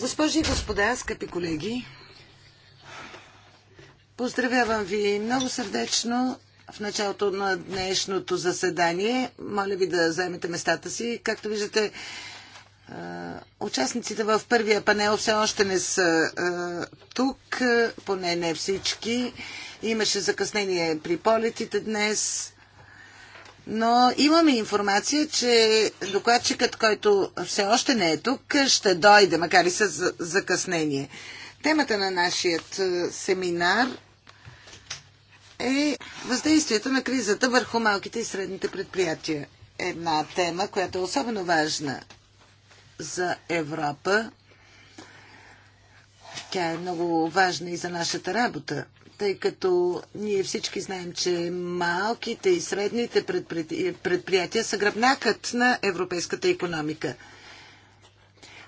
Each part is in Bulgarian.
Госпожи и господа, скъпи колеги, поздравявам ви много сърдечно в началото на днешното заседание. Моля ви да заемете местата си. Както виждате, участниците в първия панел все още не са тук, поне не всички. Имаше закъснение при полетите днес. Но имаме информация, че докладчикът, който все още не е тук, ще дойде, макар и с закъснение. Темата на нашият е, семинар е въздействието на кризата върху малките и средните предприятия. Една тема, която е особено важна за Европа. Тя е много важна и за нашата работа тъй като ние всички знаем, че малките и средните предприятия са гръбнакът на европейската економика.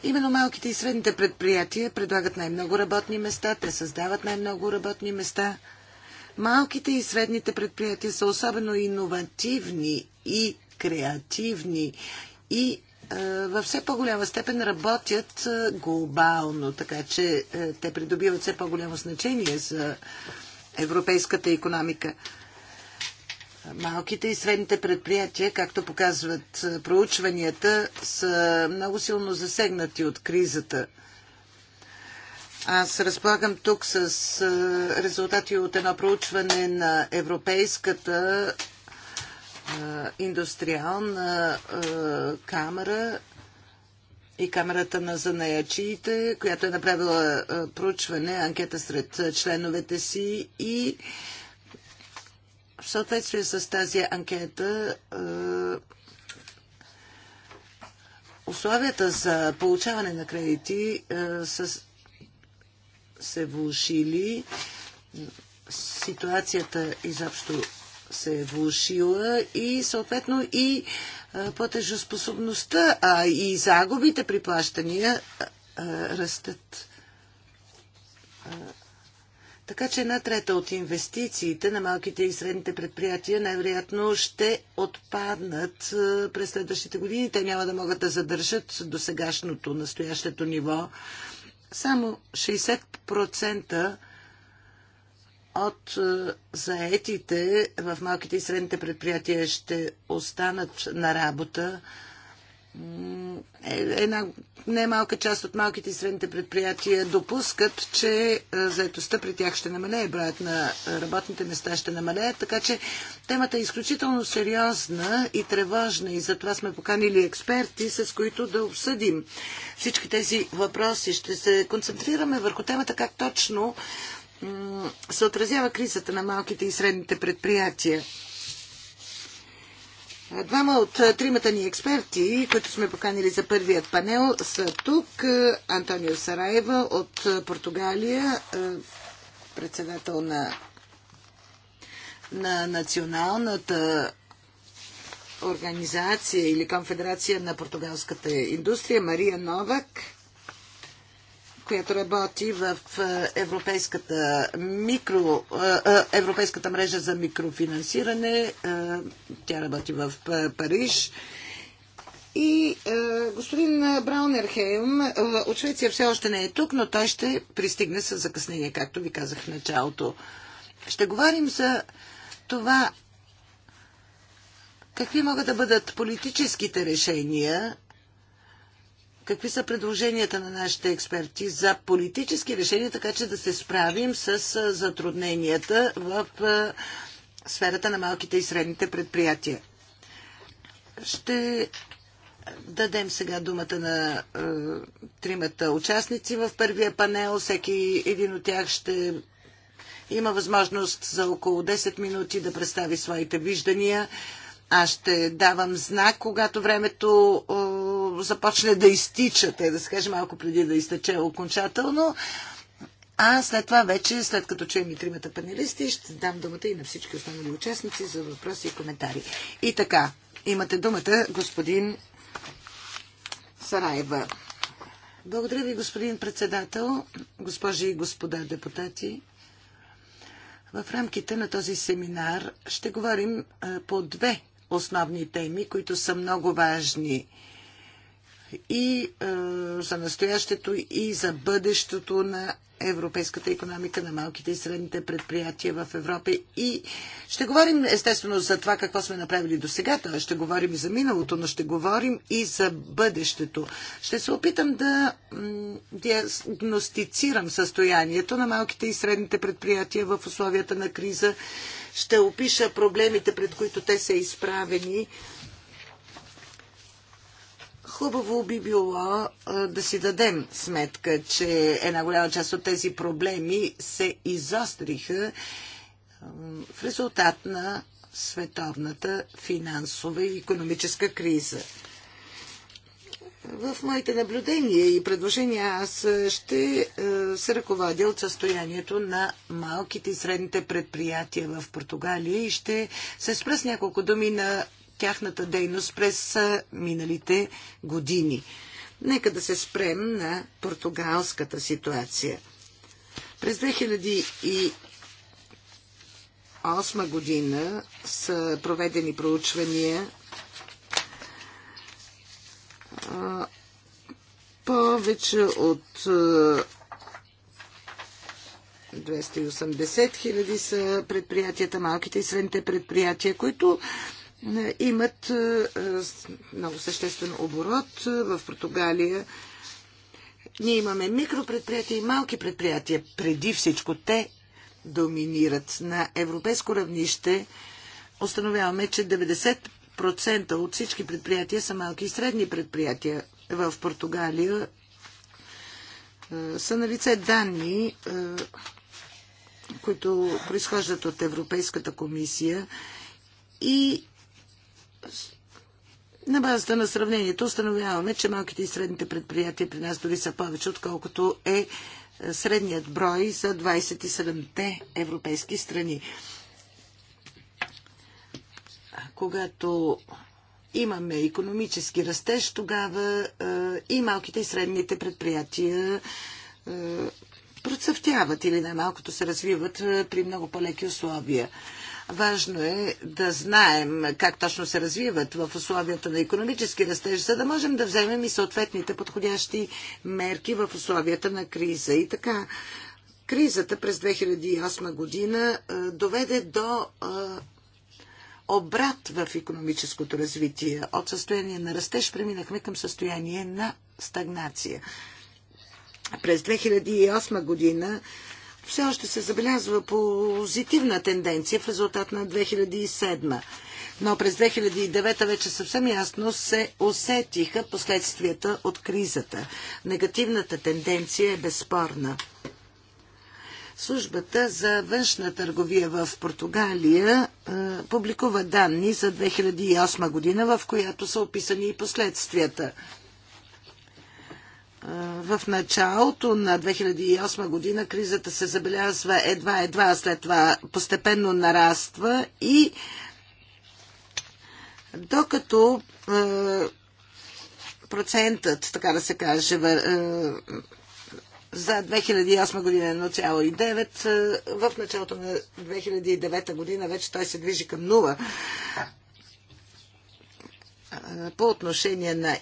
Именно малките и средните предприятия предлагат най-много работни места, те създават най-много работни места. Малките и средните предприятия са особено иновативни и креативни и е, във все по-голяма степен работят е, глобално, така че е, те придобиват все по-голямо значение за европейската економика. Малките и средните предприятия, както показват проучванията, са много силно засегнати от кризата. Аз разполагам тук с резултати от едно проучване на Европейската индустриална камера и камерата на занаячиите, която е направила проучване, анкета сред членовете си и в съответствие с тази анкета условията за получаване на кредити са се влушили. Ситуацията изобщо се е влушила и съответно и платежоспособността, а и загубите при плащания растат. Така че една трета от инвестициите на малките и средните предприятия най-вероятно ще отпаднат през следващите години. Те няма да могат да задържат до сегашното, настоящето ниво. Само 60% от е, заетите в малките и средните предприятия ще останат на работа. Е, една немалка част от малките и средните предприятия допускат, че е, заетостта при тях ще намалее, броят на работните места ще намалее, така че темата е изключително сериозна и тревожна и затова сме поканили експерти, с които да обсъдим всички тези въпроси. Ще се концентрираме върху темата как точно се отразява кризата на малките и средните предприятия. Двама от тримата ни експерти, които сме поканили за първият панел, са тук. Антонио Сараева от Португалия, председател на, на националната организация или конфедерация на португалската индустрия, Мария Новак – която работи в е, Европейската, микро, е, е, Европейската мрежа за микрофинансиране. Тя работи в Париж. И господин Браунерхейм Хейм от Швеция все още не е тук, но той ще пристигне с закъснение, както ви казах в началото. Ще говорим за това какви могат да бъдат политическите решения какви са предложенията на нашите експерти за политически решения, така че да се справим с затрудненията в сферата на малките и средните предприятия. Ще дадем сега думата на е, тримата участници в първия панел. Всеки един от тях ще има възможност за около 10 минути да представи своите виждания. Аз ще давам знак, когато времето о, започне да изтича, те да се каже малко преди да изтече окончателно. А след това вече, след като чуем и тримата панелисти, ще дам думата и на всички останали участници за въпроси и коментари. И така, имате думата, господин Сараева. Благодаря ви, господин председател, госпожи и господа депутати. В рамките на този семинар ще говорим по две основни теми, които са много важни и е, за настоящето, и за бъдещето на европейската економика, на малките и средните предприятия в Европа. И ще говорим естествено за това какво сме направили до сега, т.е. ще говорим и за миналото, но ще говорим и за бъдещето. Ще се опитам да диагностицирам състоянието на малките и средните предприятия в условията на криза ще опиша проблемите, пред които те са изправени. Хубаво би било да си дадем сметка, че една голяма част от тези проблеми се изостриха в резултат на световната финансова и економическа криза. В моите наблюдения и предложения аз е, ще е, се ръководя от състоянието на малките и средните предприятия в Португалия и ще се спра с няколко думи на тяхната дейност през е, миналите години. Нека да се спрем на португалската ситуация. През 2008 година са проведени проучвания повече от 280 хиляди са предприятията, малките и средните предприятия, които имат много съществен оборот в Португалия. Ние имаме микропредприятия и малки предприятия. Преди всичко те доминират на европейско равнище. Установяваме, че 90 10% от всички предприятия са малки и средни предприятия. В Португалия е, са на лице данни, е, които произхождат от Европейската комисия и на базата на сравнението установяваме, че малките и средните предприятия при нас дори са повече, отколкото е средният брой за 27-те европейски страни когато имаме економически растеж, тогава е, и малките и средните предприятия е, процъфтяват или най-малкото се развиват е, при много по-леки условия. Важно е да знаем как точно се развиват в условията на економически растеж, за да можем да вземем и съответните подходящи мерки в условията на криза. И така, кризата през 2008 година доведе до обрат в економическото развитие. От състояние на растеж преминахме към състояние на стагнация. През 2008 година все още се забелязва позитивна тенденция в резултат на 2007. Но през 2009 вече съвсем ясно се усетиха последствията от кризата. Негативната тенденция е безспорна. Службата за външна търговия в Португалия е, публикува данни за 2008 година, в която са описани и последствията е, в началото на 2008 година кризата се забелязва едва, едва, след това постепенно нараства и докато е, процентът, така да се каже, е, за 2008 година 1,9. Е, в началото на 2009 година вече той се движи към 0. Е, по отношение на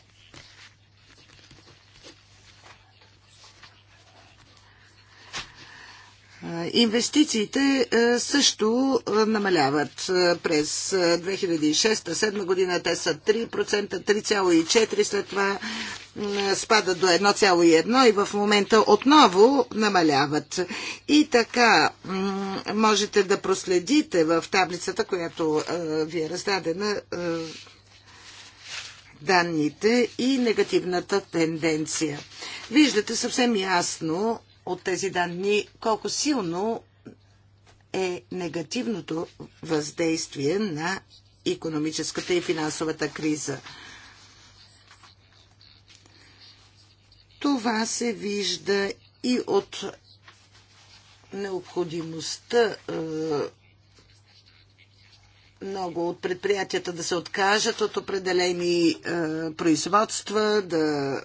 Инвестициите също намаляват през 2006-2007 година. Те са 3%, 3,4%, след това спадат до 1,1% и в момента отново намаляват. И така можете да проследите в таблицата, която ви е раздадена данните и негативната тенденция. Виждате съвсем ясно от тези данни колко силно е негативното въздействие на економическата и финансовата криза. Това се вижда и от необходимостта е, много от предприятията да се откажат от определени е, производства, да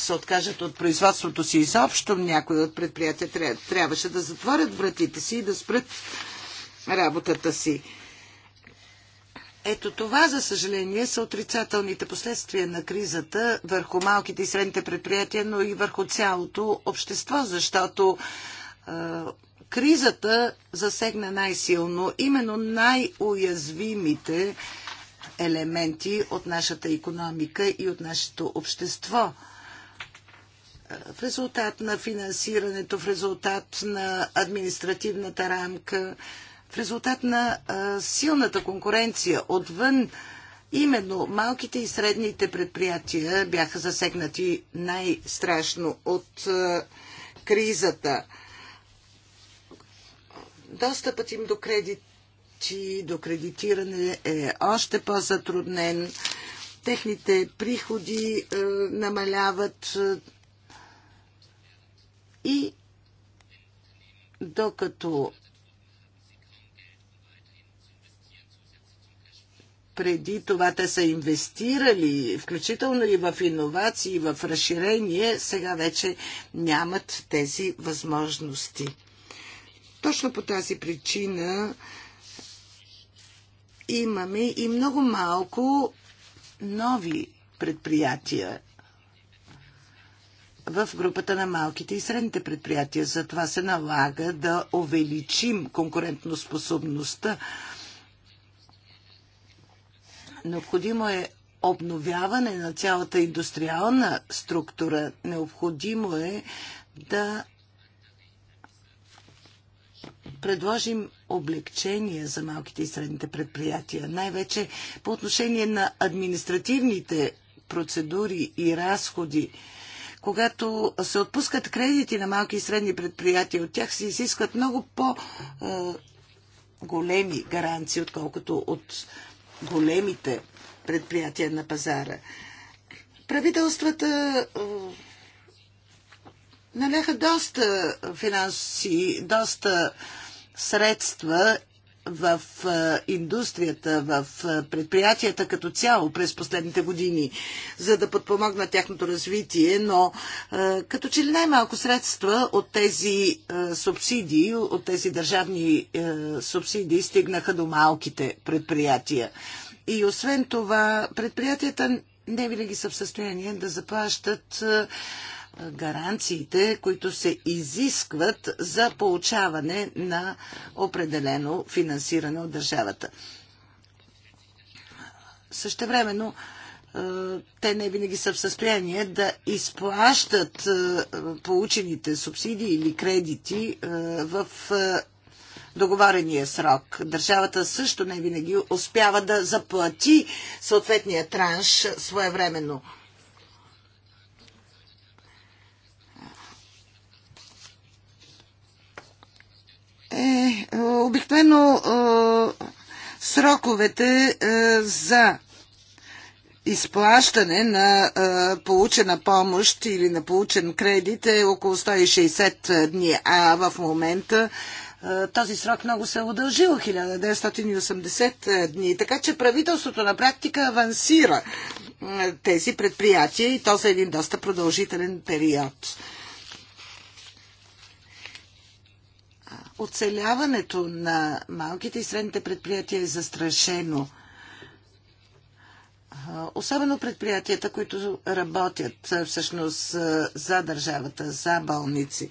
се откажат от производството си изобщо, някои от предприятия трябваше да затворят вратите си и да спрат работата си. Ето това, за съжаление, са отрицателните последствия на кризата върху малките и средните предприятия, но и върху цялото общество, защото е, кризата засегна най-силно именно най-уязвимите елементи от нашата економика и от нашето общество – в резултат на финансирането, в резултат на административната рамка, в резултат на силната конкуренция отвън. Именно малките и средните предприятия бяха засегнати най-страшно от кризата. Достъпът им до кредити, до кредитиране е още по-затруднен. Техните приходи намаляват и докато преди това те са инвестирали, включително и в иновации, в разширение, сега вече нямат тези възможности. Точно по тази причина имаме и много малко нови предприятия в групата на малките и средните предприятия. Затова се налага да увеличим конкурентноспособността. Необходимо е обновяване на цялата индустриална структура. Необходимо е да предложим облегчения за малките и средните предприятия, най-вече по отношение на административните процедури и разходи когато се отпускат кредити на малки и средни предприятия, от тях се изискват много по-големи е, гаранции, отколкото от големите предприятия на пазара. Правителствата е, наляха доста финанси, доста средства в индустрията, в предприятията като цяло през последните години, за да подпомогна тяхното развитие, но като че ли най-малко средства от тези субсидии, от тези държавни субсидии стигнаха до малките предприятия. И освен това, предприятията не винаги са в състояние да заплащат гаранциите, които се изискват за получаване на определено финансиране от държавата. Същевременно, е, те не винаги са в състояние да изплащат е, получените субсидии или кредити е, в договорения срок. Държавата също не винаги успява да заплати съответния транш своевременно. е обикновено е, сроковете е, за изплащане на е, получена помощ или на получен кредит е около 160 дни, а в момента е, този срок много се е удължил 1980 дни. Така че правителството на практика авансира е, тези предприятия и то за един доста продължителен период. оцеляването на малките и средните предприятия е застрашено. Особено предприятията, които работят всъщност за държавата, за болници.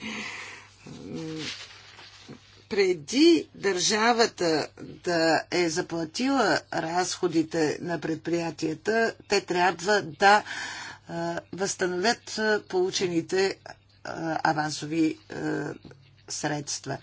Преди държавата да е заплатила разходите на предприятията, те трябва да възстановят получените авансови средства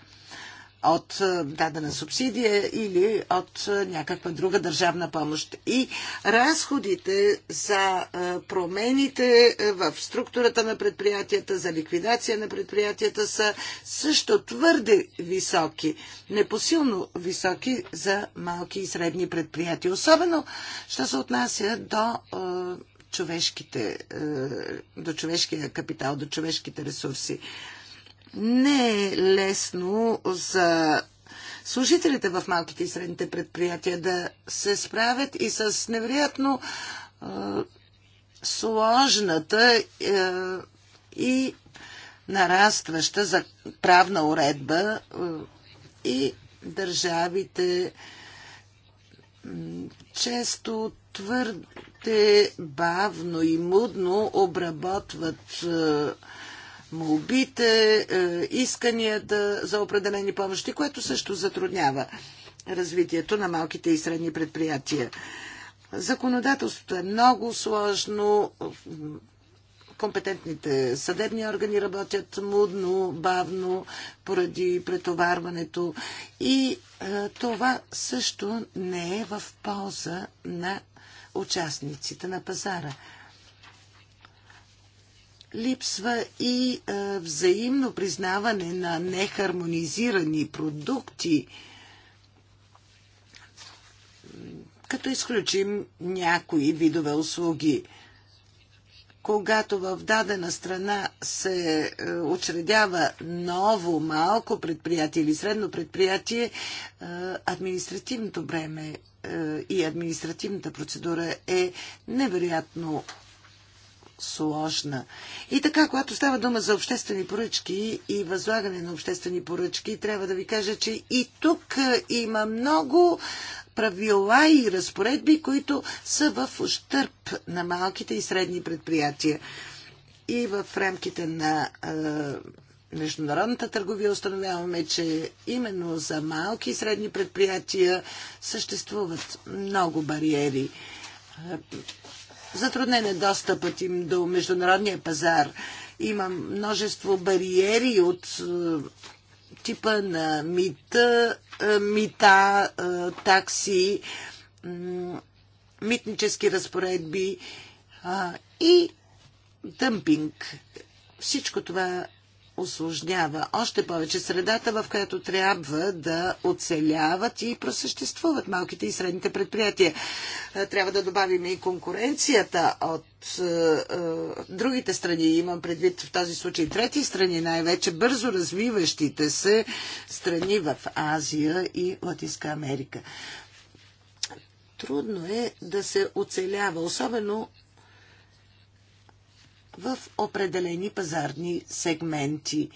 от е, дадена субсидия или от е, някаква друга държавна помощ. И разходите за е, промените в структурата на предприятията, за ликвидация на предприятията са също твърде високи, непосилно високи за малки и средни предприятия. Особено, що се отнася до човешките, до човешкия капитал, до човешките ресурси не е лесно за служителите в малките и средните предприятия да се справят и с невероятно е, сложната е, и нарастваща за правна уредба е, и държавите често твърде бавно и мудно обработват е, молбите, е, исканията за определени помощи, което също затруднява развитието на малките и средни предприятия. Законодателството е много сложно. Компетентните съдебни органи работят мудно, бавно, поради претоварването. И е, това също не е в полза на участниците на пазара липсва и взаимно признаване на нехармонизирани продукти, като изключим някои видове услуги. Когато в дадена страна се е, учредява ново малко предприятие или средно предприятие, е, административното бреме е, и административната процедура е невероятно сложна. И така, когато става дума за обществени поръчки и възлагане на обществени поръчки, трябва да ви кажа, че и тук е, има много правила и разпоредби, които са в ущърп на малките и средни предприятия. И в рамките на е, международната търговия установяваме, че именно за малки и средни предприятия съществуват много бариери. Затруднен е достъпът им до международния пазар. Има множество бариери от е, типа на мита, е, мита е, такси, митнически разпоредби и дъмпинг. Всичко това осложнява още повече средата, в която трябва да оцеляват и просъществуват малките и средните предприятия. Е, трябва да добавим и конкуренцията от е, е, другите страни. Имам предвид в този случай трети страни, най-вече бързо развиващите се страни в Азия и Латинска Америка. Трудно е да се оцелява, особено в определени пазарни сегменти.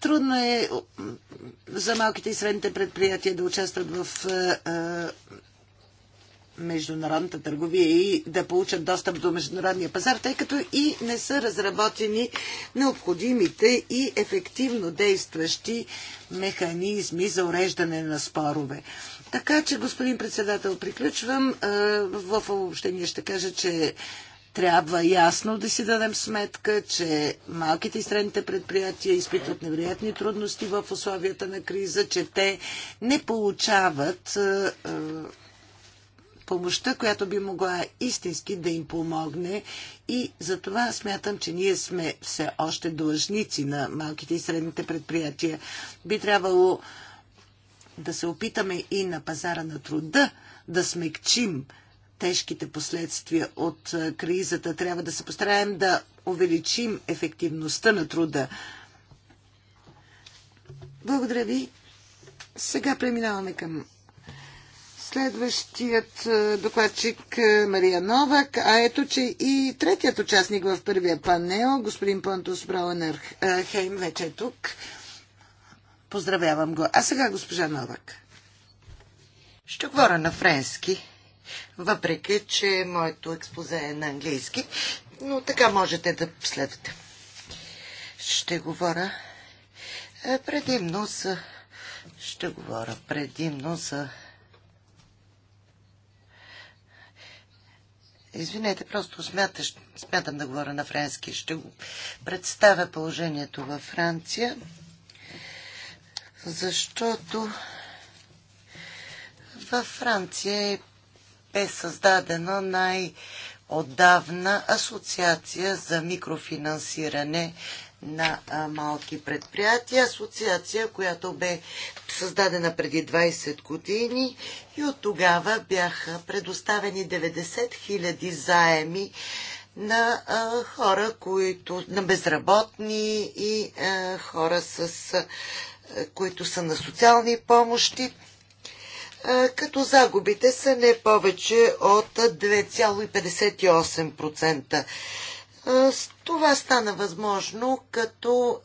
Трудно е за малките и средните предприятия да участват в международната търговия и да получат достъп до международния пазар, тъй като и не са разработени необходимите и ефективно действащи механизми за уреждане на спорове. Така че, господин председател, приключвам. В обобщение ще кажа, че трябва ясно да си дадем сметка, че малките и средните предприятия изпитват невероятни трудности в условията на криза, че те не получават е, е, помощта, която би могла истински да им помогне. И за това смятам, че ние сме все още длъжници на малките и средните предприятия. Би трябвало да се опитаме и на пазара на труда да смекчим тежките последствия от кризата. Трябва да се постараем да увеличим ефективността на труда. Благодаря ви. Сега преминаваме към следващият докладчик Мария Новак, а ето, че и третият участник в първия панел, господин Понтус Брауенер Хейм, вече е тук. Поздравявам го. А сега госпожа Новак. Ще говоря на френски въпреки че моето експозе е на английски, но така можете да следвате. Ще говоря е, предимно за... Ще говоря предимно за... Извинете, просто смяташ, смятам да говоря на френски. Ще го представя положението във Франция, защото във Франция е бе създадена най-отдавна асоциация за микрофинансиране на малки предприятия. Асоциация, която бе създадена преди 20 години и от тогава бяха предоставени 90 000 заеми на а, хора, които на безработни и а, хора с а, които са на социални помощи като загубите са не повече от 2,58%. Това стана възможно, като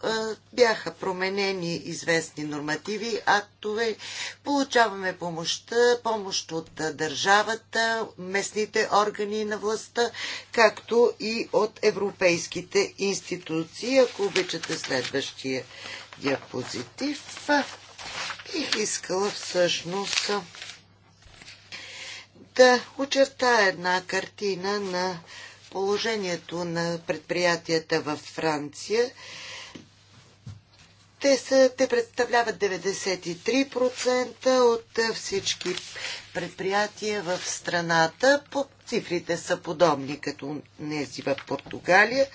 бяха променени известни нормативи, актове. Получаваме помощта, помощ от държавата, местните органи на властта, както и от европейските институции. Ако обичате следващия диапозитив бих искала всъщност да очертая една картина на положението на предприятията във Франция те, са, те представляват 93% от е, всички предприятия в страната. По цифрите са подобни като нези в Португалия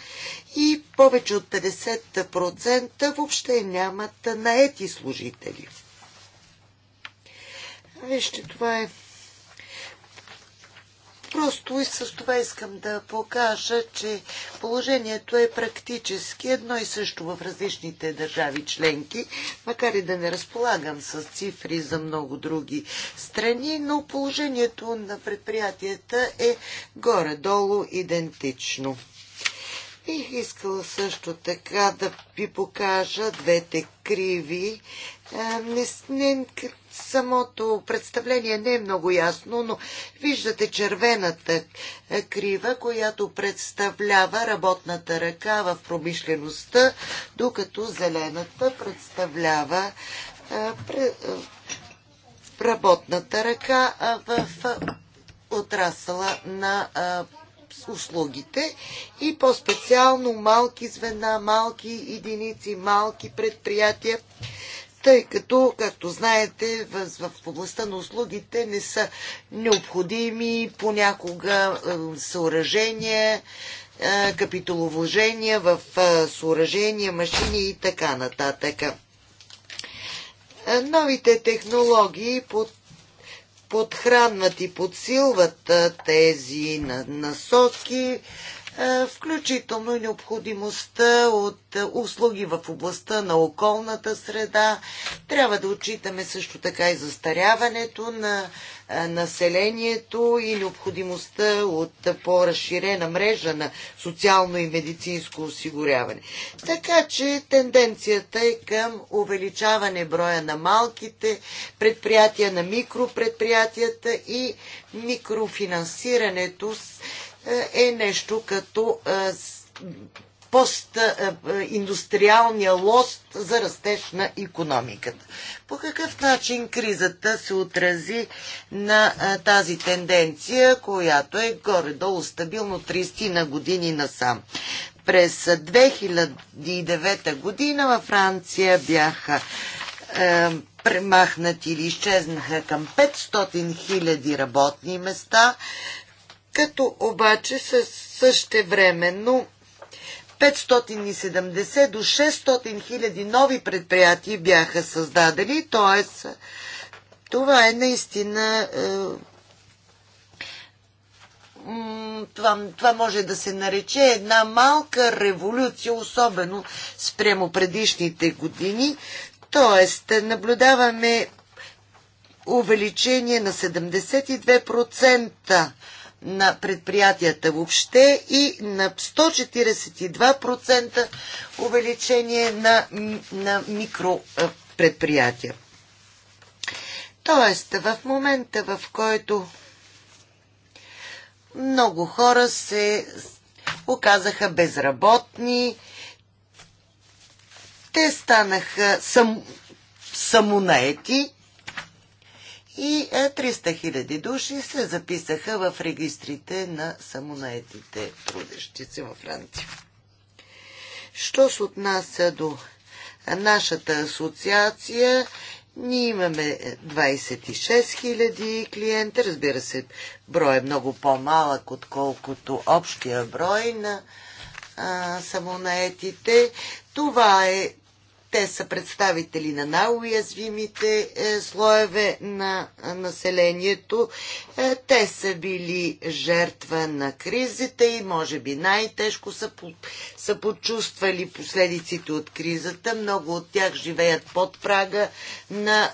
и повече от 50% въобще нямат наети служители. Вижте, това е Просто и с това искам да покажа, че положението е практически едно и също в различните държави членки, макар и да не разполагам с цифри за много други страни, но положението на предприятията е горе-долу идентично. Бих искала също така да ви покажа двете криви. Е, не, не, самото представление не е много ясно, но виждате червената крива, която представлява работната ръка в промишлеността, докато зелената представлява работната ръка в отрасъла на услугите и по-специално малки звена, малки единици, малки предприятия тъй като, както знаете, в, в областта на услугите не са необходими понякога е, съоръжения, е, капиталовложения в е, съоръжения, машини и така нататък. Новите технологии под подхранват и подсилват тези насоки, е, включително и необходимостта от услуги в областта на околната среда. Трябва да отчитаме също така и застаряването на е, населението и необходимостта от по-разширена мрежа на социално и медицинско осигуряване. Така че тенденцията е към увеличаване броя на малките предприятия, на микропредприятията и микрофинансирането е нещо като е, постиндустриалния е, лост за растеж на економиката. По какъв начин кризата се отрази на е, тази тенденция, която е горе-долу стабилно 30 на години насам? През 2009 година във Франция бяха е, премахнати или изчезнаха към 500 000 работни места като обаче същевременно 570 до 600 хиляди нови предприятия бяха създадени, т.е. това е наистина е, това, това може да се нарече една малка революция, особено спрямо предишните години. Тоест, наблюдаваме увеличение на 72% на предприятията въобще и на 142% увеличение на, на микропредприятия. Тоест, в момента, в който много хора се оказаха безработни, те станаха сам, самонаети и 300 е, хиляди души се записаха в регистрите на самонаетите трудещи се във Франция. Що се отнася до нашата асоциация, ние имаме 26 000 клиента. Разбира се, брой е много по-малък, отколкото общия брой на а, самонаетите. Това е те са представители на най-уязвимите е, слоеве на е, населението. Е, те са били жертва на кризите и може би най-тежко са, са почувствали последиците от кризата. Много от тях живеят под прага на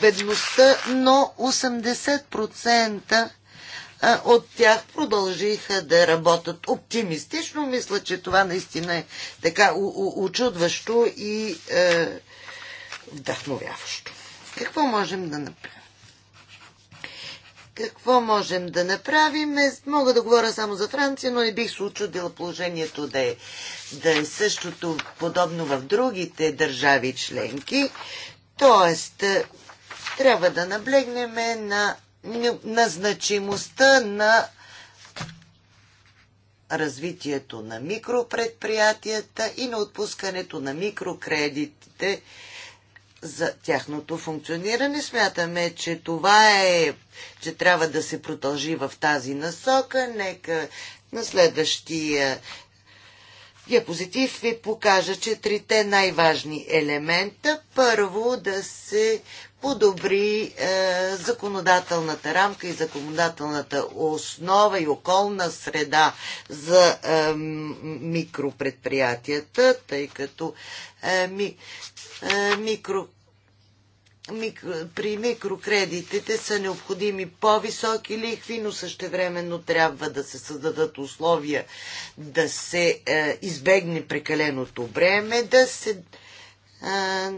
бедността, но 80% от тях продължиха да работят оптимистично. Мисля, че това наистина е така очудващо и е, вдъхновяващо. Какво можем да направим? Какво можем да направим? Е, мога да говоря само за Франция, но не бих се очудила положението да е, да е същото подобно в другите държави членки. Тоест, е, трябва да наблегнем на на значимостта на развитието на микропредприятията и на отпускането на микрокредитите за тяхното функциониране. Смятаме, че това е, че трябва да се продължи в тази насока. Нека на следващия диапозитив ви покажа, че трите най-важни елемента. Първо да се подобри е, законодателната рамка и законодателната основа и околна среда за е, микропредприятията, тъй като е, ми, е, микро микро, при микрокредитите са необходими по-високи лихви, но същевременно трябва да се създадат условия да се е, избегне прекаленото бреме, да се, е,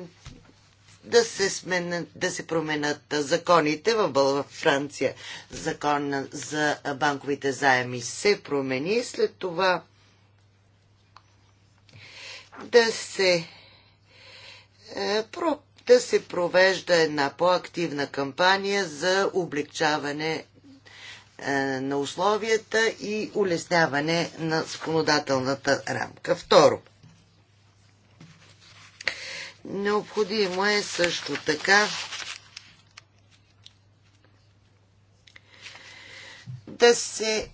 да, се сменят, да се променят законите. В, Франция закон за банковите заеми се промени. След това да се е, да се провежда една по-активна кампания за облегчаване е, на условията и улесняване на законодателната рамка. Второ, необходимо е също така да се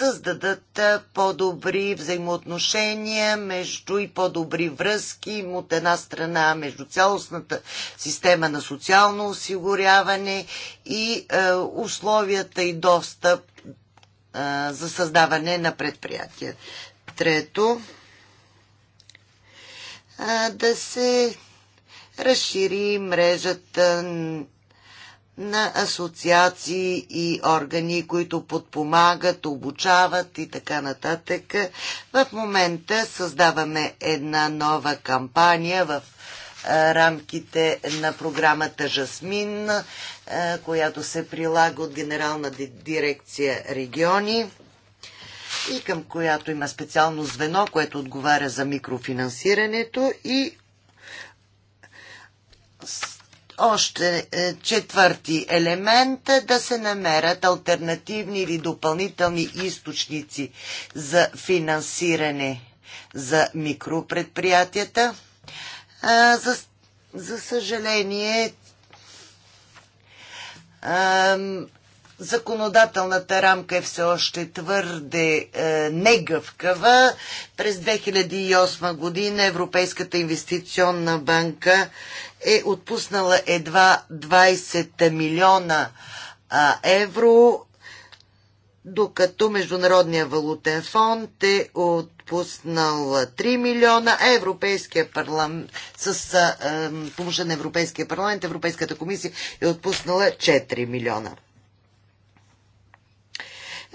създадат по-добри взаимоотношения между и по-добри връзки от една страна между цялостната система на социално осигуряване и е, условията и достъп е, за създаване на предприятия. Трето, е, да се разшири мрежата на асоциации и органи, които подпомагат, обучават и така нататък. В момента създаваме една нова кампания в рамките на програмата Жасмин, която се прилага от Генерална дирекция региони и към която има специално звено, което отговаря за микрофинансирането и още е, четвърти елемент е да се намерят альтернативни или допълнителни източници за финансиране за микропредприятията. За, за съжаление, Законодателната рамка е все още твърде е, негъвкава. През 2008 година Европейската инвестиционна банка е отпуснала едва 20 милиона а, евро, докато Международния валутен фонд е отпуснал 3 милиона, а Европейския парламент, с а, помощта на Европейския парламент, Европейската комисия е отпуснала 4 милиона.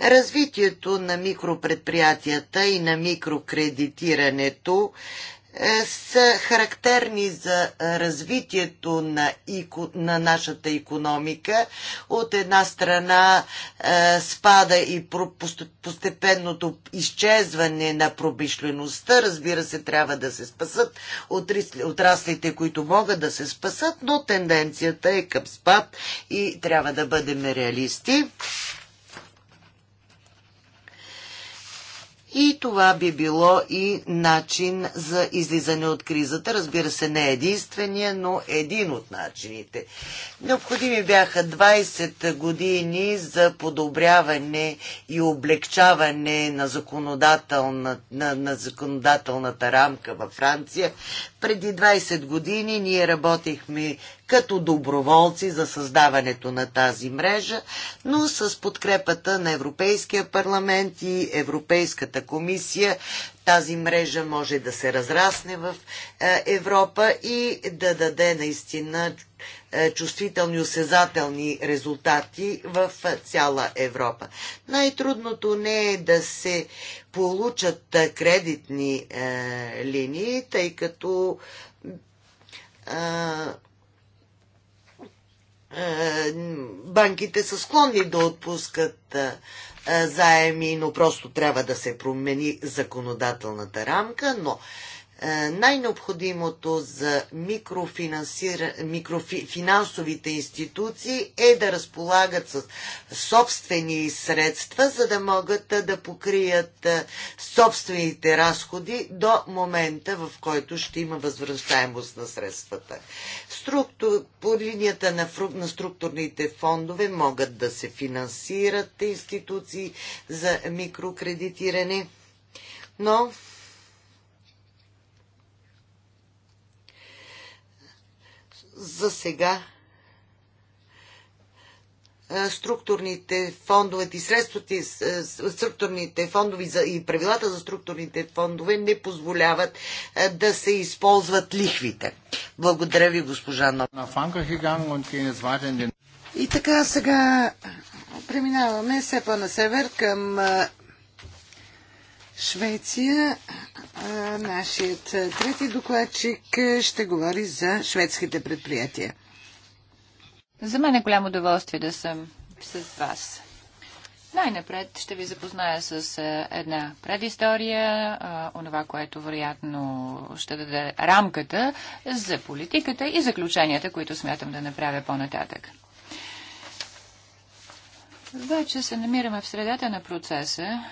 Развитието на микропредприятията и на микрокредитирането е, са характерни за развитието на, ико, на нашата економика. От една страна е, спада и постепенното изчезване на промишлеността. Разбира се, трябва да се спасат от отраслите, които могат да се спасат, но тенденцията е към спад и трябва да бъдем реалисти. и това би било и начин за излизане от кризата. Разбира се, не единствения, но един от начините. Необходими бяха 20 години за подобряване и облегчаване на, законодателна, на, на законодателната рамка във Франция, преди 20 години ние работихме като доброволци за създаването на тази мрежа, но с подкрепата на Европейския парламент и Европейската комисия тази мрежа може да се разрасне в е, Европа и да даде наистина е, чувствителни, осезателни резултати в е, цяла Европа. Най-трудното не е да се получат кредитни е, линии, тъй като е, е, банките са склонни да отпускат е, заеми, но просто трябва да се промени законодателната рамка, но е, най-необходимото за микрофинансовите институции е да разполагат с собствени средства, за да могат е, да покрият е, собствените разходи до момента, в който ще има възвръщаемост на средствата. Структур, по линията на, на структурните фондове могат да се финансират институции за микрокредитиране, но за сега структурните фондове и средствата, структурните фондове и правилата за структурните фондове не позволяват да се използват лихвите. Благодаря ви, госпожа Нова. И така сега преминаваме все по-на север към Швеция. Нашият трети докладчик ще говори за шведските предприятия. За мен е голямо удоволствие да съм с вас. Най-напред ще ви запозная с една предистория, онова, което вероятно ще даде рамката за политиката и заключенията, които смятам да направя по-нататък. Вече се намираме в средата на процеса,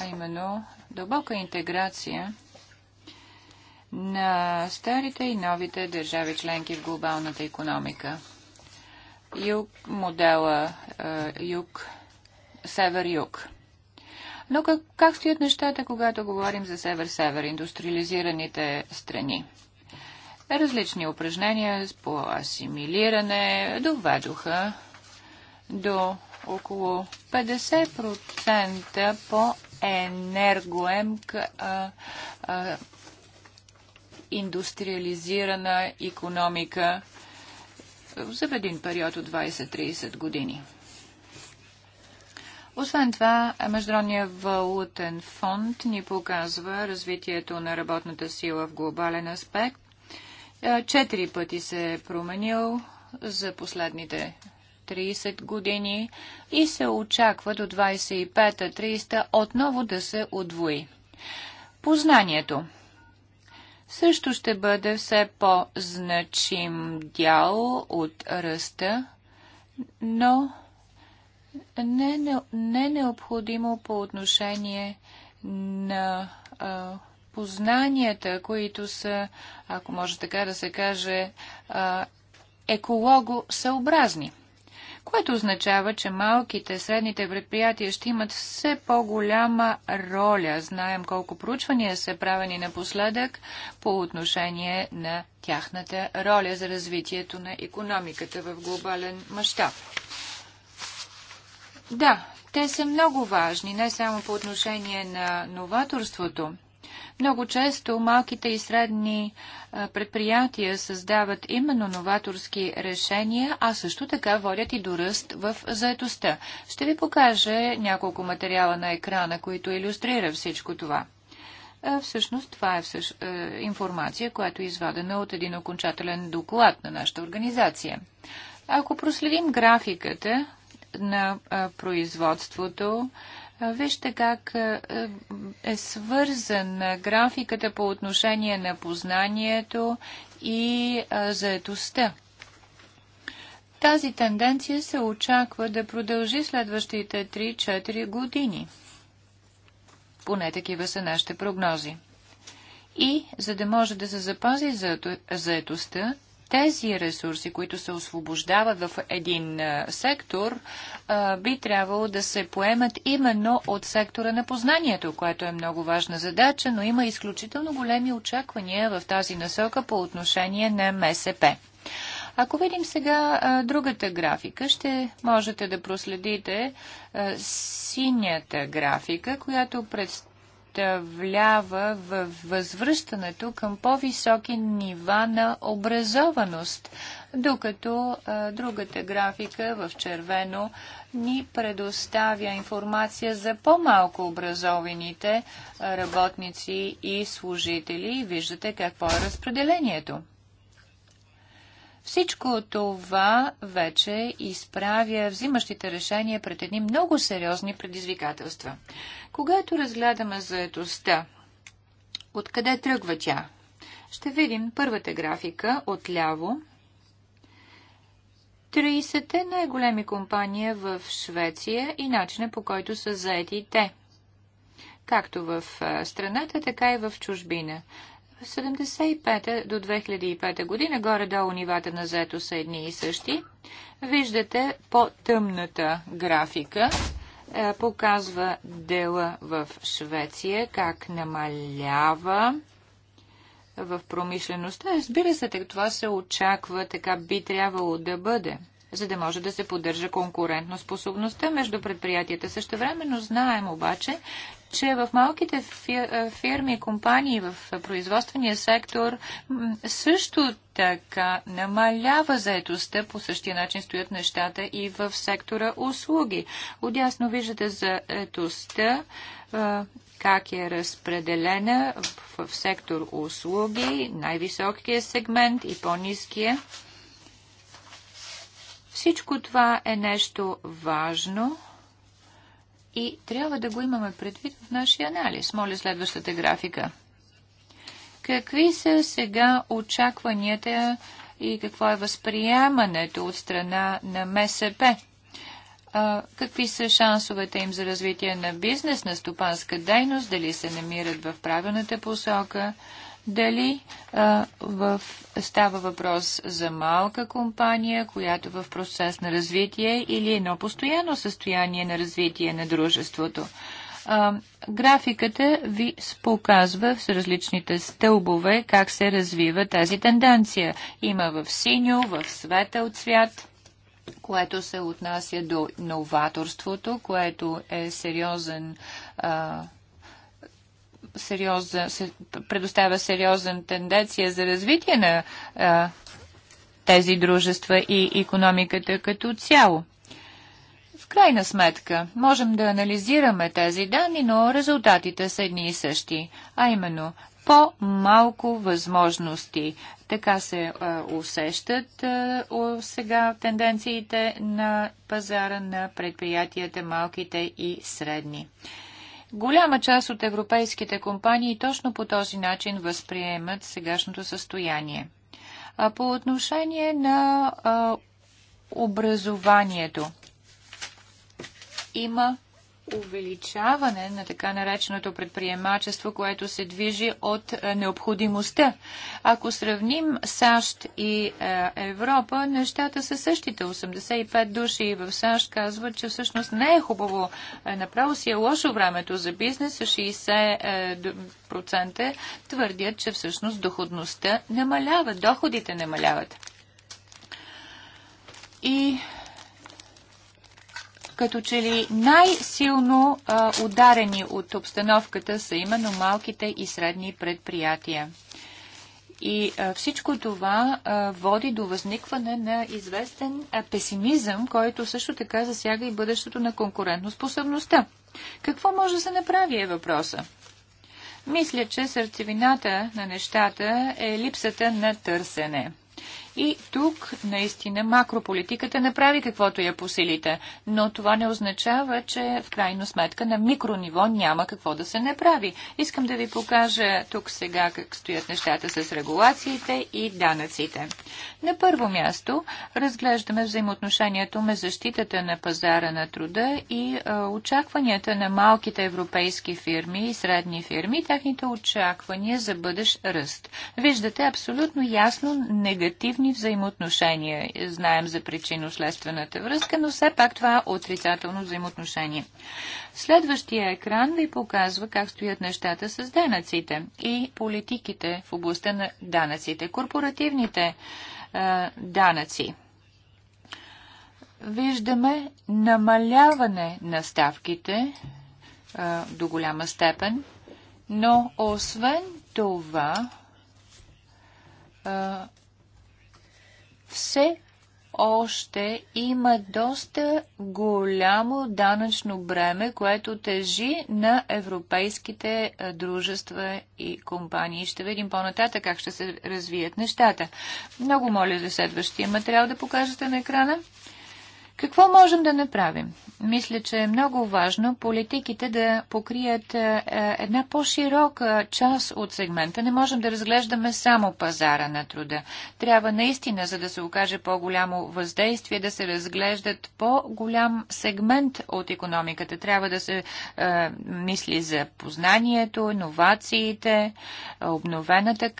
а именно дълбока интеграция на старите и новите държави членки в глобалната економика. Юг, модела е, юг, север-юг. Но как, как стоят нещата, когато говорим за север-север, индустриализираните страни? Различни упражнения по асимилиране доведоха до около 50% по енергоемка а, а, индустриализирана економика за един период от 20-30 години. Освен това, Международният валутен фонд ни показва развитието на работната сила в глобален аспект. Е, четири пъти се е променил за последните 30 години и се очаква до 25-30 отново да се удвои. Познанието също ще бъде все по-значим дял от ръста, но не, не, не необходимо по отношение на а, познанията, които са, ако може така да се каже, а, екологосъобразни което означава, че малките, средните предприятия ще имат все по-голяма роля. Знаем колко проучвания са правени напоследък по отношение на тяхната роля за развитието на економиката в глобален мащаб. Да, те са много важни, не само по отношение на новаторството, много често малките и средни предприятия създават именно новаторски решения, а също така водят и до ръст в заетостта. Ще ви покажа няколко материала на екрана, които иллюстрира всичко това. Всъщност това е всъщ... информация, която е извадена от един окончателен доклад на нашата организация. Ако проследим графиката на производството, Вижте как е, е свързан графиката по отношение на познанието и заетостта. Тази тенденция се очаква да продължи следващите 3-4 години. Поне такива са нашите прогнози. И, за да може да се запази заетостта, тези ресурси, които се освобождават в един е, сектор, е, би трябвало да се поемат именно от сектора на познанието, което е много важна задача, но има изключително големи очаквания в тази насока по отношение на МСП. Ако видим сега е, другата графика, ще можете да проследите синята графика, която представя представлява възвръщането към по-високи нива на образованост, докато а, другата графика в червено ни предоставя информация за по-малко образованите работници и служители. Виждате какво е разпределението. Всичко това вече изправя взимащите решения пред едни много сериозни предизвикателства. Когато разгледаме заедостта, откъде тръгва тя? Ще видим първата графика отляво. 30-те най-големи компании в Швеция и начина по който са заети те, както в страната, така и в чужбина. 75 до 2005 година горе-долу нивата на заето са едни и същи. Виждате по-тъмната графика. Е, показва дела в Швеция, как намалява в промишлеността. Разбира се, това се очаква, така би трябвало да бъде за да може да се поддържа конкурентно способността между предприятията. Същевременно знаем обаче, че в малките е, фирми, компании в производствения сектор също така намалява заетостта. По същия начин стоят нещата и в сектора услуги. Отясно виждате заетостта е, как е разпределена в сектор услуги, най-високия сегмент и по-низкия. Всичко това е нещо важно и трябва да го имаме предвид в нашия анализ. Моля следващата графика. Какви са сега очакванията и какво е възприемането от страна на МСП? какви са шансовете им за развитие на бизнес, на стопанска дейност, дали се намират в правилната посока? дали а, в, става въпрос за малка компания, която в процес на развитие или едно постоянно състояние на развитие на дружеството. А, графиката ви показва с различните стълбове как се развива тази тенденция. Има в синьо, в светъл цвят което се отнася до новаторството, което е сериозен а, сериозна, се предоставя сериозна тенденция за развитие на а, тези дружества и економиката като цяло. В крайна сметка, можем да анализираме тези данни, но резултатите са едни и същи, а именно по-малко възможности. Така се а, усещат а, сега тенденциите на пазара на предприятията малките и средни. Голяма част от европейските компании точно по този начин възприемат сегашното състояние. А по отношение на а, образованието, има увеличаване на така нареченото предприемачество, което се движи от е, необходимостта. Ако сравним САЩ и е, Европа, нещата са същите. 85 души в САЩ казват, че всъщност не е хубаво. Е, направо си е лошо времето за бизнес. 60% твърдят, че всъщност доходността намалява, доходите намаляват. И като че ли най-силно ударени от обстановката са именно малките и средни предприятия. И а, всичко това а, води до възникване на известен а, песимизъм, който също така засяга и бъдещето на конкурентоспособността. Какво може да се направи е въпроса. Мисля, че сърцевината на нещата е липсата на търсене. И тук наистина макрополитиката направи каквото я посилите, но това не означава, че в крайна сметка на микрониво няма какво да се направи. Искам да ви покажа тук сега как стоят нещата с регулациите и данъците. На първо място разглеждаме взаимоотношението между защитата на пазара на труда и а, е, очакванията на малките европейски фирми и средни фирми, техните очаквания за бъдещ ръст. Виждате абсолютно ясно негативни интимни взаимоотношения. Знаем за причинно-следствената връзка, но все пак това е отрицателно взаимоотношение. Следващия екран ви показва как стоят нещата с данъците и политиките в областта на данъците, корпоративните е, данъци виждаме намаляване на ставките е, до голяма степен, но освен това е, все още има доста голямо данъчно бреме, което тежи на европейските дружества и компании. Ще видим по-нататък как ще се развият нещата. Много моля за следващия материал да покажете на екрана. Какво можем да направим? Мисля, че е много важно политиките да покрият е, е, една по-широка част от сегмента. Не можем да разглеждаме само пазара на труда. Трябва наистина, за да се окаже по-голямо въздействие, да се разглеждат по-голям сегмент от економиката. Трябва да се е, мисли за познанието, иновациите, обновената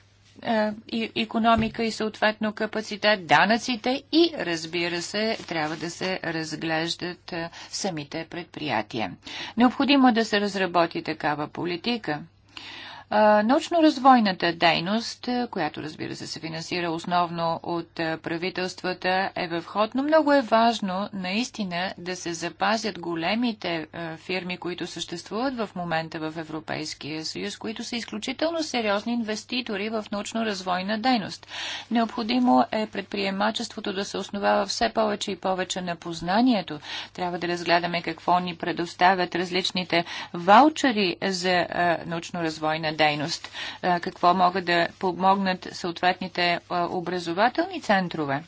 е, економика и съответно капацитет, данъците и разбира се, трябва да се разглеждат е, самите предприятия. Необходимо е да се разработи такава политика Научно-развойната дейност, която разбира се се финансира основно от правителствата, е в ход, но много е важно наистина да се запазят големите фирми, които съществуват в момента в Европейския съюз, които са изключително сериозни инвеститори в научно-развойна дейност. Необходимо е предприемачеството да се основава все повече и повече на познанието. Трябва да разгледаме какво ни предоставят различните ваучери за научно-развойна дейност? Какво могат да помогнат съответните образователни центрове?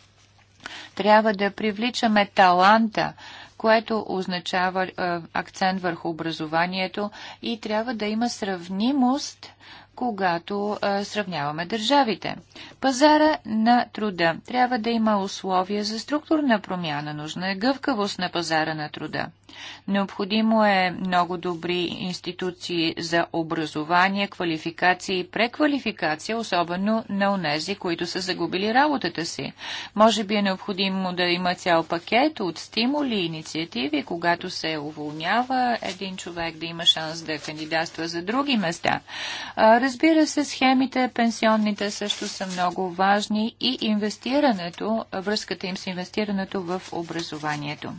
Трябва да привличаме таланта, което означава акцент върху образованието и трябва да има сравнимост когато а, сравняваме държавите. Пазара на труда. Трябва да има условия за структурна промяна. Нужна е гъвкавост на пазара на труда. Необходимо е много добри институции за образование, квалификация и преквалификация, особено на унези, които са загубили работата си. Може би е необходимо да има цял пакет от стимули и инициативи, когато се уволнява един човек да има шанс да кандидатства за други места. Разбира се, схемите, пенсионните също са много важни и инвестирането, връзката им с инвестирането в образованието.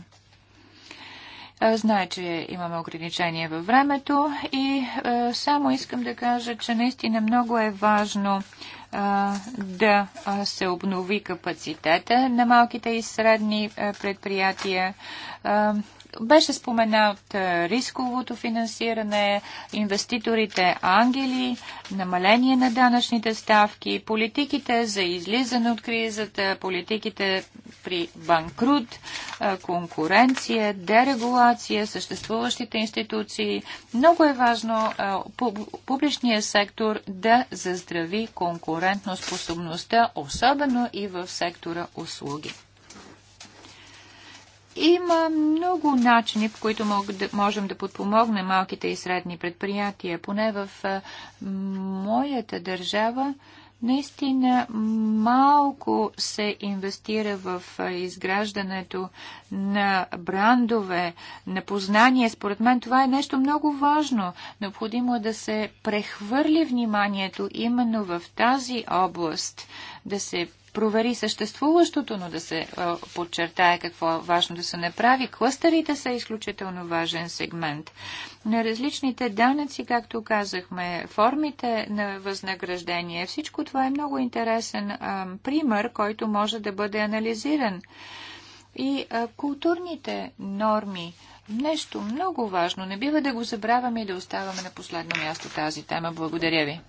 Е, знае, че имаме ограничение във времето и е, само искам да кажа, че наистина много е важно да се обнови капацитета на малките и средни предприятия. Беше споменат рисковото финансиране, инвеститорите ангели, намаление на данъчните ставки, политиките за излизане от кризата, политиките при банкрут, конкуренция, дерегулация, съществуващите институции. Много е важно публичният сектор да заздрави конкуренцията конкурентно способността, особено и в сектора услуги. Има много начини, по които можем да подпомогнем малките и средни предприятия. Поне в моята държава Наистина малко се инвестира в изграждането на брандове, на познание. Според мен това е нещо много важно. Необходимо е да се прехвърли вниманието именно в тази област, да се провери съществуващото, но да се а, подчертае какво е важно да се направи. Клъстерите са изключително важен сегмент. На различните данъци, както казахме, формите на възнаграждение, всичко това е много интересен а, пример, който може да бъде анализиран. И а, културните норми. Нещо много важно. Не бива да го забравяме и да оставаме на последно място тази тема. Благодаря ви.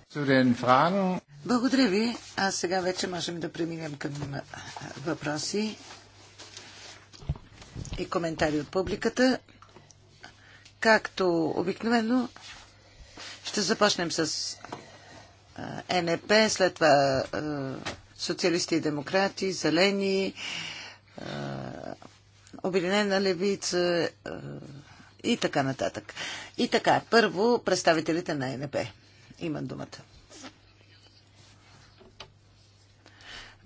Благодаря ви. А сега вече можем да преминем към въпроси и коментари от публиката. Както обикновено, ще започнем с НП, след това социалисти и демократи, зелени, обединена левица и така нататък. И така, първо представителите на НП имат думата.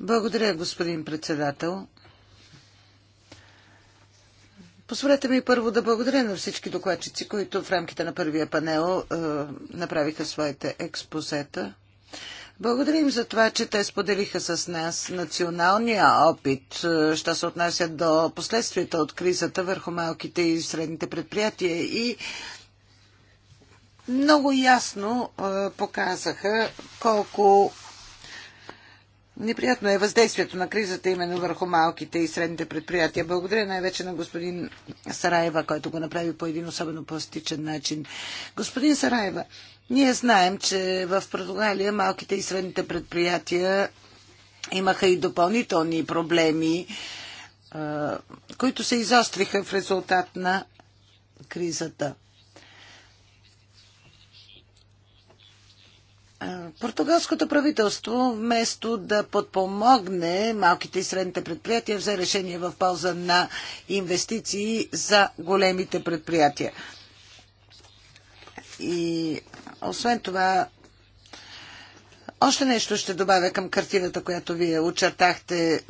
Благодаря, господин председател. Позволете ми първо да благодаря на всички докладчици, които в рамките на първия панел е, направиха своите експозета. Благодарим за това, че те споделиха с нас националния опит, е, що се отнася до последствията от кризата върху малките и средните предприятия и много ясно е, показаха колко Неприятно е въздействието на кризата именно върху малките и средните предприятия. Благодаря най-вече на господин Сараева, който го направи по един особено пластичен начин. Господин Сараева, ние знаем, че в Португалия малките и средните предприятия имаха и допълнителни проблеми, които се изостриха в резултат на кризата. Португалското правителство, вместо да подпомогне малките и средните предприятия, взе решение в полза на инвестиции за големите предприятия. И освен това, още нещо ще добавя към картината, която вие очертахте.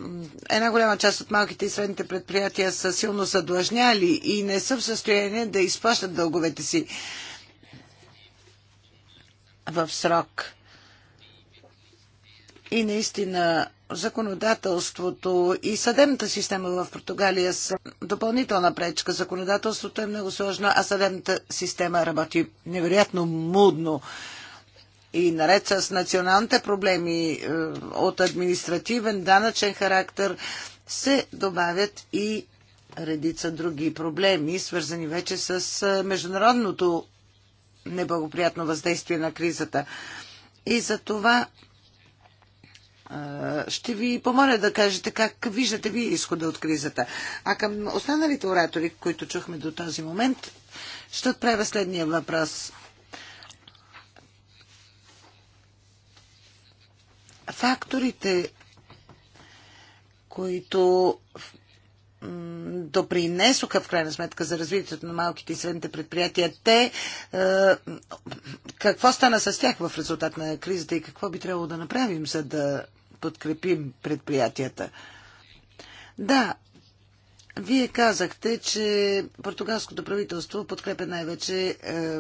Една голяма част от малките и средните предприятия са силно задлъжняли и не са в състояние да изплащат дълговете си в срок. И наистина законодателството и съдебната система в Португалия са допълнителна пречка. Законодателството е много сложно, а съдебната система работи невероятно мудно. И наред с националните проблеми е, от административен, данъчен характер се добавят и редица други проблеми, свързани вече с е, международното неблагоприятно въздействие на кризата. И за това ще ви помоля да кажете как виждате вие изхода от кризата. А към останалите оратори, които чухме до този момент, ще отправя следния въпрос. Факторите, които допринесоха в крайна сметка за развитието на малките и средните предприятия, те е, какво стана с тях в резултат на кризата и какво би трябвало да направим, за да подкрепим предприятията? Да, вие казахте, че португалското правителство подкрепя най-вече е,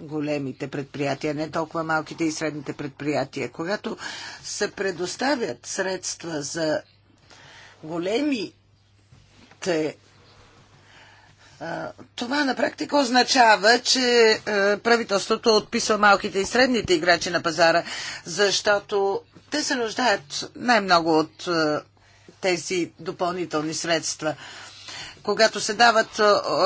големите предприятия, не толкова малките и средните предприятия. Когато се предоставят средства за големите това на практика означава, че правителството отписва малките и средните играчи на пазара, защото те се нуждаят най-много от тези допълнителни средства. Когато се дават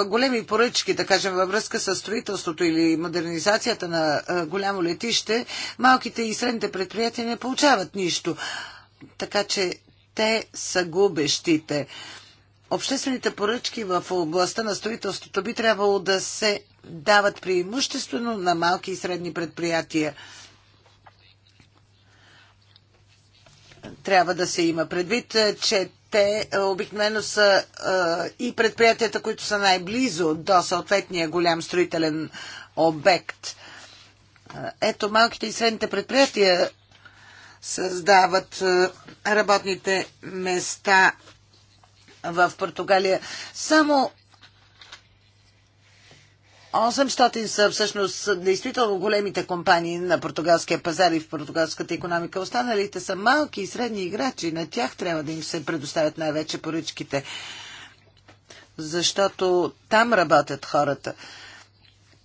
големи поръчки, да кажем, във връзка с строителството или модернизацията на голямо летище, малките и средните предприятия не получават нищо. Така че те са губещите. Обществените поръчки в областта на строителството би трябвало да се дават преимуществено на малки и средни предприятия. Трябва да се има предвид, е, че те е, обикновено са е, и предприятията, които са най-близо до съответния голям строителен обект. Ето малките и средните предприятия създават е, работните места в Португалия. Само 800 са всъщност действително големите компании на португалския пазар и в португалската економика. Останалите са малки и средни играчи. На тях трябва да им се предоставят най-вече поръчките, защото там работят хората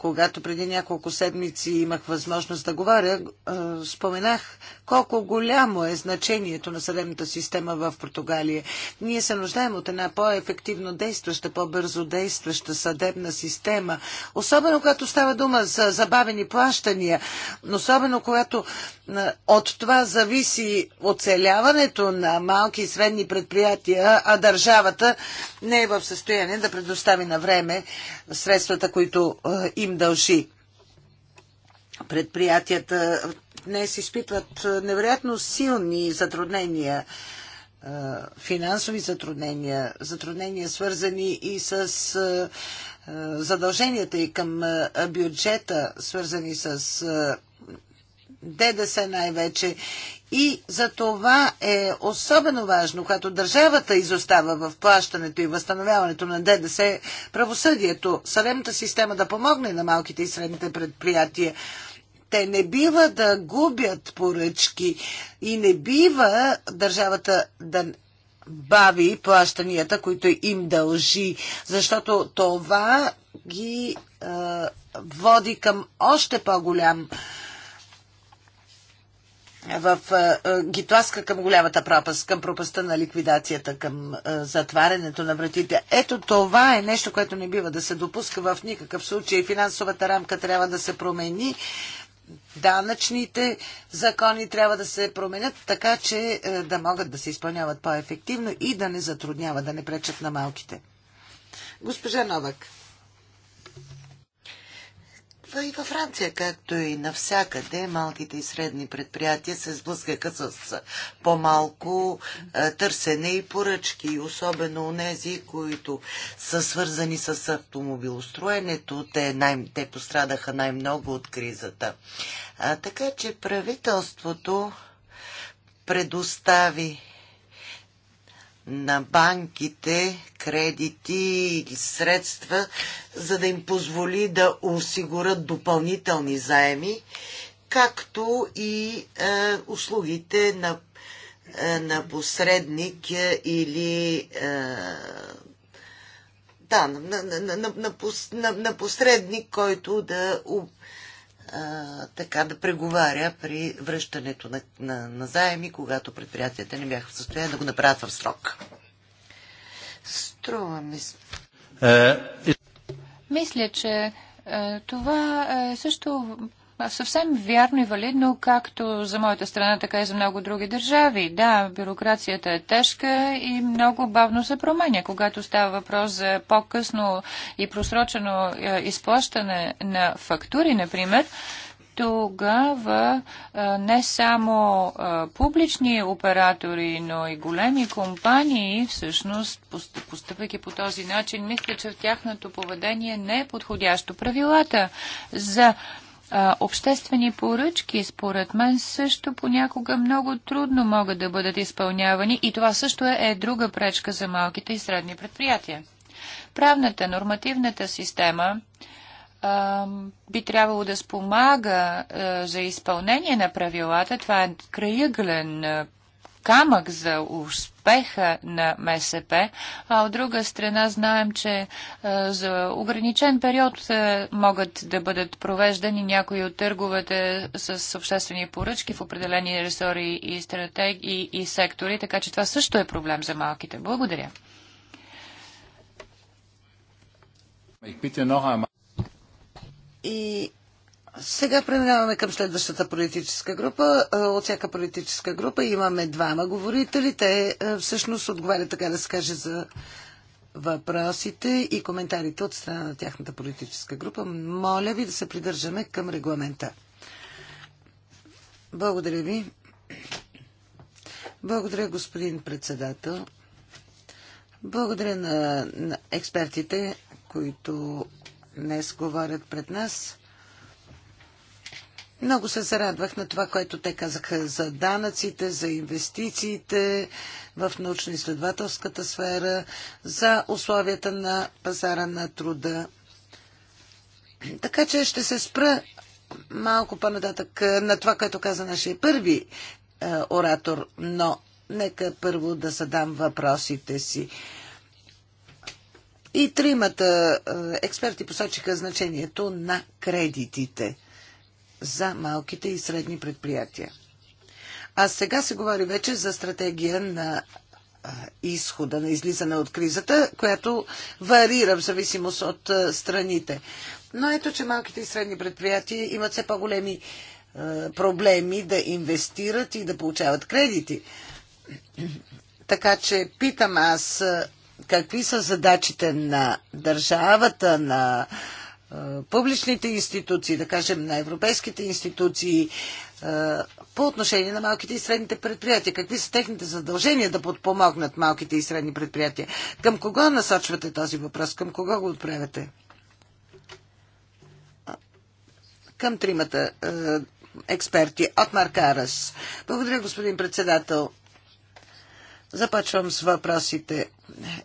когато преди няколко седмици имах възможност да говоря, е, споменах колко голямо е значението на съдебната система в Португалия. Ние се нуждаем от една по-ефективно действаща, по-бързо действаща съдебна система, особено когато става дума за забавени плащания, особено когато е, от това зависи оцеляването на малки и средни предприятия, а държавата не е в състояние да предостави на време средствата, които е, им дължи. Предприятията днес изпитват невероятно силни затруднения, финансови затруднения, затруднения свързани и с задълженията и към бюджета, свързани с ДДС най-вече и за това е особено важно, когато държавата изостава в плащането и възстановяването на ДДС, правосъдието, съдебната система да помогне на малките и средните предприятия. Те не бива да губят поръчки и не бива държавата да бави плащанията, които им дължи, защото това ги е, води към още по-голям е, в, гитласка към голямата пропаст, към пропаста на ликвидацията, към затварянето на вратите. Ето това е нещо, което не бива да се допуска в никакъв случай. Финансовата рамка трябва да се промени. Данъчните закони трябва да се променят така, че да могат да се изпълняват по-ефективно и да не затрудняват, да не пречат на малките. Госпожа Новак и във Франция, както и навсякъде, малките и средни предприятия се сблъскаха с по-малко е, търсене и поръчки, особено у нези, които са свързани с автомобилостроенето. Те, най- те пострадаха най-много от кризата. А, така че правителството предостави на банките кредити или средства, за да им позволи да осигурят допълнителни заеми, както и е, услугите на, е, на посредник е, или е, да, на, на, на, на, на, на посредник, който да а, така да преговаря при връщането на, на, на заеми, когато предприятията не бяха в състояние да го направят в срок. Струва ми се. Е, Мисля, че е, това е също съвсем вярно и валидно, както за моята страна, така и за много други държави. Да, бюрокрацията е тежка и много бавно се променя. Когато става въпрос за по-късно и просрочено е, изплащане на фактури, например, тогава е, не само е, публични оператори, но и големи компании, всъщност, постъпвайки по този начин, мисля, че в тяхното поведение не е подходящо. Правилата за а, обществени поръчки, според мен, също понякога много трудно могат да бъдат изпълнявани и това също е, е, друга пречка за малките и средни предприятия. Правната, нормативната система а, би трябвало да спомага а, за изпълнение на правилата. Това е краъгълен камък за успеха на МСП, а от друга страна знаем, че е, за ограничен период е, могат да бъдат провеждани някои от търговете с обществени поръчки в определени ресори и стратегии и сектори, така че това също е проблем за малките. Благодаря. И сега преминаваме към следващата политическа група. Е, от всяка политическа група имаме двама говорители. Те е, всъщност отговарят, така да се каже, за въпросите и коментарите от страна на тяхната политическа група. Моля ви да се придържаме към регламента. Благодаря ви. Благодаря, господин председател. Благодаря на, на експертите, които днес говорят пред нас. Много се зарадвах на това, което те казаха за данъците, за инвестициите в научно-изследователската сфера, за условията на пазара на труда. Така че ще се спра малко по-нататък на това, което каза нашия първи е, оратор, но нека първо да задам въпросите си. И тримата експерти посочиха значението на кредитите – за малките и средни предприятия. А сега се говори вече за стратегия на изхода, на излизане от кризата, която варира в зависимост от страните. Но ето, че малките и средни предприятия имат все по-големи проблеми да инвестират и да получават кредити. Така че питам аз какви са задачите на държавата, на публичните институции, да кажем на европейските институции, по отношение на малките и средните предприятия? Какви са техните задължения да подпомогнат малките и средни предприятия? Към кого насочвате този въпрос? Към кого го отправяте? Към тримата експерти от Маркарас. Благодаря, господин председател. Започвам с въпросите.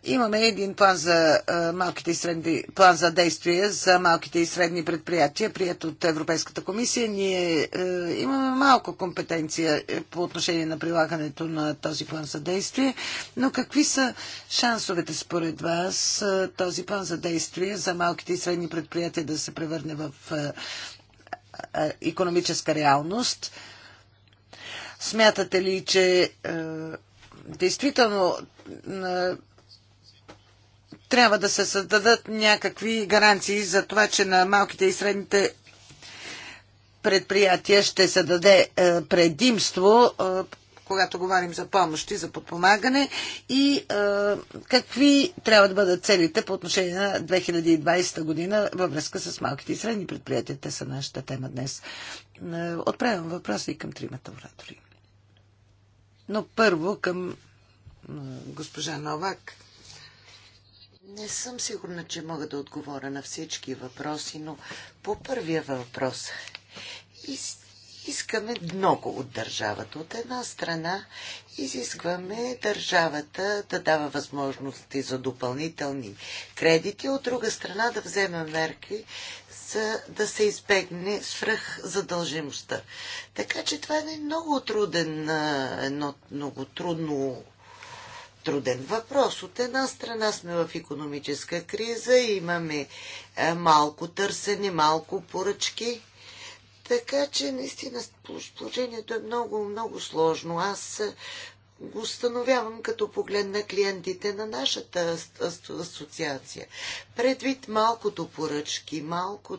Имаме един план за малките и средни, план за действие за малките и средни предприятия, прият от Европейската комисия. Ние имаме малко компетенция е, по отношение на прилагането на този план за действие, но какви са шансовете според вас този план за действие за малките и средни предприятия да се превърне в економическа реалност? Смятате ли, че действително трябва да се създадат някакви гаранции за това, че на малките и средните предприятия ще се даде е, предимство, е, когато говорим за помощи, за подпомагане и е, какви трябва да бъдат целите по отношение на 2020 година във връзка с малките и средни предприятия. Те са нашата тема днес. Отправям въпроса и към тримата оратори. Но първо към госпожа Новак. Не съм сигурна, че мога да отговоря на всички въпроси, но по първия въпрос искаме много от държавата. От една страна изискваме държавата да дава възможности за допълнителни кредити, от друга страна да вземе мерки месеца да се избегне свръх задължимостта. Така че това е много труден, едно много трудно труден въпрос. От една страна сме в економическа криза, имаме малко търсене, малко поръчки. Така че наистина положението е много, много сложно. Аз го установявам като поглед на клиентите на нашата асоциация. Предвид малкото поръчки, малко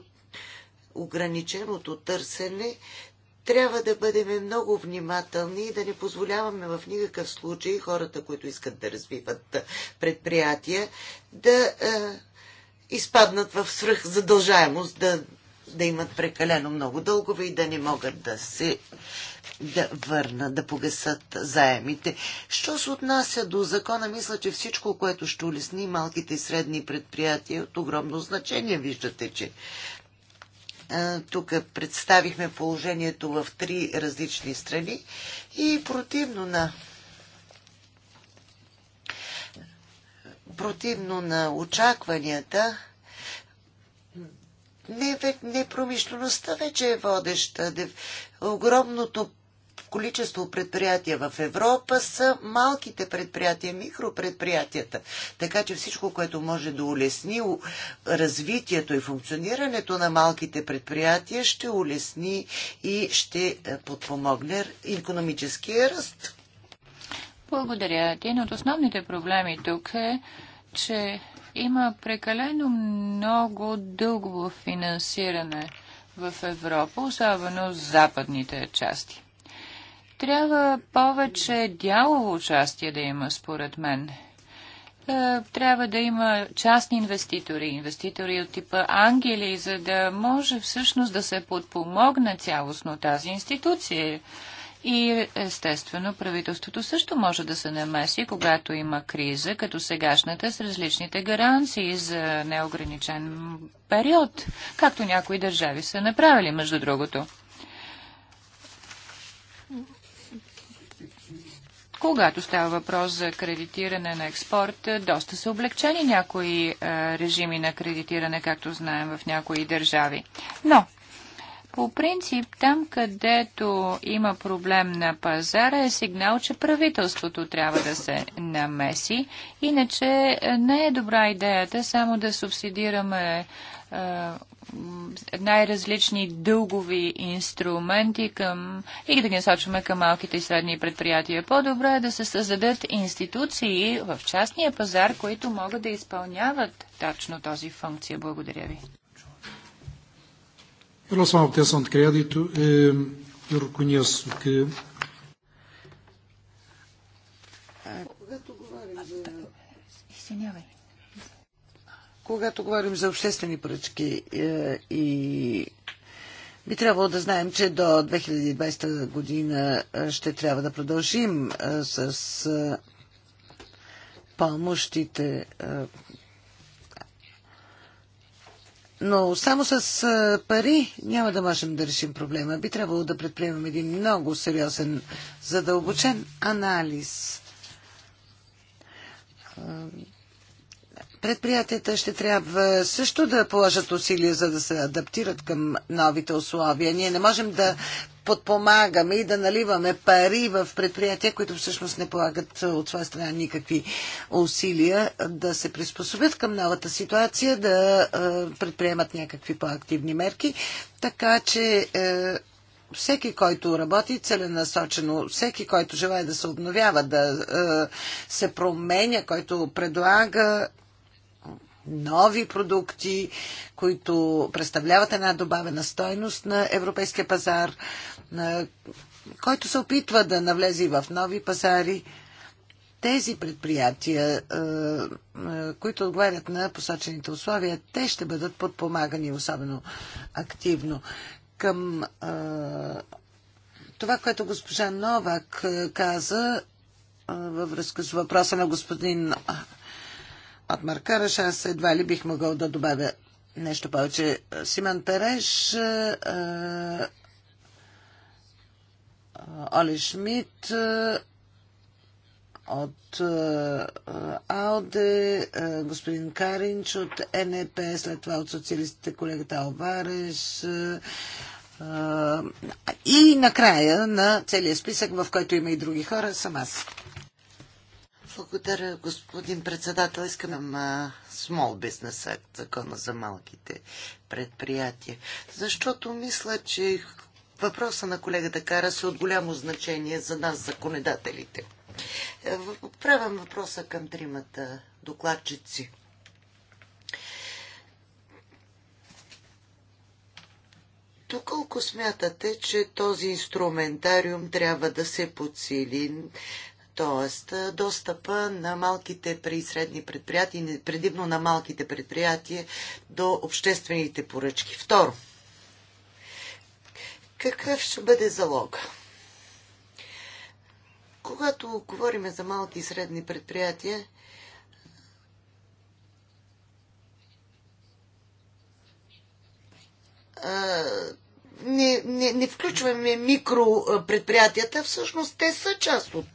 ограниченото търсене, трябва да бъдем много внимателни и да не позволяваме в никакъв случай хората, които искат да развиват предприятия, да е, изпаднат в свръхзадължаемост, да, да имат прекалено много дългове и да не могат да се да върнат, да погасат заемите. Що се отнася до закона, мисля, че всичко, което ще улесни малките и средни предприятия, е от огромно значение. Виждате, че тук представихме положението в три различни страни и противно на противно на очакванията, не, не промишлеността вече е водеща. Огромното количество предприятия в Европа са малките предприятия, микропредприятията. Така че всичко, което може да улесни развитието и функционирането на малките предприятия, ще улесни и ще е, подпомогне економическия ръст. Благодаря. Един от основните проблеми тук е, че има прекалено много дългово финансиране в Европа, особено в западните части. Трябва повече дялово участие да има, според мен. Е, трябва да има частни инвеститори, инвеститори от типа ангели, за да може всъщност да се подпомогне цялостно тази институция. И естествено правителството също може да се намеси, когато има криза, като сегашната с различните гаранции за неограничен период, както някои държави са направили, между другото. Когато става въпрос за кредитиране на експорт, е, доста са облегчени някои е, режими на кредитиране, както знаем в някои държави. Но по принцип, там където има проблем на пазара е сигнал, че правителството трябва да се намеси. Иначе е, не е добра идеята само да субсидираме е, най-различни дългови инструменти към, и да ги насочваме към малките и средни предприятия. По-добре е да се създадат институции в частния пазар, които могат да изпълняват точно този функция. Благодаря ви. Е, когато говорим за. Извинявай когато говорим за обществени поръчки е, и би трябвало да знаем, че до 2020 година е, ще трябва да продължим е, с помощите. Но само с пари няма да можем да решим проблема. Би трябвало да предприемем един много сериозен, задълбочен анализ Предприятията ще трябва също да положат усилия, за да се адаптират към новите условия. Ние не можем да подпомагаме и да наливаме пари в предприятия, които всъщност не полагат от своя страна никакви усилия да се приспособят към новата ситуация, да е, предприемат някакви по-активни мерки. Така че е, всеки, който работи целенасочено, всеки, който желая да се обновява, да е, се променя, който предлага нови продукти, които представляват една добавена стойност на европейския пазар, който се опитва да навлезе в нови пазари. Тези предприятия, е, е, които отговарят на посочените условия, те ще бъдат подпомагани особено активно. Към е, това, което госпожа Новак каза във връзка с въпроса на господин от Маркараш, аз едва ли бих могъл да добавя нещо повече. Симан Переш, Оле Шмидт от АОДЕ, господин Каринч от НЕП, след това от социалистите колегата Алвареш, и накрая на целия списък, в който има и други хора, съм аз. Благодаря, господин председател. Искам на Small Business Act, закона за малките предприятия. Защото мисля, че въпроса на колегата Кара се от голямо значение за нас, законодателите. Е, Правям въпроса към тримата докладчици. Доколко смятате, че този инструментариум трябва да се подсили? Тоест, достъпа на малките и средни предприятия, предимно на малките предприятия, до обществените поръчки. Второ, какъв ще бъде залог? Когато говорим за малки и средни предприятия, не, не, не включваме микропредприятията, всъщност те са част от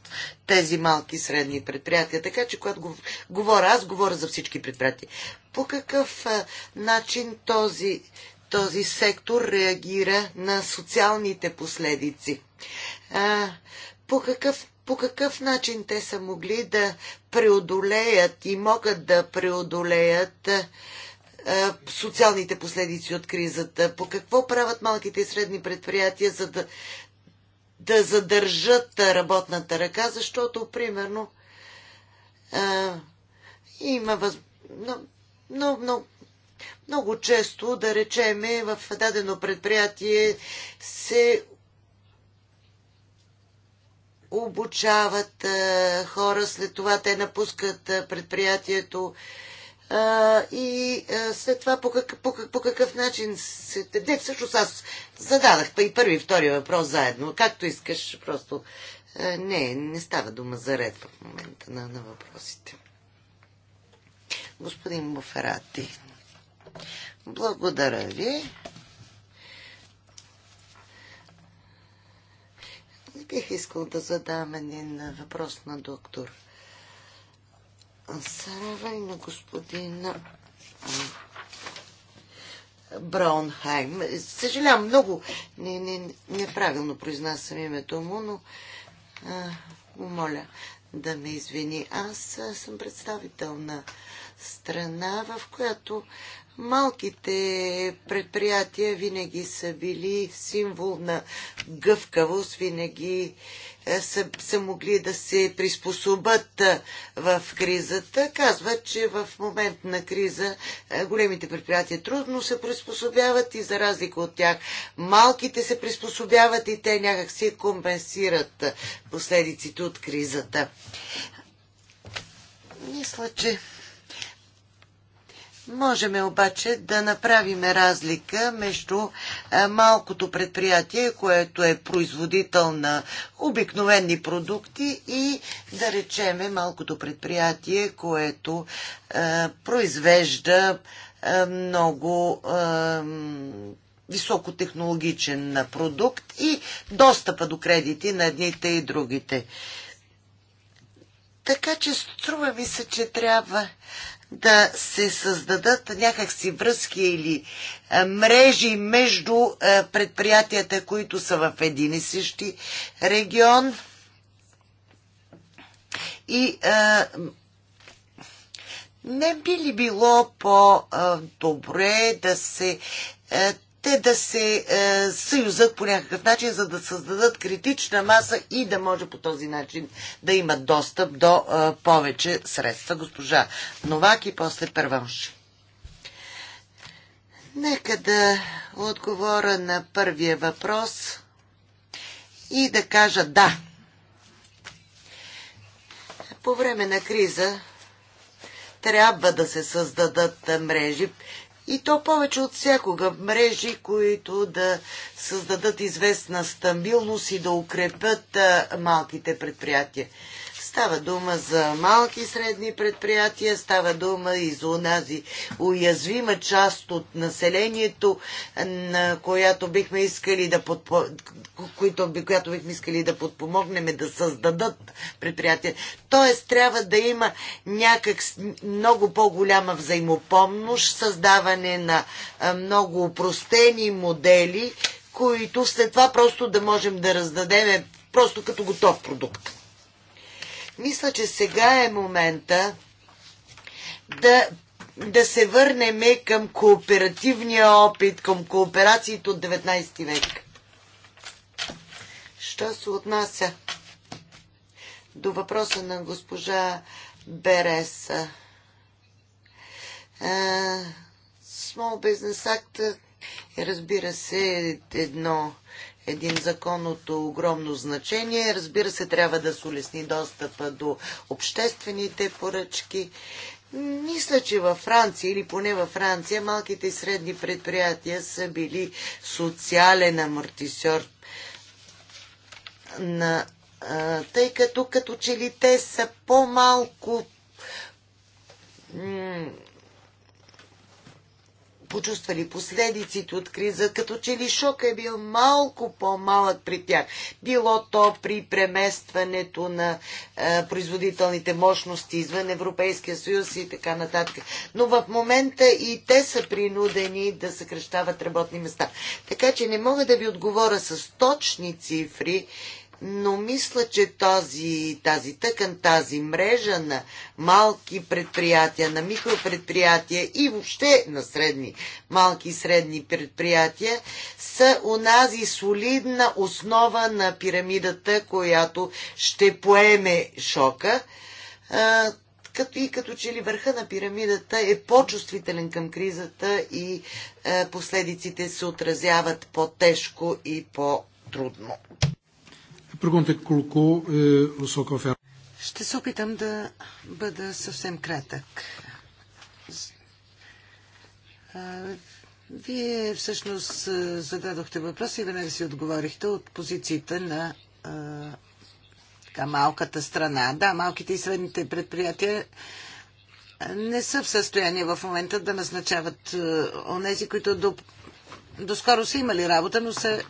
тези малки и средни предприятия. Така че, когато говоря, аз говоря за всички предприятия. По какъв начин този, този сектор реагира на социалните последици? А, по какъв по какъв начин те са могли да преодолеят и могат да преодолеят е, социалните последици от кризата? По какво правят малките и средни предприятия, за да, да задържат работната ръка? Защото, примерно, а, е, има въз... много, но, но, много често, да речеме, в дадено предприятие се обучават а, е, хора, след това те напускат а, предприятието. А, а, и а, след това по, как, по, по какъв начин се теде. Всъщност аз зададах па и първи и втори въпрос заедно. Както искаш, просто а, не, не става дума за ред в момента на, на въпросите. Господин Буферати, благодаря ви. Бих искал да задам един въпрос на доктор Сарава и на господин Браунхайм. Съжалявам много, не, не, неправилно произнасям името му, но а, му моля да ме извини. Аз съм представител на страна, в която Малките предприятия винаги са били символ на гъвкавост, винаги е, са, са могли да се приспособят е, в кризата. Казва, че в момент на криза е, големите предприятия трудно се приспособяват и за разлика от тях малките се приспособяват и те някак си компенсират последиците от кризата. Мисля, че Можем обаче да направим разлика между е, малкото предприятие, което е производител на обикновени продукти и да речеме малкото предприятие, което е, произвежда е, много е, високотехнологичен продукт и достъпа до кредити на едните и другите. Така че струва ми се, че трябва да се създадат някакси връзки или мрежи между предприятията, които са в един и същи регион и не би ли било по-добре да се те да се е, съюзат по някакъв начин, за да създадат критична маса и да може по този начин да имат достъп до е, повече средства. Госпожа Новак и после Перванши. Нека да отговоря на първия въпрос и да кажа да. По време на криза трябва да се създадат е, мрежи и то повече от всякога мрежи, които да създадат известна стабилност и да укрепят малките предприятия. Става дума за малки и средни предприятия, става дума и за унази уязвима част от населението, на която бихме искали да подпо... която бихме искали да подпомогнем да създадат предприятия. Тоест трябва да има някак много по-голяма взаимопомощ, създаване на много упростени модели, които след това просто да можем да раздадем просто като готов продукт. Мисля, че сега е момента да да се върнем към кооперативния опит, към кооперациите от 19 век. Що се отнася до въпроса на госпожа Береса? Small Business Act е, разбира се, едно един закон от огромно значение. Разбира се, трябва да се улесни достъпа до обществените поръчки. Мисля, че във Франция или поне във Франция малките и средни предприятия са били социален амортисьор на тъй като като че ли те са по-малко почувствали последиците от криза, като че ли шок е бил малко по-малък при тях. Било то при преместването на е, производителните мощности извън Европейския съюз и така нататък. Но в момента и те са принудени да съкрещават работни места. Така че не мога да ви отговоря с точни цифри но мисля, че този, тази тъкан, тази мрежа на малки предприятия, на микропредприятия и въобще на средни, малки и средни предприятия са унази солидна основа на пирамидата, която ще поеме шока. А, като и като че ли върха на пирамидата е по-чувствителен към кризата и последиците се отразяват по-тежко и по-трудно. Eh, Ще се опитам да бъда съвсем кратък. Вие всъщност зададохте въпроса и веднага си отговорихте от позицията на а, така, малката страна. Да, малките и средните предприятия не са в състояние в момента да назначават онези, които доп доскоро са имали работа, но са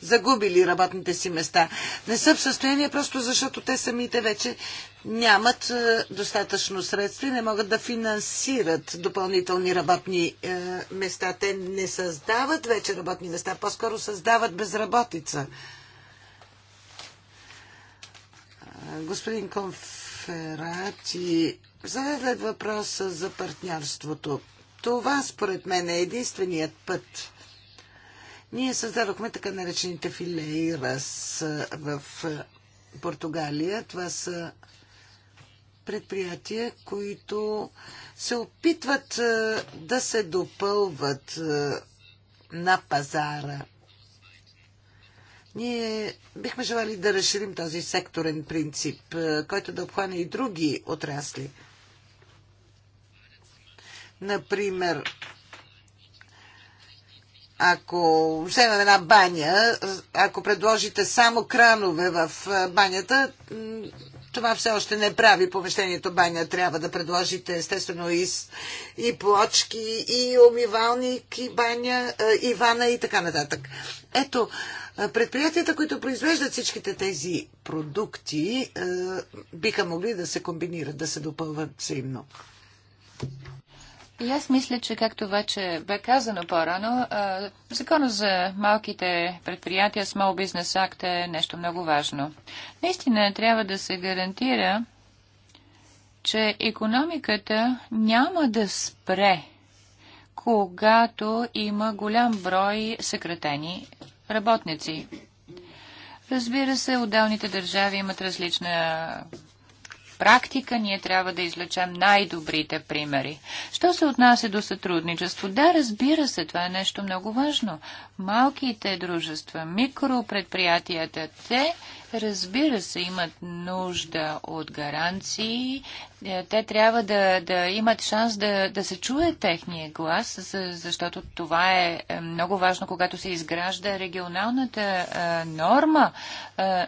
загубили работните си места. Не са в състояние просто защото те самите вече нямат е, достатъчно средства и не могат да финансират допълнителни работни е, места. Те не създават вече работни места, по-скоро създават безработица. Е, господин Конферати зададе въпроса за партньорството. Това според мен е единственият път ние създадохме така наречените филеи раз в Португалия. Това са предприятия, които се опитват да се допълват на пазара. Ние бихме желали да разширим този секторен принцип, който да обхване и други отрасли. Например, ако вземем една баня, ако предложите само кранове в банята, това все още не прави помещението баня. Трябва да предложите естествено и, и плочки, и умивалник, и баня, и вана и така нататък. Ето, предприятията, които произвеждат всичките тези продукти, биха могли да се комбинират, да се допълват взаимно. И аз мисля, че както вече бе казано по-рано, закона за малките предприятия, Small Business Act е нещо много важно. Наистина трябва да се гарантира, че економиката няма да спре, когато има голям брой съкратени работници. Разбира се, отделните държави имат различна практика ние трябва да излечем най-добрите примери. Що се отнася до сътрудничество? Да, разбира се, това е нещо много важно. Малките дружества, микропредприятията, те разбира се, имат нужда от гаранции. Е, те трябва да, да имат шанс да, да се чуе техния глас, защото това е, е много важно, когато се изгражда регионалната е, норма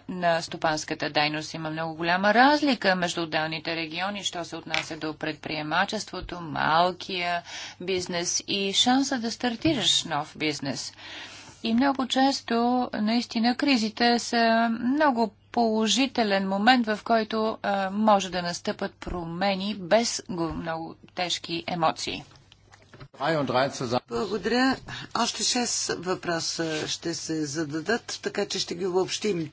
на стопанската дайност. Има много голяма разлика между отделните региони, що се отнася до предприемачеството, малкия бизнес и шанса да стартираш нов бизнес. И много често, наистина, кризите са много положителен момент, в който а, може да настъпат промени без много тежки емоции. Благодаря. Още 6 въпроса ще се зададат, така че ще ги обобщим,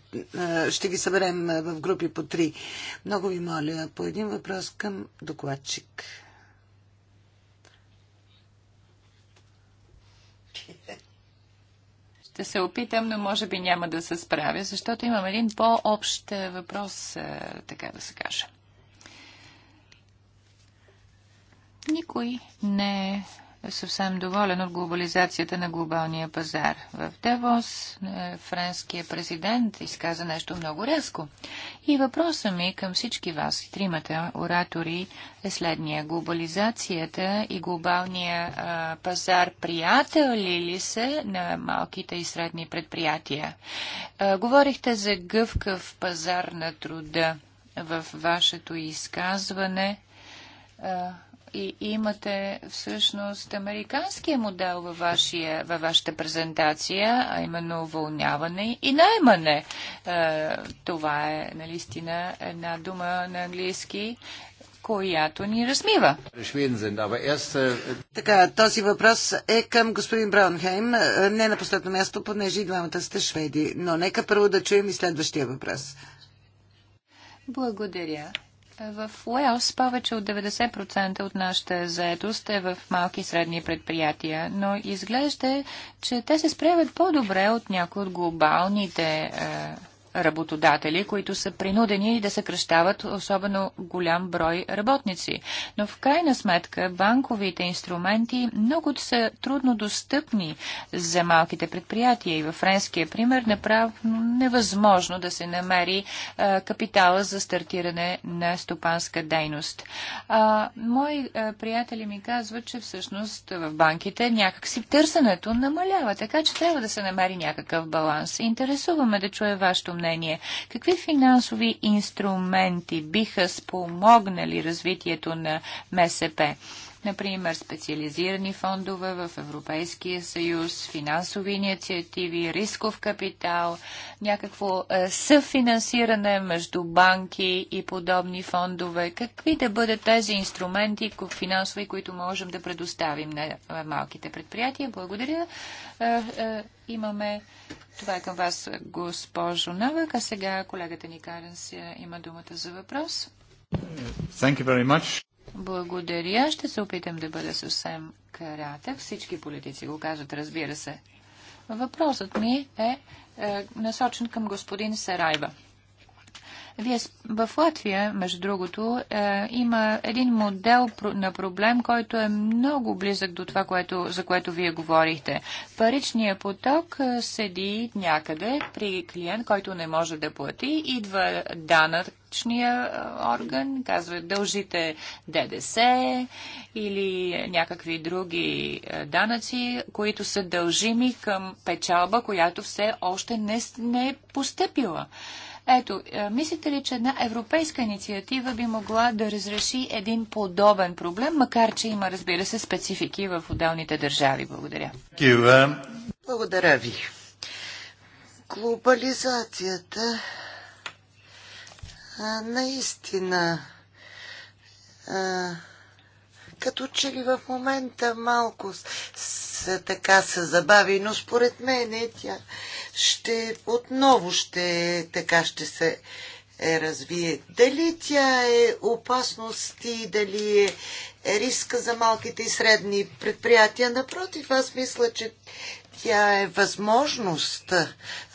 ще ги съберем в групи по 3. Много ви моля, по един въпрос към докладчик. ще се опитам, но може би няма да се справя, защото имам един по-общ е, въпрос, е, така да се каже. Никой не е съвсем доволен от глобализацията на глобалния пазар. В Девос е, френския президент изказа нещо много резко. И въпросът ми към всички вас, тримата оратори, е следния. Глобализацията и глобалния а, пазар приятели ли са на малките и средни предприятия? А, говорихте за гъвкав пазар на труда в вашето изказване. А, и имате всъщност американския модел във, вашия, във вашата презентация, а именно вълняване и наймане. Е, това е наистина една дума на английски, която ни размива. Е, така, този въпрос е към господин Браунхейм. Е, не на последно място, понеже и двамата сте шведи. Но нека първо да чуем и следващия въпрос. Благодаря. В Уелс повече от 90% от нашата заетост е в малки и средни предприятия, но изглежда, че те се справят по-добре от някои от глобалните е, работодатели, които са принудени да съкръщават особено голям брой работници. Но в крайна сметка банковите инструменти много са трудно достъпни за малките предприятия и във френския пример направо невъзможно да се намери а, капитала за стартиране на стопанска дейност. А, мои а, приятели ми казват, че всъщност в банките някакси търсенето намалява, така че трябва да се намери някакъв баланс. Интересуваме да чуя вашето мнение изпълнение. Какви финансови инструменти биха спомогнали развитието на МСП? например специализирани фондове в Европейския съюз, финансови инициативи, рисков капитал, някакво е, съфинансиране между банки и подобни фондове. Какви да бъдат тези инструменти финансови, които можем да предоставим на малките предприятия? Благодаря. Е, е, имаме това е към вас, госпожо Навък, а сега колегата ни Каренс има думата за въпрос. Thank you very much. Благодаря. Ще се опитам да бъда съвсем кратък. Всички политици го казват, разбира се. Въпросът ми е, е насочен към господин Сарайва. Вие в Латвия, между другото, е, има един модел на проблем, който е много близък до това, което, за което вие говорихте. Паричният поток е, седи някъде при клиент, който не може да плати, идва данък данъчния орган, казва дължите ДДС или някакви други данъци, които са дължими към печалба, която все още не, не е постъпила. Ето, мислите ли, че една европейска инициатива би могла да разреши един подобен проблем, макар че има, разбира се, специфики в отделните държави? Благодаря. Uh, Благодаря ви. Глобализацията а, наистина а, като че ли в момента малко с, така се забави, но според мен е, тя ще отново ще така ще се е, развие. Дали тя е опасност и дали е риска за малките и средни предприятия. Напротив, аз мисля, че тя е възможност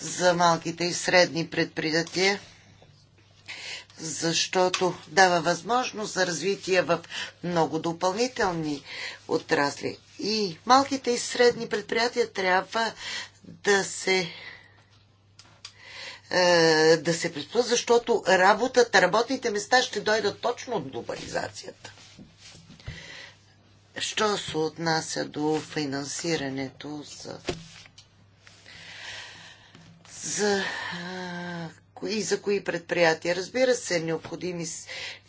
за малките и средни предприятия защото дава възможност за развитие в много допълнителни отрасли. И малките и средни предприятия трябва да се е, да се предпочитат, защото работата, работните места ще дойдат точно от глобализацията. Що се отнася до финансирането за, за е, и за кои предприятия. Разбира се, необходими,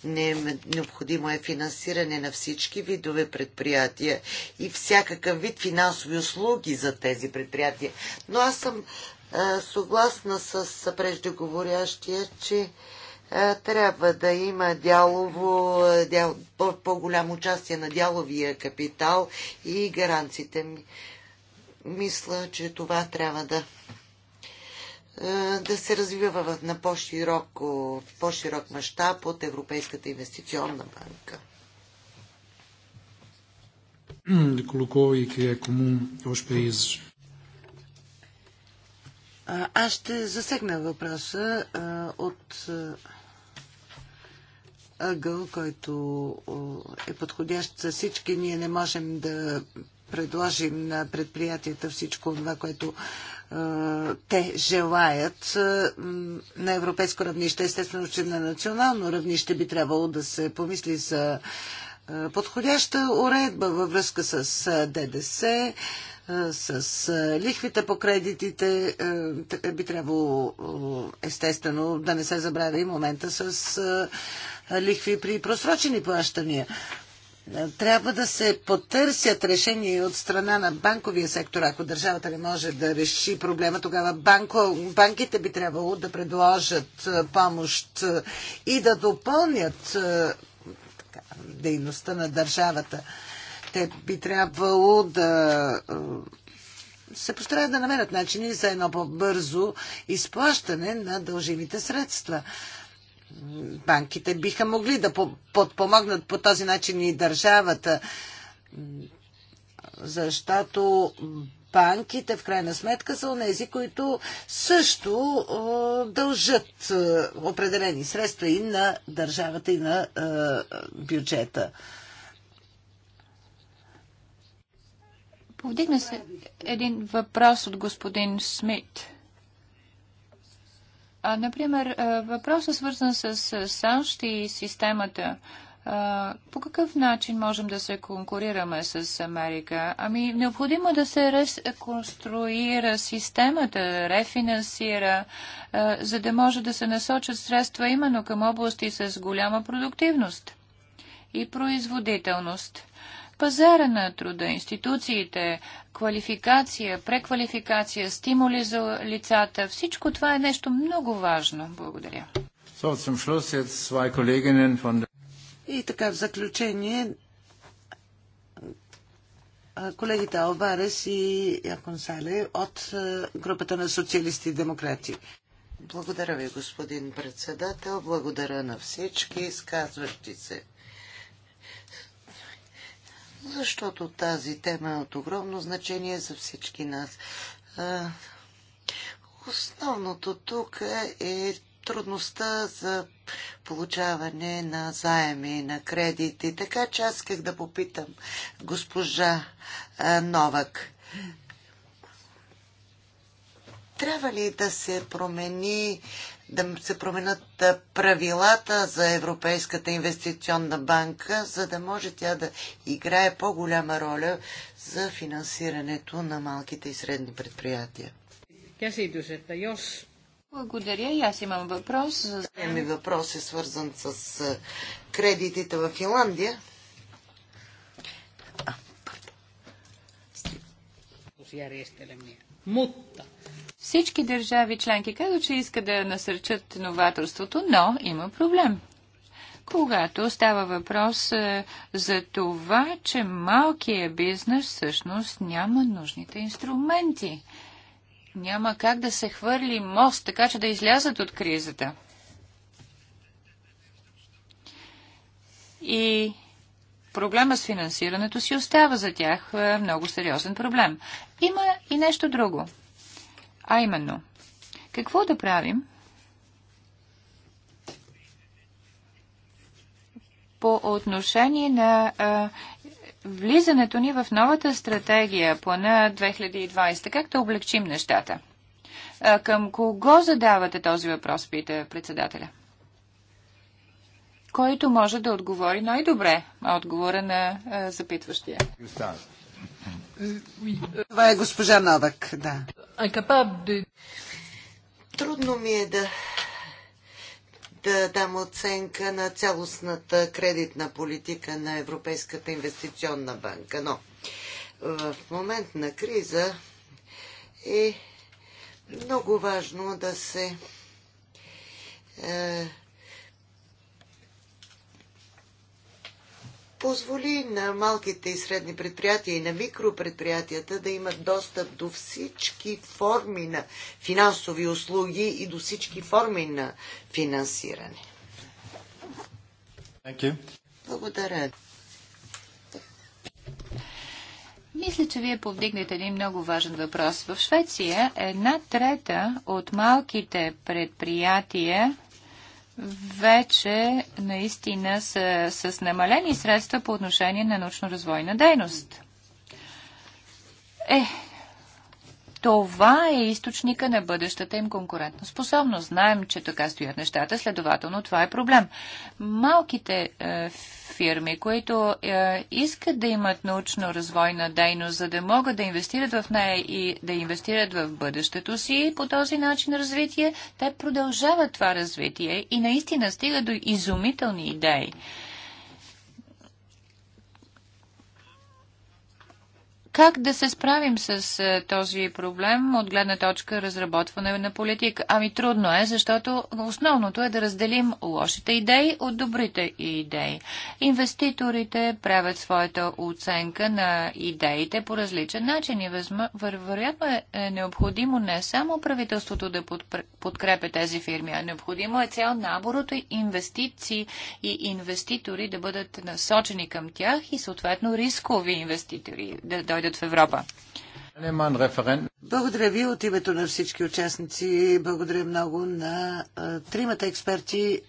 не, необходимо е финансиране на всички видове предприятия и всякакъв вид финансови услуги за тези предприятия. Но аз съм а, съгласна с преждеговорящия, че а, трябва да има дялово, дял, по-голямо -по участие на дяловия капитал и гаранциите ми. Мисля, че това трябва да е, да се развива на по-широк, по-широк мащаб от Европейската инвестиционна банка. Е аз ще засегна въпроса а, от ъгъл, който е подходящ за всички. Ние не можем да предложим на предприятията всичко това, което те желаят на европейско равнище. Естествено, че на национално равнище би трябвало да се помисли за подходяща уредба във връзка с ДДС, с лихвите по кредитите. Би трябвало, естествено, да не се забравя и момента с лихви при просрочени плащания трябва да се потърсят решения от страна на банковия сектор. Ако държавата не може да реши проблема, тогава банко, банките би трябвало да предложат е, помощ е, и да допълнят е, така, дейността на държавата. Те би трябвало да се постараят да намерят начини за едно по-бързо изплащане на дължимите средства банките биха могли да подпомогнат по този начин и държавата, защото банките в крайна сметка са онези, които също дължат определени средства и на държавата, и на бюджета. Повдигна се един въпрос от господин Смит – Например, въпросът свързан с САЩ и системата. По какъв начин можем да се конкурираме с Америка? Ами, необходимо е да се реконструира системата, рефинансира, за да може да се насочат средства именно към области с голяма продуктивност и производителност пазара на труда, институциите, квалификация, преквалификация, стимули за лицата. Всичко това е нещо много важно. Благодаря. И така в заключение колегите Албарес и Яконсале от групата на социалисти и демократи. Благодаря ви, господин председател. Благодаря на всички изказващи се защото тази тема е от огромно значение за всички нас. Основното тук е трудността за получаване на заеми, на кредити. Така че аз исках да попитам госпожа Новак. Трябва ли да се промени да се променят правилата за Европейската инвестиционна банка, за да може тя да играе по-голяма роля за финансирането на малките и средни предприятия. Благодаря. И аз имам въпрос. Ми въпрос е свързан с кредитите в Финландия. järjestelmiä. Мутта. Всички държави членки казват, че искат да насърчат новаторството, но има проблем когато става въпрос е, за това, че малкият бизнес всъщност няма нужните инструменти. Няма как да се хвърли мост, така че да излязат от кризата. И проблема с финансирането си остава за тях е, много сериозен проблем. Има и нещо друго. А именно, какво да правим по отношение на а, влизането ни в новата стратегия, плана 2020? Как да облегчим нещата? А, към кого задавате този въпрос, пита председателя? който може да отговори най-добре отговора на а, запитващия. Това е госпожа Навък, да. Трудно ми е да да дам оценка на цялостната кредитна политика на Европейската инвестиционна банка. Но в момент на криза е много важно да се е, позволи на малките и средни предприятия и на микропредприятията да имат достъп до всички форми на финансови услуги и до всички форми на финансиране. Благодаря. Мисля, че вие повдигнете един много важен въпрос. В Швеция една трета от малките предприятия вече наистина са с намалени средства по отношение на научно-развойна дейност. Е, това е източника на бъдещата им конкурентна способност. Знаем, че така стоят нещата, следователно това е проблем. Малките е, фирми, които е, искат да имат научно-развойна дейност, за да могат да инвестират в нея и да инвестират в бъдещето си по този начин развитие, те продължават това развитие и наистина стигат до изумителни идеи. Как да се справим с е, този проблем от гледна точка разработване на политика? Ами трудно е, защото основното е да разделим лошите идеи от добрите идеи. Инвеститорите правят своята оценка на идеите по различен начин и вероятно е, е необходимо не само правителството да подкрепя тези фирми, а необходимо е цял набор от инвестиции и инвеститори да бъдат насочени към тях и съответно рискови инвеститори да дойдат дойдат в Европа. Благодаря ви от името на всички участници. Благодаря много на тримата експерти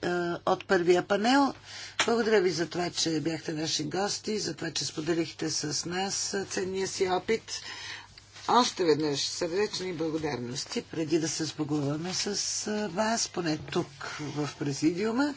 от първия панел. Благодаря ви за това, че бяхте наши гости, за това, че споделихте с нас ценния си опит. Още веднъж сърдечни благодарности, преди да се сбогуваме с вас, поне тук в президиума.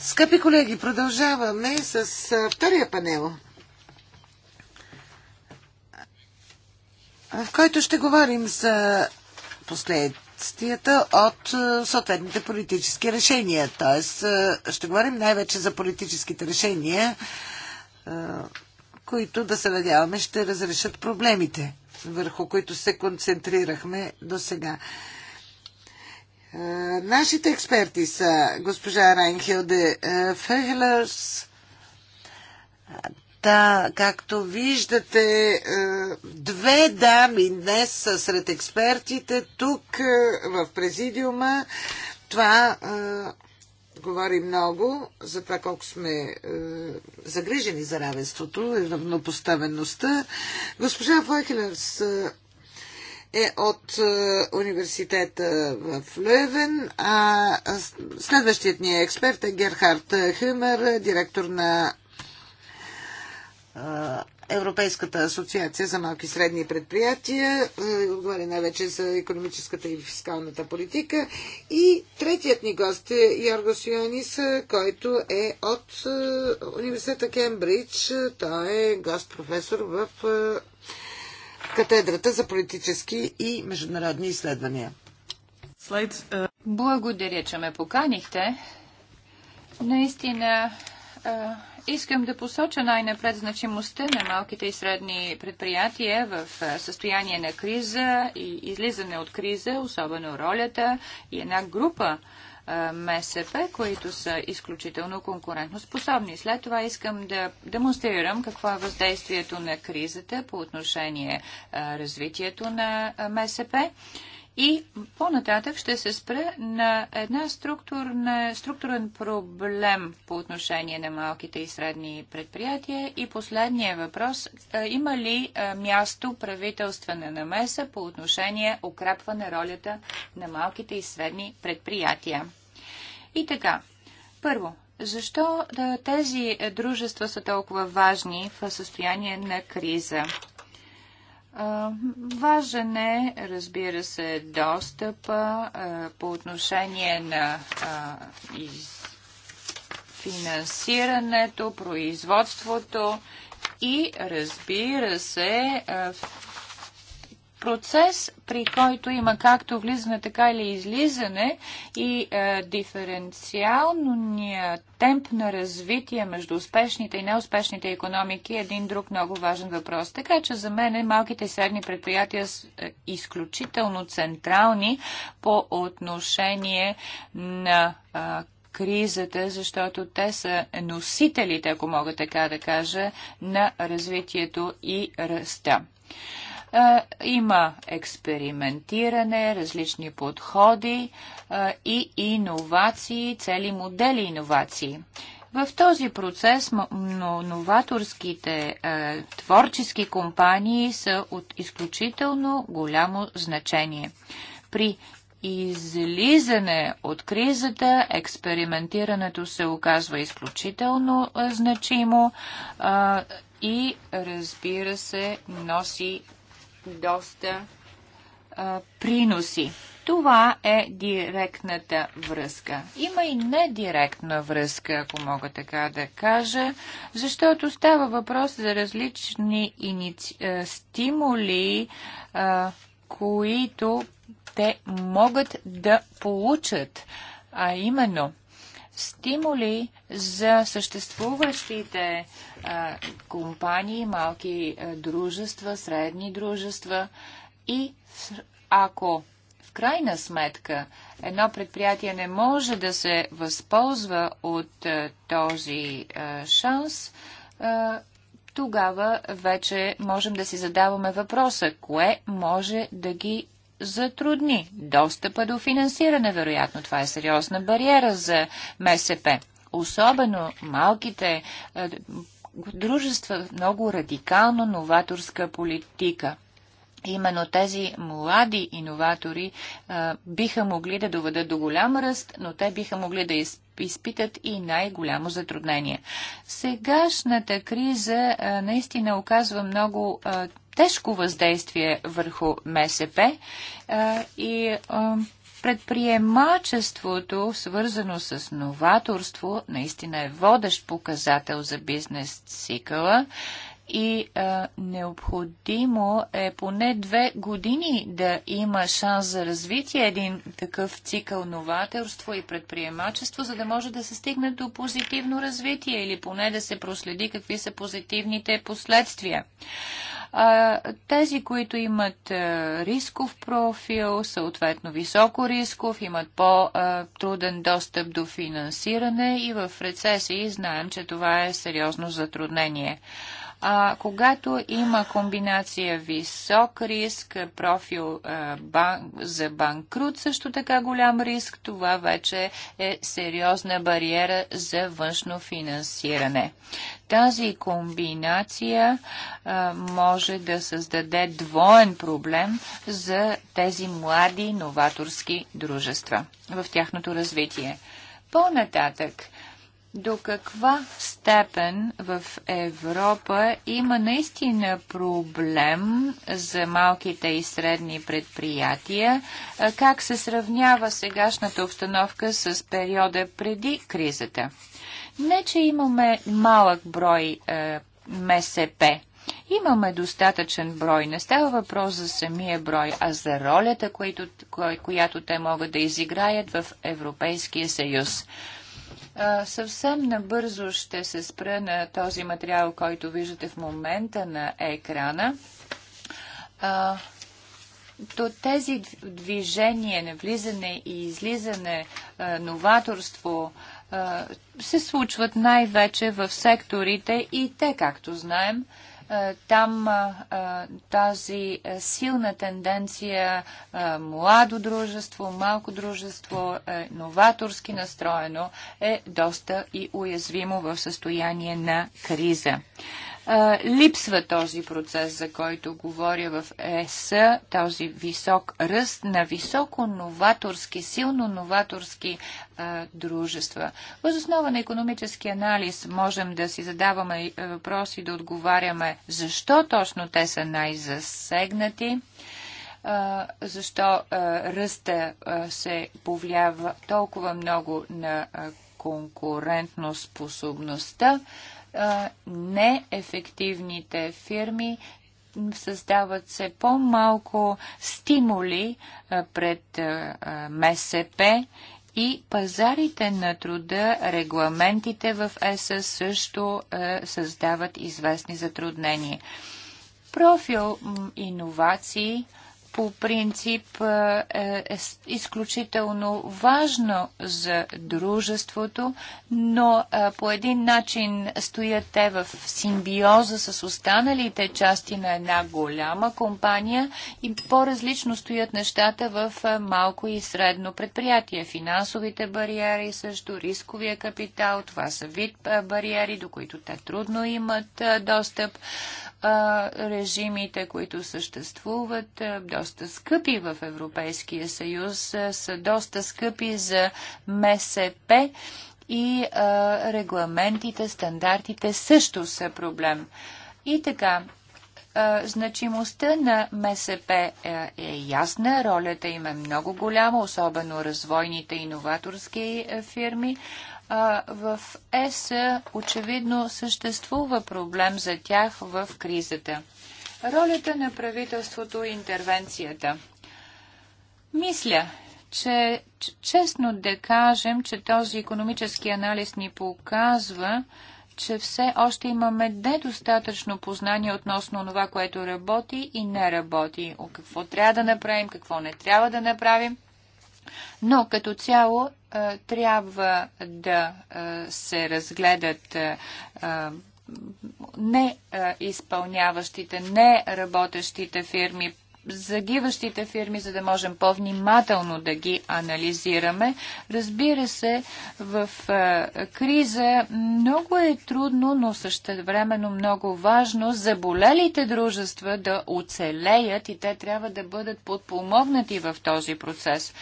Скъпи колеги, продължаваме с втория панел, в който ще говорим за последствията от съответните политически решения. Тоест, ще говорим най-вече за политическите решения, които да се надяваме ще разрешат проблемите, върху които се концентрирахме до сега. Нашите експерти са госпожа Райнхилде Фехлерс. Да, както виждате, две дами днес са сред експертите тук в президиума. Това говори много за това колко сме е, загрижени за равенството и равнопоставеността. Госпожа Фойхелерс е от е, университета в Лъвен, а следващият ни експерт е Герхард Хюмер, директор на Европейската асоциация за малки и средни предприятия, е, отговаря най-вече за економическата и фискалната политика. И третият ни гост е Йоргос Йонис, който е от е, университета Кембридж. Той е гост професор в катедрата за политически и международни изследвания. Е, Благодаря, че ме поканихте. Наистина, е, искам да посоча най-напред значимостта на малките и средни предприятия в е, състояние на криза и излизане от криза, особено ролята и една група МСП, които са изключително конкурентно способни. След това искам да демонстрирам какво е въздействието на кризата по отношение развитието на МСП. И по-нататък ще се спре на една структурна, структурен проблем по отношение на малките и средни предприятия. И последния въпрос. Е, има ли е, място правителствена намеса по отношение укрепване ролята на малките и средни предприятия? И така. Първо, защо е, тези дружества са толкова важни в състояние на криза? Важен е, разбира се, достъпа по отношение на финансирането, производството и, разбира се, процес, при който има както влизане, така или излизане и е, диференциалния темп на развитие между успешните и неуспешните економики е един друг много важен въпрос. Така че за мен малките и средни предприятия са е, изключително централни по отношение на е, кризата, защото те са носителите, ако мога така да кажа, на развитието и ръста. Е, има експериментиране, различни подходи е, и иновации, цели модели иновации. В този процес новаторските е, творчески компании са от изключително голямо значение. При излизане от кризата експериментирането се оказва изключително е, значимо е, и разбира се носи доста а, приноси. Това е директната връзка. Има и недиректна връзка, ако мога така да кажа, защото става въпрос за различни иници... стимули, а, които те могат да получат, а именно – стимули за съществуващите а, компании, малки а, дружества, средни дружества и ако в крайна сметка едно предприятие не може да се възползва от а, този а, шанс, а, тогава вече можем да си задаваме въпроса, кое може да ги затрудни достъпа до финансиране. Вероятно това е сериозна бариера за МСП. Особено малките е, дружества много радикално новаторска политика. Именно тези млади иноватори а, биха могли да доведат до голям ръст, но те биха могли да изпълнят изпитат и най-голямо затруднение. Сегашната криза а, наистина оказва много а, тежко въздействие върху МСП а, и предприемачеството, свързано с новаторство, наистина е водещ показател за бизнес цикъла и а, необходимо е поне две години да има шанс за развитие, един такъв цикъл новаторство и предприемачество, за да може да се стигне до позитивно развитие или поне да се проследи какви са позитивните последствия. А, тези, които имат а, рисков профил, съответно високо рисков, имат по-труден достъп до финансиране и в рецесии знаем, че това е сериозно затруднение. А, когато има комбинация висок риск, профил а, бан, за банкрут, също така голям риск, това вече е сериозна бариера за външно финансиране. Тази комбинация а, може да създаде двоен проблем за тези млади новаторски дружества в тяхното развитие. По-нататък, до каква степен в Европа има наистина проблем за малките и средни предприятия? Как се сравнява сегашната обстановка с периода преди кризата? Не, че имаме малък брой е, МСП. Имаме достатъчен брой. Не става въпрос за самия брой, а за ролята, която, която те могат да изиграят в Европейския съюз. Съвсем набързо ще се спра на този материал, който виждате в момента на екрана. То тези движения на влизане и излизане, новаторство, се случват най-вече в секторите и те, както знаем, е, там е, е, тази силна тенденция младо дружество, малко дружество, новаторски настроено е доста и уязвимо в състояние на криза липсва този процес, за който говоря в ЕС, този висок ръст на високо новаторски, силно новаторски а, дружества. основа на економически анализ можем да си задаваме е, въпроси, да отговаряме защо точно те са най-засегнати защо ръста се повлиява толкова много на конкурентно способността, неефективните фирми създават се по-малко стимули пред МСП и пазарите на труда, регламентите в ЕСА също създават известни затруднения. Профил иновации – по принцип е, е изключително важно за дружеството, но е, по един начин стоят те в симбиоза с останалите части на една голяма компания и по-различно стоят нещата в е, малко и средно предприятие. Финансовите бариери също, рисковия капитал, това са вид бариери, до които те трудно имат достъп режимите, които съществуват, доста скъпи в Европейския съюз, са доста скъпи за МСП и регламентите, стандартите също са проблем. И така, значимостта на МСП е, ясна, ролята им е много голяма, особено развойните иноваторски фирми в ЕС очевидно съществува проблем за тях в кризата. Ролята на правителството и интервенцията. Мисля, че честно да кажем, че този економически анализ ни показва, че все още имаме недостатъчно познание относно това, което работи и не работи. О какво трябва да направим, какво не трябва да направим. Но като цяло е, трябва да е, се разгледат е, не изпълняващите, не работещите фирми, загиващите фирми, за да можем по-внимателно да ги анализираме. Разбира се, в криза много е трудно, но същевременно много важно заболелите дружества да оцелеят и те трябва да бъдат подпомогнати в този процес.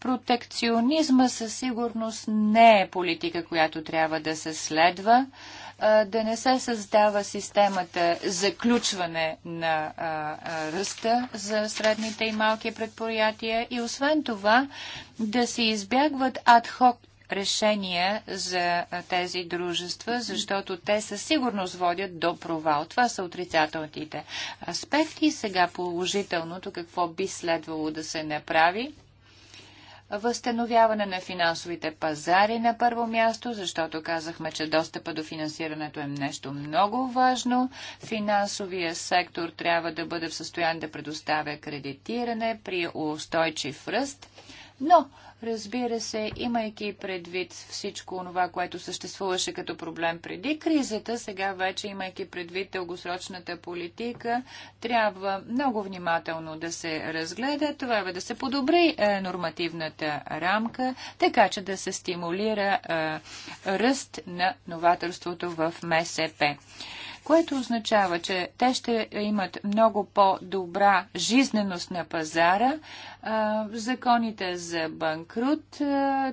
Протекционизма със сигурност не е политика, която трябва да се следва да не се създава системата заключване на ръста за средните и малки предприятия и освен това да се избягват адхок решения за тези дружества, защото те със сигурност водят до провал. Това са отрицателните аспекти. Сега положителното какво би следвало да се направи. Възстановяване на финансовите пазари на първо място, защото казахме, че достъпа до финансирането е нещо много важно. Финансовия сектор трябва да бъде в състояние да предоставя кредитиране при устойчив ръст. Но Разбира се, имайки предвид всичко това, което съществуваше като проблем преди кризата, сега вече, имайки предвид дългосрочната политика, трябва много внимателно да се разгледа, трябва е да се подобри е, нормативната рамка, така че да се стимулира е, ръст на новаторството в МСП което означава, че те ще имат много по-добра жизненост на пазара, Законите за банкрут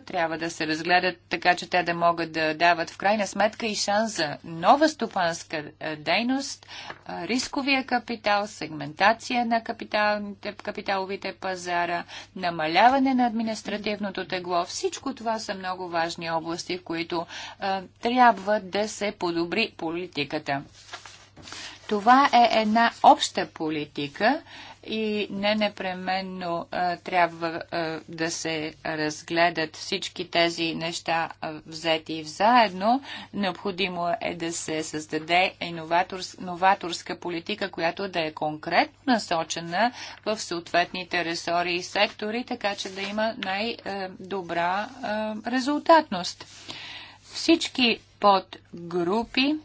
трябва да се разгледат така, че те да могат да дават в крайна сметка и шанс за нова стопанска дейност, рисковия капитал, сегментация на капиталовите пазара, намаляване на административното тегло. Всичко това са много важни области, в които трябва да се подобри политиката. Това е една обща политика, и не непременно а, трябва а, да се разгледат всички тези неща а, взети заедно. Необходимо е да се създаде иноваторс, новаторска политика, която да е конкретно насочена в съответните ресори и сектори, така че да има най-добра резултатност. Всички подгрупи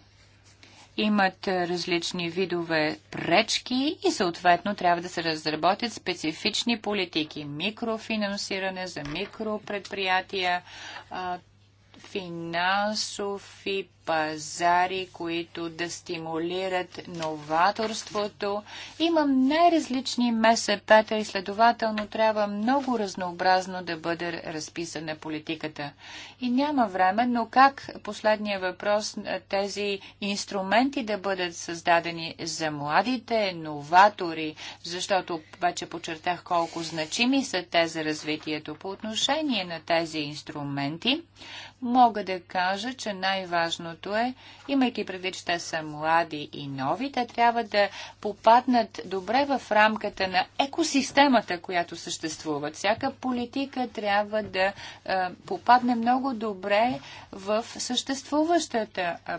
имат различни видове пречки и съответно трябва да се разработят специфични политики. Микрофинансиране за микропредприятия, финансови пазари, които да стимулират новаторството. Имам най-различни МСП-та и следователно трябва много разнообразно да бъде разписана политиката. И няма време, но как последния въпрос тези инструменти да бъдат създадени за младите новатори, защото вече подчертах колко значими са те за развитието по отношение на тези инструменти, мога да кажа, че най-важно Другото е, имайки предвид, че те са млади и нови, те трябва да попаднат добре в рамката на екосистемата, която съществува. Всяка политика трябва да а, попадне много добре в съществуващата а,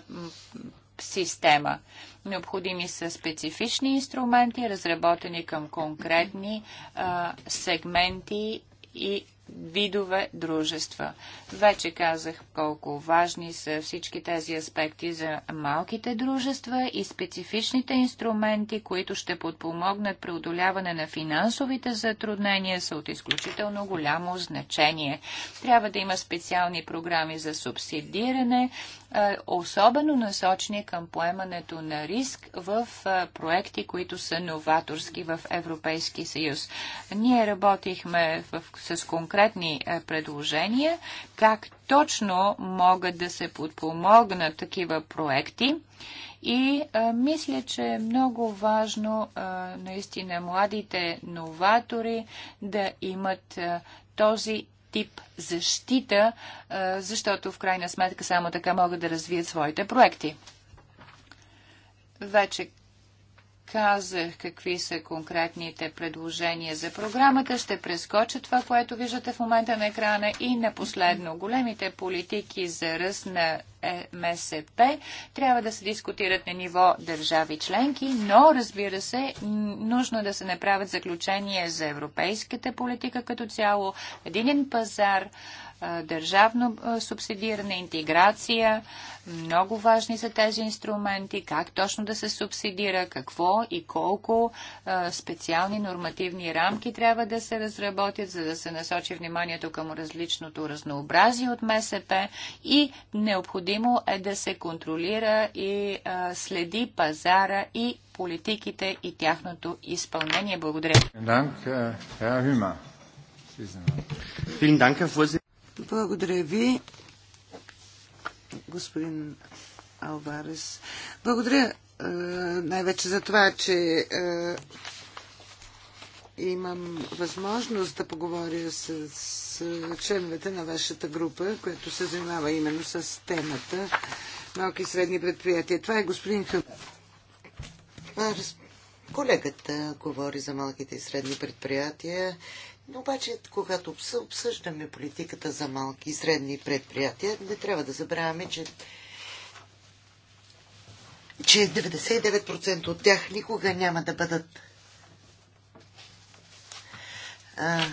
система. Необходими са специфични инструменти, разработени към конкретни а, сегменти и видове дружества. Вече казах колко важни са всички тези аспекти за малките дружества и специфичните инструменти, които ще подпомогнат преодоляване на финансовите затруднения са от изключително голямо значение. Трябва да има специални програми за субсидиране е, особено насочни към поемането на риск в е, проекти, които са новаторски в Европейски съюз. Ние работихме в, с конкретни е, предложения, как точно могат да се подпомогнат такива проекти. И а, мисля, че е много важно а, наистина младите новатори да имат а, този тип защита, защото в крайна сметка само така могат да развият своите проекти. Вече казах какви са конкретните предложения за програмата. Ще прескоча това, което виждате в момента на екрана и на последно. Големите политики за ръст на МСП трябва да се дискутират на ниво държави членки, но разбира се, нужно е да се направят заключения за европейската политика като цяло, единен пазар, държавно субсидиране, интеграция. Много важни са тези инструменти, как точно да се субсидира, какво и колко специални нормативни рамки трябва да се разработят, за да се насочи вниманието към различното разнообразие от МСП и необходимо е да се контролира и следи пазара и политиките и тяхното изпълнение. Благодаря. Vielen Dank, Herr благодаря ви, господин Алварес. Благодаря е, най-вече за това, че е, имам възможност да поговоря с, с членовете на вашата група, която се занимава именно с темата малки и средни предприятия. Това е господин Хъм. Колегата говори за малките и средни предприятия но обаче, когато обсъждаме политиката за малки и средни предприятия, не трябва да забравяме, че че 99% от тях никога няма да бъдат а,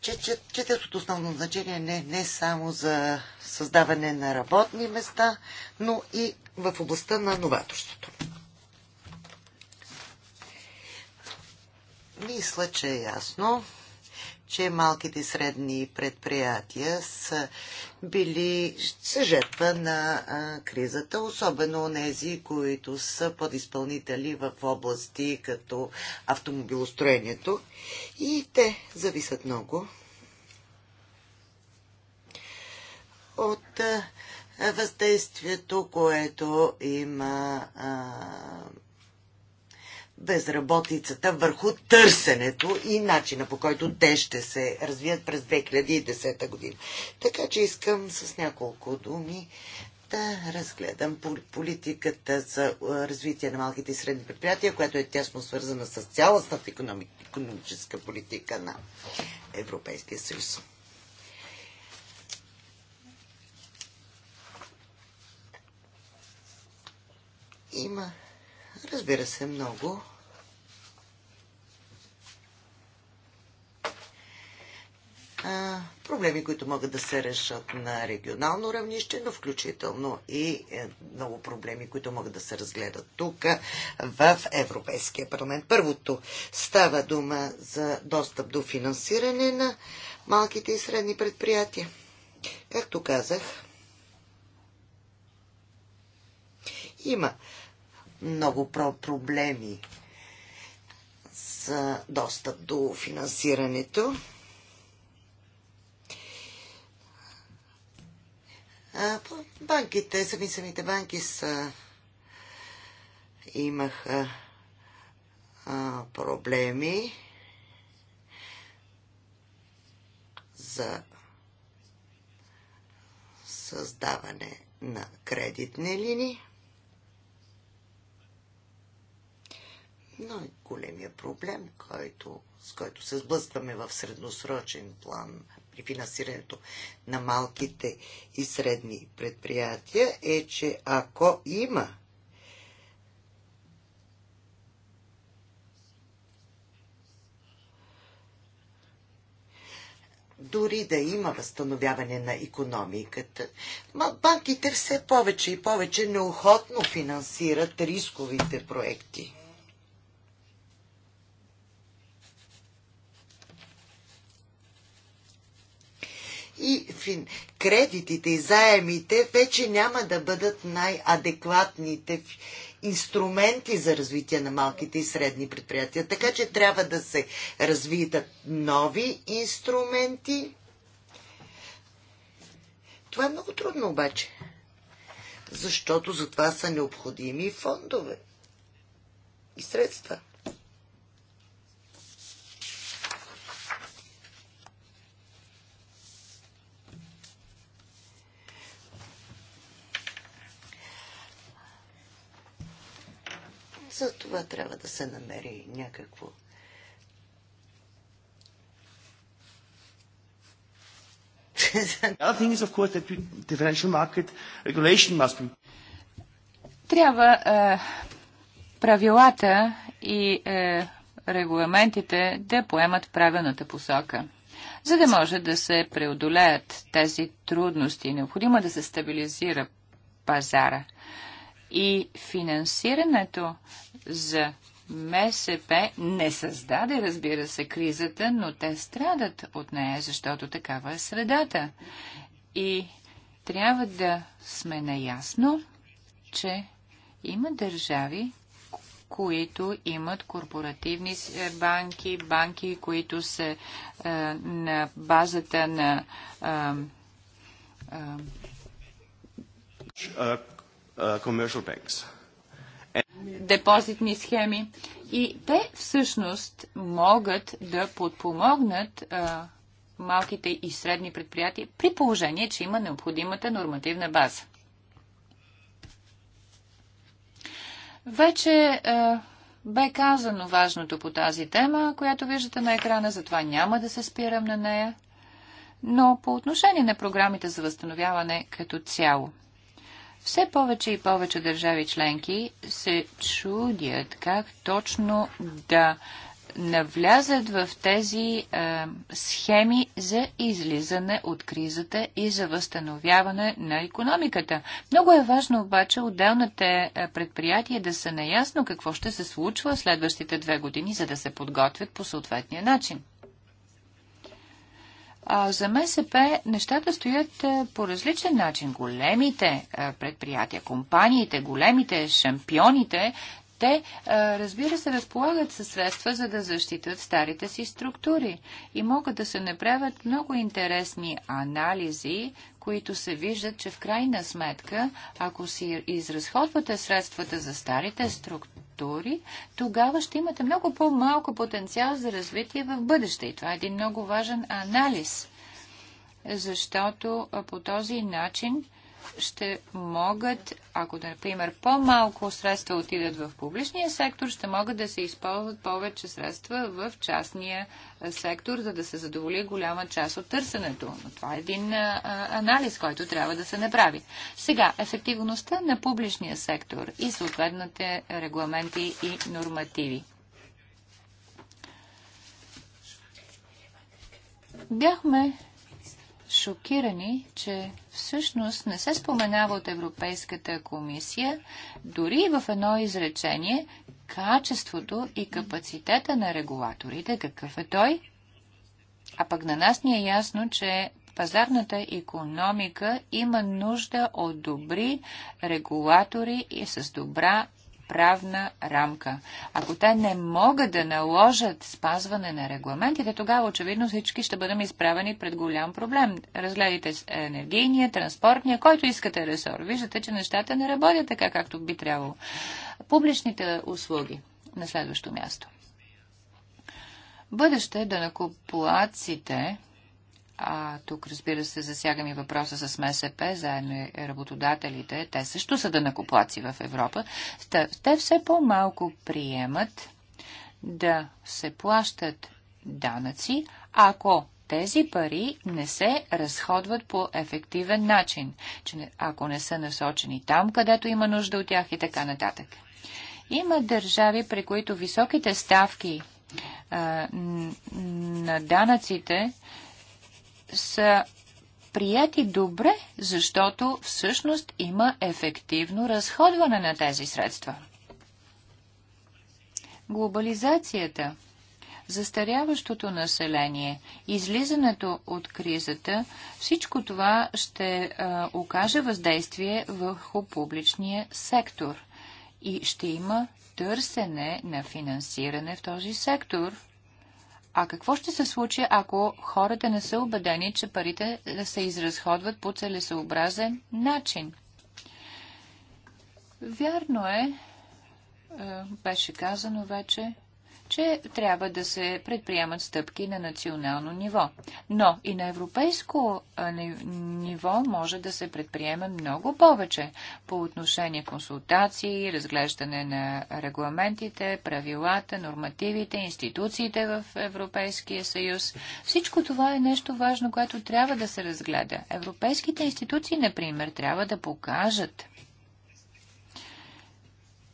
че, че от основно значение не, не само за създаване на работни места, но и в областта на новаторството. Мисля, че е ясно че малките и средни предприятия са били жертва на а, кризата, особено тези, които са подизпълнители в области като автомобилостроението и те зависят много от а, въздействието, което има а, безработицата върху търсенето и начина по който те ще се развият през 2010 година. Така че искам с няколко думи да разгледам политиката за развитие на малките и средни предприятия, която е тясно свързана с цялостната економическа политика на Европейския съюз. Има Разбира се, много. А, проблеми, които могат да се решат на регионално равнище, но включително и е, много проблеми, които могат да се разгледат тук в Европейския парламент. Първото става дума за достъп до финансиране на малките и средни предприятия. Както казах, има много проблеми с достъп до финансирането. Банките, сами самите банки са, имаха проблеми за създаване на кредитни линии. най-големия проблем, който, с който се сблъскваме в средносрочен план при финансирането на малките и средни предприятия е, че ако има дори да има възстановяване на економиката, банките все повече и повече неохотно финансират рисковите проекти. и фин... кредитите и заемите вече няма да бъдат най-адекватните инструменти за развитие на малките и средни предприятия. Така че трябва да се развитат нови инструменти. Това е много трудно обаче, защото за това са необходими фондове и средства. За това трябва да се намери някакво Трябва е, правилата и е, регламентите да поемат правилната посока. За да може да се преодолеят тези трудности, необходимо е да се стабилизира пазара – и финансирането за МСП не създаде, разбира се, кризата, но те страдат от нея, защото такава е средата. И трябва да сме наясно, че има държави, които имат корпоративни е, банки, банки, които са е, на базата на. Е, е, Uh, commercial banks. Депозитни схеми. И те всъщност могат да подпомогнат а, малките и средни предприятия при положение, че има необходимата нормативна база. Вече а, бе казано важното по тази тема, която виждате на екрана, затова няма да се спирам на нея. Но по отношение на програмите за възстановяване като цяло – все повече и повече държави членки се чудят как точно да навлязат в тези е, схеми за излизане от кризата и за възстановяване на економиката. Много е важно обаче отделните е, предприятия да са наясно какво ще се случва в следващите две години, за да се подготвят по съответния начин. А за МСП нещата стоят е, по различен начин. Големите е, предприятия, компаниите, големите шампионите, те, е, разбира се, разполагат със средства, за да защитат старите си структури и могат да се направят много интересни анализи, които се виждат, че в крайна сметка, ако си изразходвате средствата за старите структури, култури, тогава ще имате много по-малко потенциал за развитие в бъдеще. И това е един много важен анализ, защото по този начин ще могат, ако, например, по-малко средства отидат в публичния сектор, ще могат да се използват повече средства в частния сектор, за да се задоволи голяма част от търсенето. Но това е един а, анализ, който трябва да се направи. Сега, ефективността на публичния сектор и съответните регламенти и нормативи. Бяхме шокирани, че всъщност не се споменава от Европейската комисия, дори в едно изречение, качеството и капацитета на регулаторите, какъв е той. А пък на нас ни е ясно, че пазарната економика има нужда от добри регулатори и с добра правна рамка. Ако те не могат да наложат спазване на регламентите, тогава очевидно всички ще бъдем изправени пред голям проблем. Разгледайте енергийния, транспортния, който искате ресор. Виждате, че нещата не работят така, както би трябвало. Публичните услуги на следващо място. Бъдеще да накоплаците а тук, разбира се, засягам и въпроса с МСП, заедно и работодателите. Те също са дънакоплаци в Европа. Те все по-малко приемат да се плащат данъци, ако тези пари не се разходват по ефективен начин, че ако не са насочени там, където има нужда от тях и така нататък. Има държави, при които високите ставки а, на данъците са прияти добре, защото всъщност има ефективно разходване на тези средства. Глобализацията, застаряващото население, излизането от кризата, всичко това ще а, окаже въздействие върху публичния сектор и ще има търсене на финансиране в този сектор – а какво ще се случи, ако хората не са убедени, че парите се изразходват по целесообразен начин? Вярно е, е беше казано вече, че трябва да се предприемат стъпки на национално ниво. Но и на европейско ниво може да се предприеме много повече по отношение консултации, разглеждане на регламентите, правилата, нормативите, институциите в Европейския съюз. Всичко това е нещо важно, което трябва да се разгледа. Европейските институции, например, трябва да покажат,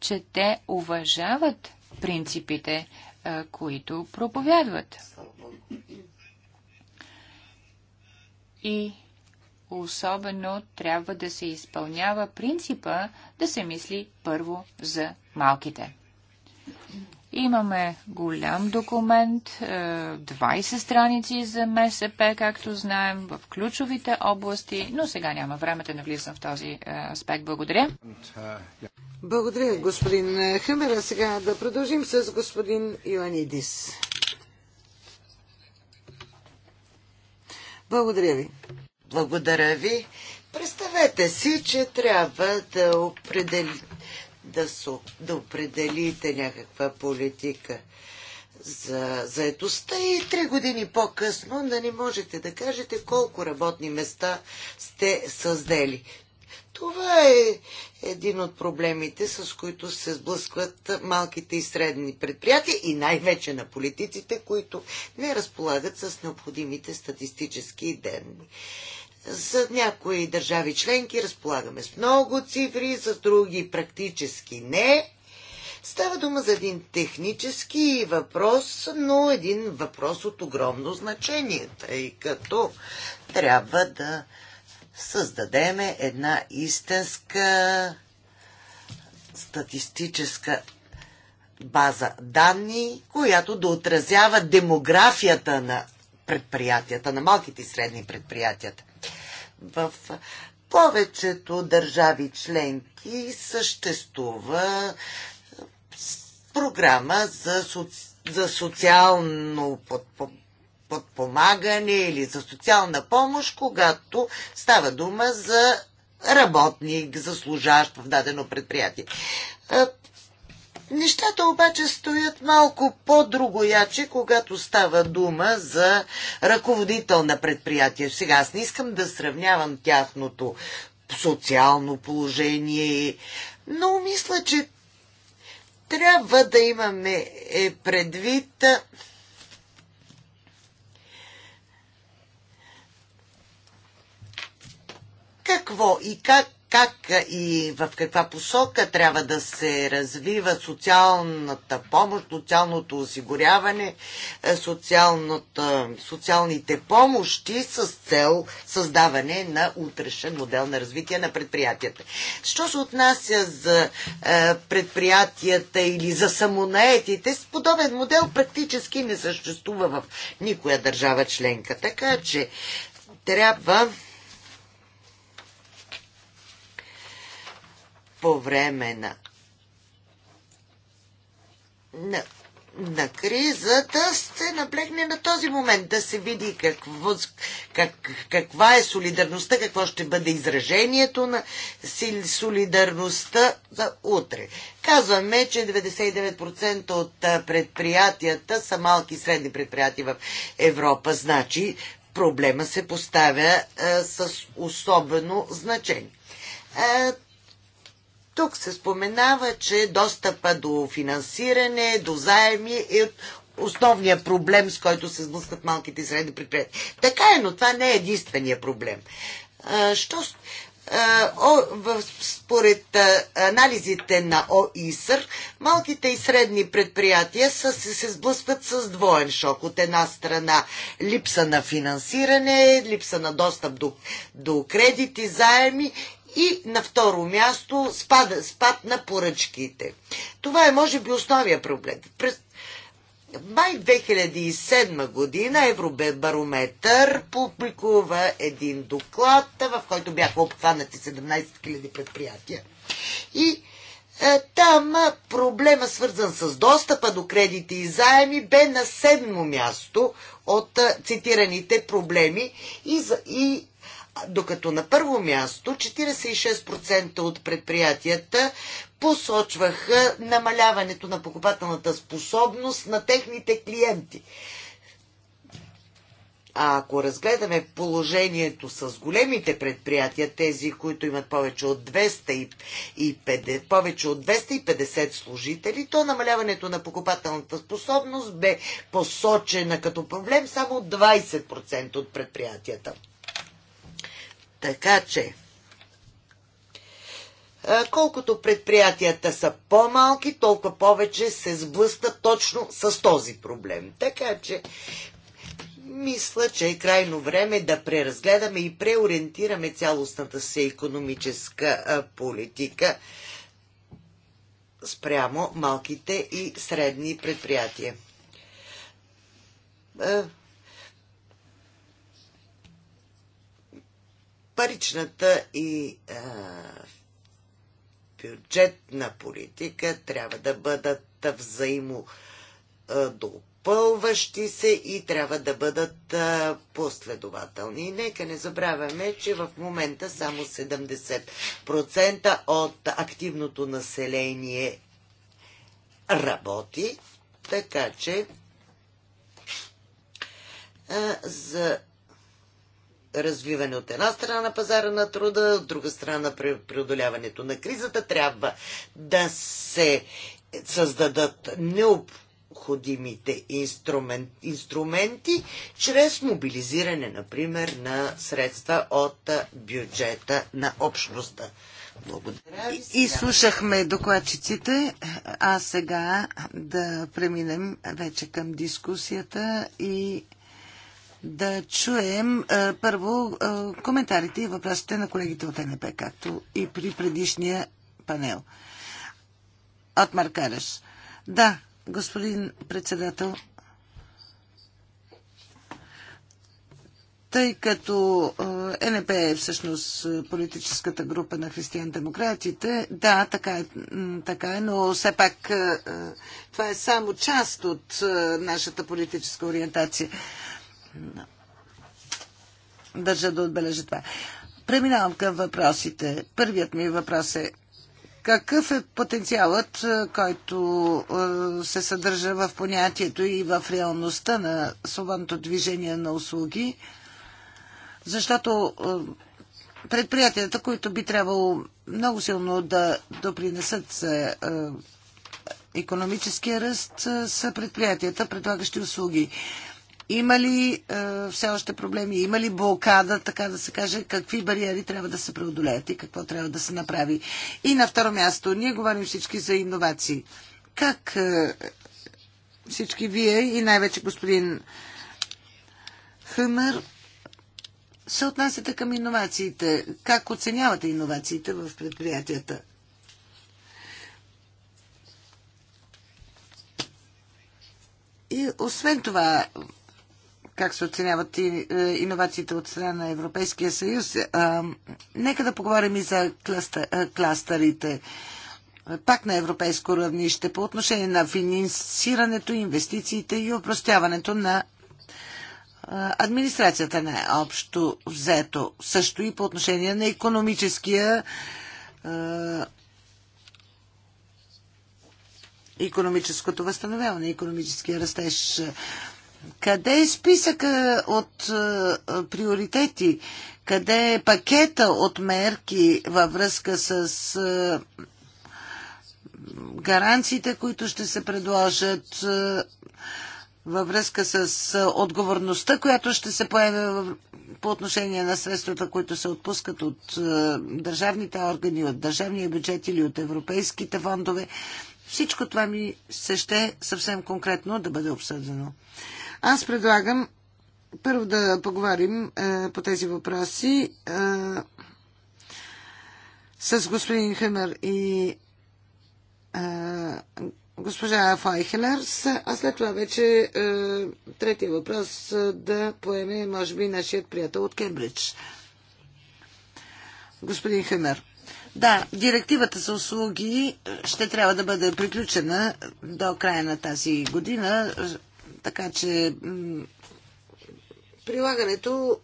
че те уважават принципите, е, които проповядват. И особено трябва да се изпълнява принципа да се мисли първо за малките. Имаме голям документ, 20 е, страници за МСП, както знаем, в ключовите области, но сега няма време да навлизам в този е, аспект. Благодаря. Благодаря, господин Хъмера. Сега да продължим с господин Йоанидис. Благодаря ви. Благодаря ви. Представете си, че трябва да, определи, да, су, да определите някаква политика за заедостта и три години по-късно да не можете да кажете колко работни места сте създели. Това е един от проблемите, с които се сблъскват малките и средни предприятия и най-вече на политиците, които не разполагат с необходимите статистически данни. За някои държави членки разполагаме с много цифри, за други практически не. Става дума за един технически въпрос, но един въпрос от огромно значение, тъй като трябва да създадеме една истинска статистическа база данни, която да отразява демографията на предприятията, на малките и средни предприятията. В повечето държави членки съществува програма за, соци... за социално подпомагане подпомагане или за социална помощ, когато става дума за работник, за служащ в дадено предприятие. Нещата обаче стоят малко по-другояче, когато става дума за ръководител на предприятие. Сега аз не искам да сравнявам тяхното социално положение, но мисля, че трябва да имаме е, предвид какво и как как и в каква посока трябва да се развива социалната помощ, социалното осигуряване, е, социалните помощи с цел създаване на утрешен модел на развитие на предприятията. Що се отнася за е, предприятията или за самонаетите, с подобен модел практически не съществува в никоя държава членка. Така че трябва по време на, на, на криза да се наблегне на този момент, да се види какво, как, каква е солидарността, какво ще бъде изражението на солидарността за утре. Казваме, че 99% от предприятията са малки и средни предприятия в Европа, значи проблема се поставя а, с особено значение. А, тук се споменава, че достъпа до финансиране, до заеми е основният проблем, с който се сблъскват малките и средни предприятия. Така е, но това не е единствения проблем. А, що, според анализите на ОИСР, малките и средни предприятия са, се, се сблъскват с двоен шок. От една страна липса на финансиране, липса на достъп до, до кредити, заеми и на второ място спада, спад на поръчките. Това е, може би, основия проблем. През май 2007 година Евробарометър публикува един доклад, в който бяха обхванати 17 000 предприятия. И е, там проблема, свързан с достъпа до кредити и заеми, бе на седмо място от е, цитираните проблеми и, и докато на първо място 46% от предприятията посочваха намаляването на покупателната способност на техните клиенти. А ако разгледаме положението с големите предприятия, тези, които имат повече от 250, повече от 250 служители, то намаляването на покупателната способност бе посочена като проблем само 20% от предприятията. Така че, колкото предприятията са по-малки, толкова повече се сблъскат точно с този проблем. Така че, мисля, че е крайно време да преразгледаме и преориентираме цялостната си економическа политика спрямо малките и средни предприятия. паричната и а, е, бюджетна политика трябва да бъдат взаимо е, допълващи се и трябва да бъдат а, е, последователни. И нека не забравяме, че в момента само 70% от активното население работи, така че а, за развиване от една страна на пазара на труда, от друга страна на преодоляването на кризата, трябва да се създадат необходимите инструмент, инструменти чрез мобилизиране, например, на средства от бюджета на общността. Благодаря ви. Сега. И слушахме докладчиците, а сега да преминем вече към дискусията и да чуем е, първо е, коментарите и въпросите на колегите от НП, както и при предишния панел. От Маркареш. Да, господин председател, тъй като е, НП е всъщност политическата група на християн-демократите. Да, така е, така е, но все пак това е само част от нашата политическа ориентация държа да отбележа това. Преминавам към въпросите. Първият ми въпрос е какъв е потенциалът, е, който е, се съдържа в понятието и в реалността на свободното движение на услуги? Защото е, предприятията, които би трябвало много силно да допринесат за економическия ръст, са предприятията, предлагащи услуги. Има ли е, все още проблеми? Има ли блокада, така да се каже? Какви бариери трябва да се преодолеят и какво трябва да се направи? И на второ място, ние говорим всички за иновации. Как е, всички вие и най-вече господин Хъмър се отнасяте към иновациите? Как оценявате иновациите в предприятията? И освен това, как се оценяват и, е, иновациите от страна на Европейския съюз. Е, нека да поговорим и за е, кластърите. Пак на европейско равнище по отношение на финансирането, инвестициите и упростяването на администрацията на общо взето. Също и по отношение на економическия економическото възстановяване, економическия растеж. Къде е списъка от а, е, приоритети? Къде е пакета от мерки във връзка с а, е, гаранциите, които ще се предложат, а, е, във връзка с а, отговорността, която ще се появи по отношение на средствата, които се отпускат от а, държавните органи, от държавния бюджет или от европейските фондове? Всичко това ми се ще съвсем конкретно да бъде обсъдено. Аз предлагам първо да поговорим е, по тези въпроси е, с господин Хемер и е, госпожа Файхелерс, а след това вече е, третия въпрос е, да поеме, може би, нашият приятел от Кембридж. Господин Хемер. Да, директивата за услуги ще трябва да бъде приключена до края на тази година. Така че прилагането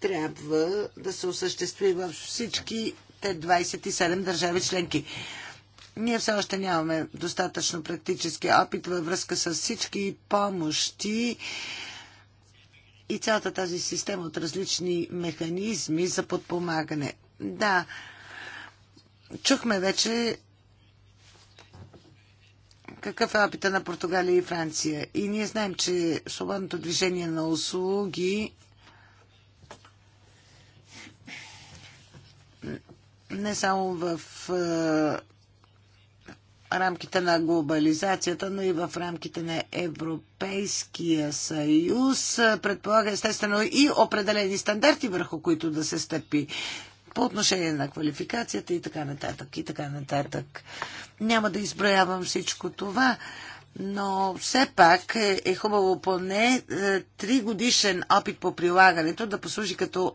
трябва да се осъществи във всички те 27 държави членки. Ние все още нямаме достатъчно практически опит във връзка с всички помощи и цялата тази система от различни механизми за подпомагане. Да, чухме вече какъв е опита на Португалия и Франция. И ние знаем, че свободното движение на услуги не само в е, рамките на глобализацията, но и в рамките на Европейския съюз е, предполага естествено и определени стандарти, върху които да се стъпи по отношение на квалификацията и така нататък, и така нататък. Няма да изброявам всичко това, но все пак е, е хубаво поне е, три годишен опит по прилагането да послужи като е,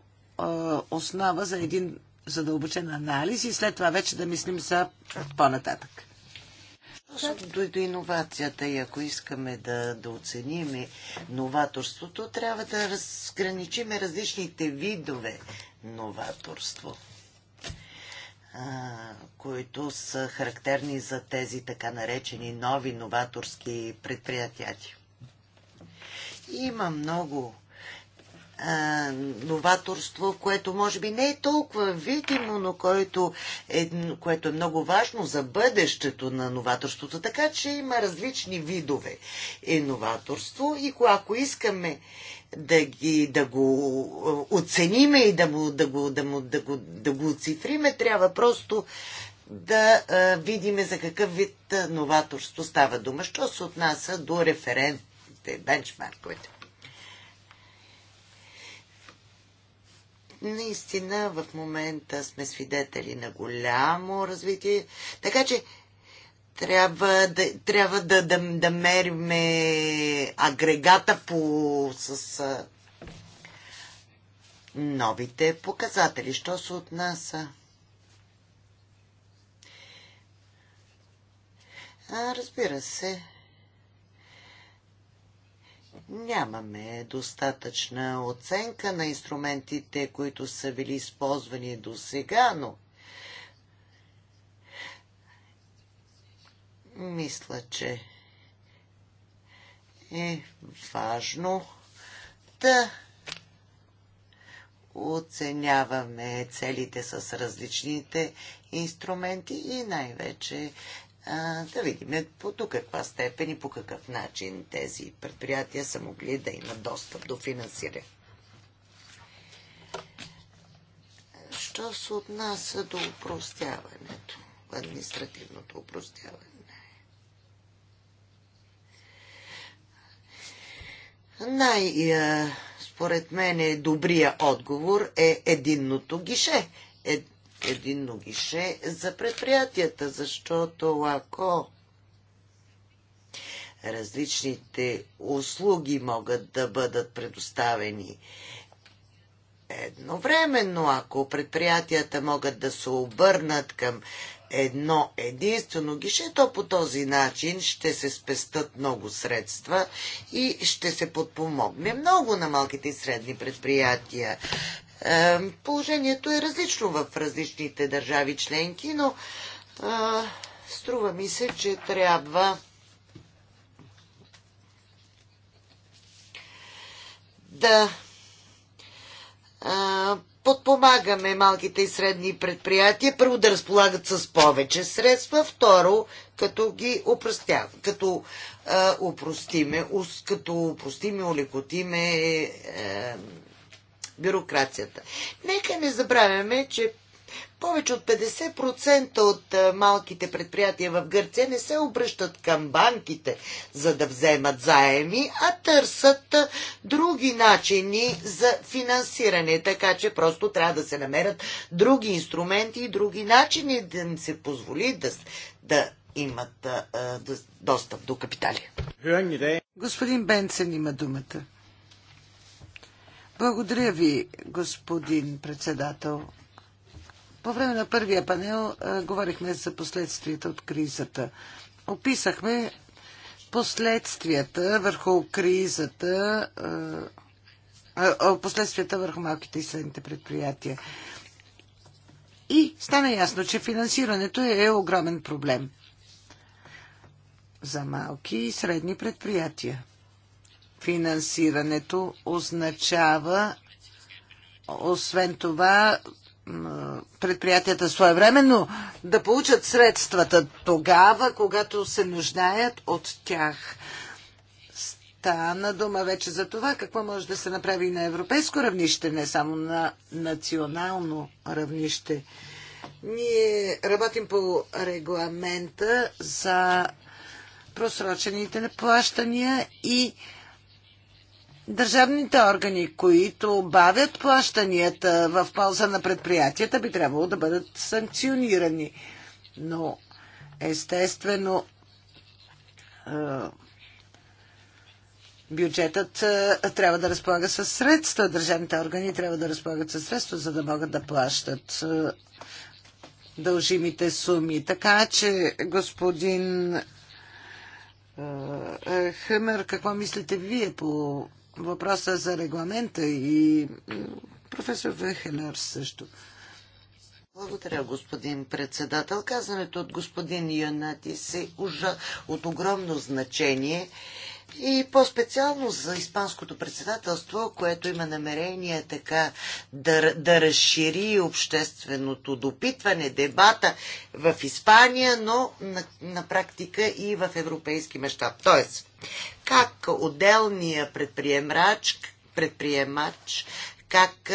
основа за един задълбочен анализ и след това вече да мислим за по-нататък. До, до иновацията и ако искаме да, да оценим новаторството, трябва да разграничим различните видове новаторство, а, които са характерни за тези така наречени нови новаторски предприятия. Има много новаторство, което може би не е толкова видимо, но което е, което е много важно за бъдещето на новаторството. Така че има различни видове е новаторство и ако искаме да, ги, да го оцениме и да, му, да, го, да, му, да, го, да го оцифриме, трябва просто да а, видиме за какъв вид новаторство става дума. Що се отнася до референтите, бенчмарковете? Наистина в момента сме свидетели на голямо развитие, така че трябва да, трябва да, да, да мериме агрегата по, с а, новите показатели. Що се отнася? А, разбира се нямаме достатъчна оценка на инструментите, които са били използвани до сега, но мисля, че е важно да оценяваме целите с различните инструменти и най-вече а, да видим до каква степен и по какъв начин тези предприятия са могли да имат достъп до финансиране. Що се отнася до упростяването, административното упростяване? Най, е, според мен, добрия отговор е единното гише. Е, единно гише за предприятията, защото ако различните услуги могат да бъдат предоставени едновременно, ако предприятията могат да се обърнат към едно единствено гише, то по този начин ще се спестат много средства и ще се подпомогне много на малките и средни предприятия. Е, положението е различно в различните държави членки, но е, струва ми се, че трябва да е, подпомагаме малките и средни предприятия, първо да разполагат с повече средства, второ, като ги упростяваме, като упростиме, като упростиме, улекотиме бюрокрацията. Нека не забравяме, че повече от 50% от малките предприятия в Гърция не се обръщат към банките, за да вземат заеми, а търсят други начини за финансиране. Така че просто трябва да се намерят други инструменти и други начини да им се позволи да, да имат а, да, достъп до капитали. Господин Бенсен има думата. Благодаря ви, господин председател. По време на първия панел а, говорихме за последствията от кризата. Описахме последствията върху кризата, а, а, последствията върху малките и средните предприятия. И стана ясно, че финансирането е, е огромен проблем за малки и средни предприятия финансирането означава, освен това, предприятията своевременно да получат средствата тогава, когато се нуждаят от тях. Стана дума вече за това какво може да се направи на европейско равнище, не само на национално равнище. Ние работим по регламента за просрочените плащания и Държавните органи, които бавят плащанията в полза на предприятията, би трябвало да бъдат санкционирани. Но естествено бюджетът трябва да разполага със средства, държавните органи трябва да разполагат с средства, за да могат да плащат дължимите суми. Така че, господин Хъмер, какво мислите вие по въпроса за регламента и професор Вехелер също. Благодаря, господин председател. Казането от господин Юнати е ужа... от огромно значение и по-специално за Испанското председателство, което има намерение така да, да разшири общественото допитване, дебата в Испания, но на, на практика и в европейски мащаб. Тоест, как отделния предприемач, предприемач как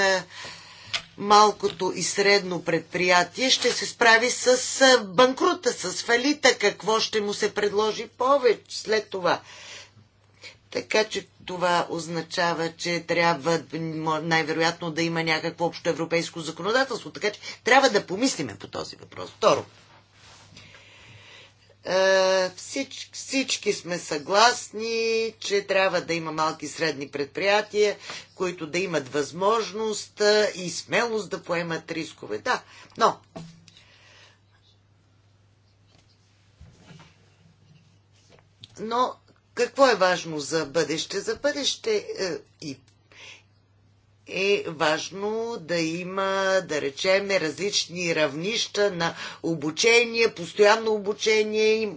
малкото и средно предприятие ще се справи с банкрута, с фалита, какво ще му се предложи повече след това така че това означава, че трябва най-вероятно да има някакво общо европейско законодателство. Така че трябва да помислиме по този въпрос. Второ, е, всич, всички сме съгласни, че трябва да има малки и средни предприятия, които да имат възможност е, и смелост да поемат рискове. Да, но но какво е важно за бъдеще? За бъдеще е, е важно да има, да речеме, различни равнища на обучение, постоянно обучение. И,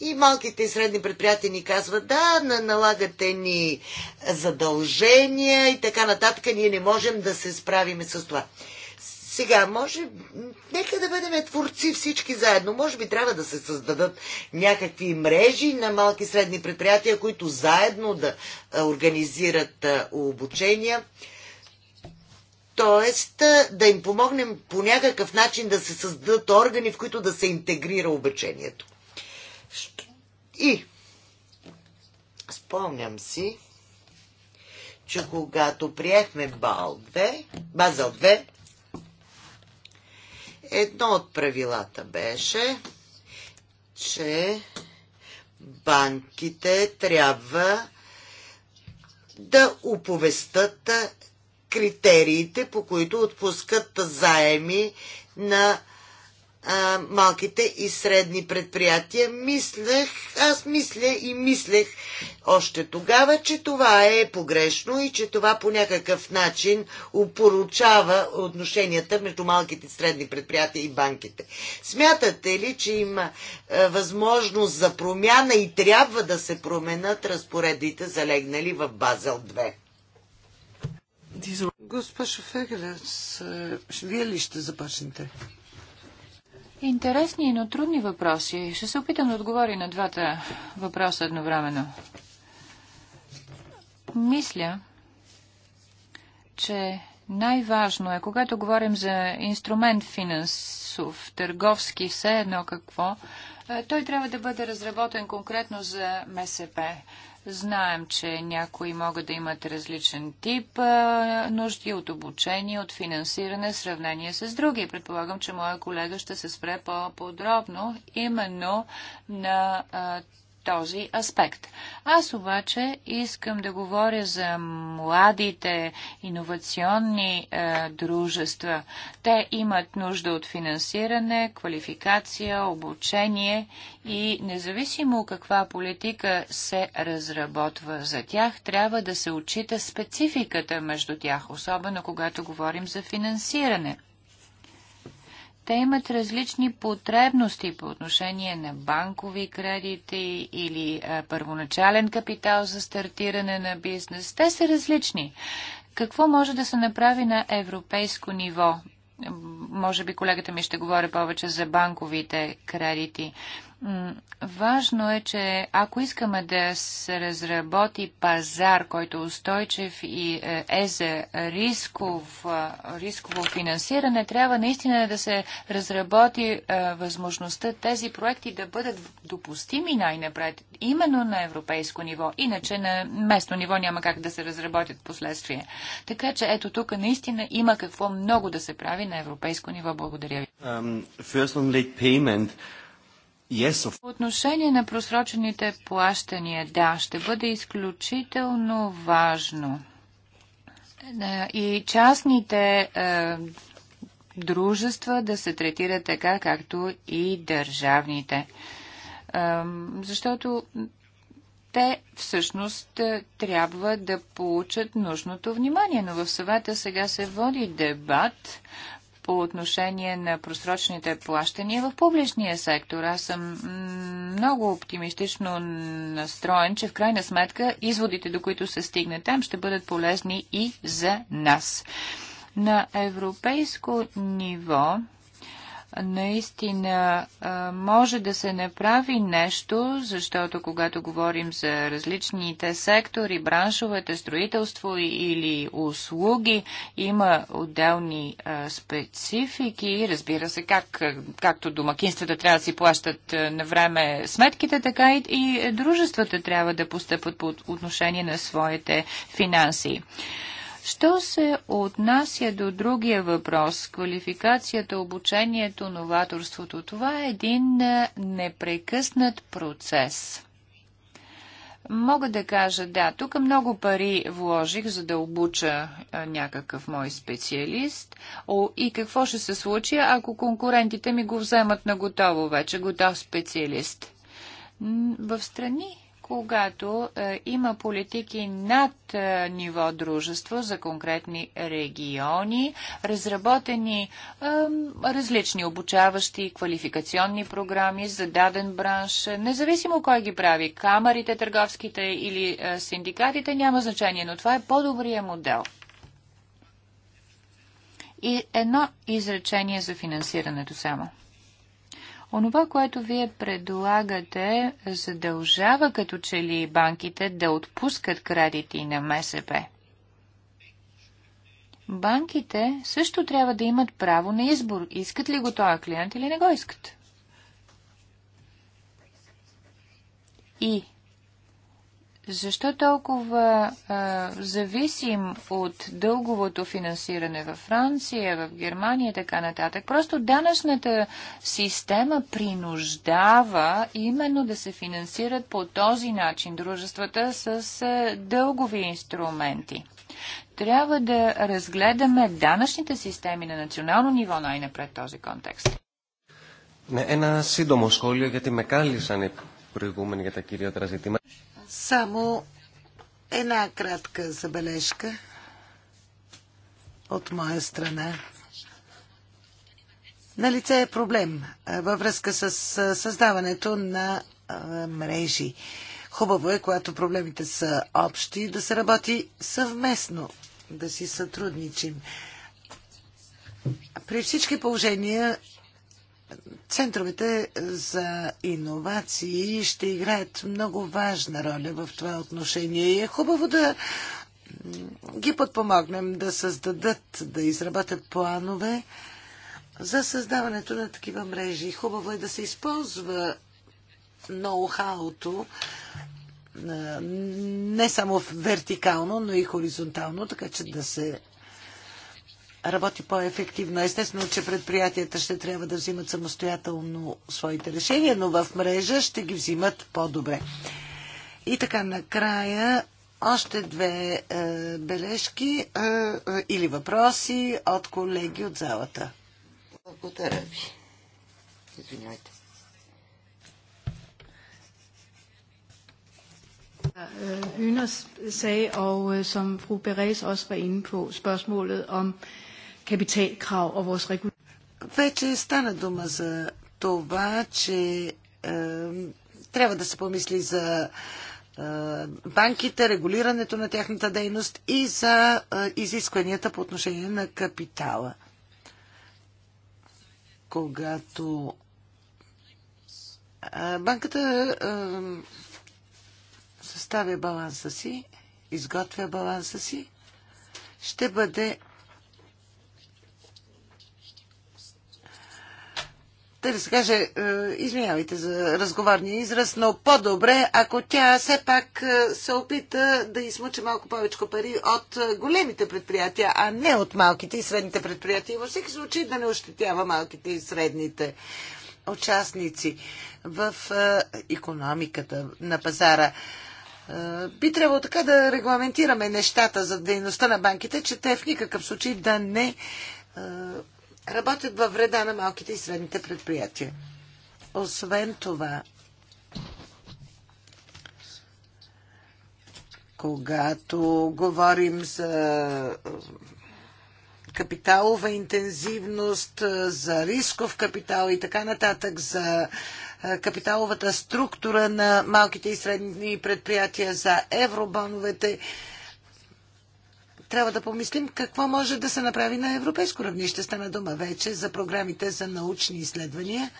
и малките и средни предприятия ни казват, да, налагате ни задължения и така нататък, ние не можем да се справим с това. Сега, може, нека да бъдем творци всички заедно. Може би трябва да се създадат някакви мрежи на малки и средни предприятия, които заедно да организират обучения. Тоест да им помогнем по някакъв начин да се създадат органи, в които да се интегрира обучението. И спомням си, че когато приехме Бал 2, 2, Едно от правилата беше, че банките трябва да оповестат критериите, по които отпускат заеми на а, малките и средни предприятия. Мислех, аз мисля и мислех още тогава, че това е погрешно и че това по някакъв начин упоручава отношенията между малките и средни предприятия и банките. Смятате ли, че има а, е, възможност за промяна и трябва да се променят разпоредите, залегнали в Базел 2? Госпожо Фегелес, е, вие ли ще започнете? Интересни, но трудни въпроси. Ще се опитам да отговори на двата въпроса едновременно. Мисля, че най-важно е, когато говорим за инструмент финансов, търговски, все едно какво, е, той трябва да бъде разработен конкретно за МСП. Знаем, че някои могат да имат различен тип а, нужди от обучение, от финансиране в сравнение с други. Предполагам, че моя колега ще се спре по-подробно именно на а, този аспект. Аз обаче искам да говоря за младите иновационни е, дружества. Те имат нужда от финансиране, квалификация, обучение и независимо каква политика се разработва за тях, трябва да се отчита спецификата между тях, особено когато говорим за финансиране те имат различни потребности по отношение на банкови кредити или първоначален капитал за стартиране на бизнес. Те са различни. Какво може да се направи на европейско ниво? Може би колегата ми ще говори повече за банковите кредити. Важно е, че ако искаме да се разработи пазар, който е устойчив и е, е за рисков, рисково финансиране, трябва наистина да се разработи е, възможността тези проекти да бъдат допустими най-напред, именно на европейско ниво. Иначе на местно ниво няма как да се разработят последствия. Така че ето тук наистина има какво много да се прави на европейско ниво. Благодаря ви. Um, Yes, of... По отношение на просрочените плащания, да, ще бъде изключително важно. И частните е, дружества да се третират така, както и държавните. Е, защото те всъщност е, трябва да получат нужното внимание. Но в съвета сега се води дебат по отношение на просрочните плащания в публичния сектор. Аз съм много оптимистично настроен, че в крайна сметка изводите, до които се стигне там, ще бъдат полезни и за нас. На европейско ниво наистина може да се направи нещо, защото когато говорим за различните сектори, браншовете, строителство или услуги, има отделни специфики. Разбира се, как, както домакинствата трябва да си плащат на време сметките, така и дружествата трябва да постъпат по отношение на своите финанси. Що се отнася до другия въпрос, квалификацията, обучението, новаторството, това е един е, непрекъснат процес. Мога да кажа, да, тук много пари вложих, за да обуча е, някакъв мой специалист. О, и какво ще се случи, ако конкурентите ми го вземат на готово вече, готов специалист? В страни, когато е, има политики над е, ниво дружество за конкретни региони, разработени е, различни обучаващи квалификационни програми за даден бранш, независимо кой ги прави, камарите, търговските или е, синдикатите, няма значение, но това е по-добрия модел. И едно изречение за финансирането само. Онова, което вие предлагате, задължава като че ли банките да отпускат кредити на МСП. Банките също трябва да имат право на избор. Искат ли го този клиент или не го искат? И защо толкова а, зависим от дълговото финансиране във Франция, в Германия и така нататък? Просто данъчната система принуждава именно да се финансират по този начин дружествата с а, дългови инструменти. Трябва да разгледаме данъчните системи на национално ниво най-напред този контекст. Ένα σύντομο σχόλιο γιατί με κάλυψαν οι προηγούμενοι για τα κυριότερα ζητήματα. Само една кратка забележка от моя страна. На лице е проблем във връзка с създаването на мрежи. Хубаво е, когато проблемите са общи, да се работи съвместно, да си сътрудничим. При всички положения Центровете за иновации ще играят много важна роля в това отношение и е хубаво да ги подпомогнем да създадат, да изработят планове за създаването на такива мрежи. Хубаво е да се използва ноу-хауто не само вертикално, но и хоризонтално, така че да се работи по-ефективно. Естествено, че предприятията ще трябва да взимат самостоятелно своите решения, но в мрежа ще ги взимат по-добре. И така, накрая още две е, бележки е, е, или въпроси от колеги от залата. Благодаря ви. Извинявайте. Yners sagde, og øh, som fru Beres også var inde på, spørgsmålet om kapitalkrav og vores regulering. Вече стана дума за това, че е, трябва да се помисли за е, банките, регулирането на тяхната дейност и за е, изискванията по отношение на капитала. Когато е, банката съставя баланса си, изготвя баланса си, ще бъде ще да се каже, е, извинявайте за разговорния израз, но по-добре, ако тя все пак е, се опита да измъчи малко повече пари от е, големите предприятия, а не от малките и средните предприятия. Във всеки случай да не ощетява малките и средните участници в економиката на пазара. Би трябвало така да регламентираме нещата за дейността на банките, че те в никакъв случай да не работят във вреда на малките и средните предприятия. Освен това, когато говорим за е, капиталова интензивност, е, за рисков капитал и така нататък, за е, капиталовата структура на малките и средни предприятия, за евробоновете, трябва да помислим какво може да се направи на европейско равнище. Стана дума вече за програмите за научни изследвания.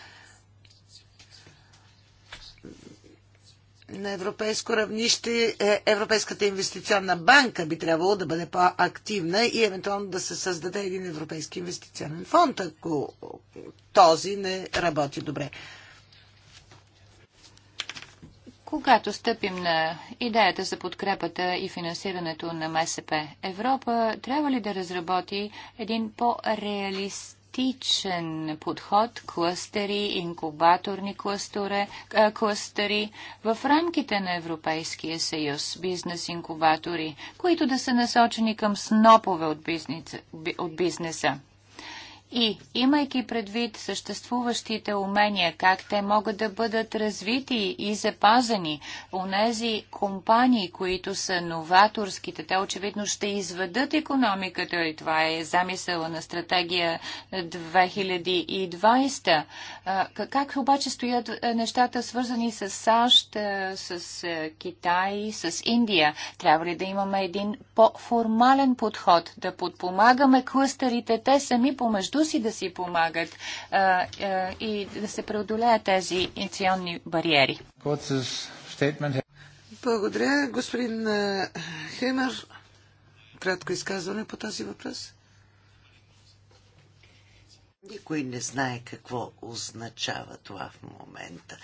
на европейско равнище е, Европейската инвестиционна банка би трябвало да бъде по-активна и евентуално да се създаде един европейски инвестиционен фонд, ако този не работи добре. Когато стъпим на идеята за подкрепата и финансирането на МСП, Европа трябва ли да разработи един по-реалист подход, клъстери, инкубаторни клъстуре, клъстери в рамките на Европейския съюз, бизнес инкубатори, които да са насочени към снопове от, бизнес, от бизнеса. И имайки предвид съществуващите умения, как те могат да бъдат развити и запазени, нези компании, които са новаторските, те очевидно ще изведат економиката и това е замисъла на стратегия 2020. Как обаче стоят нещата свързани с САЩ, с Китай, с Индия? Трябва ли да имаме един по-формален подход, да подпомагаме клъстерите, те сами помежду помежду си да си помагат а, а, и да се преодолеят тези инциални бариери. Благодаря, господин Хемер. Кратко изказване по този въпрос. Никой не знае какво означава това в момента.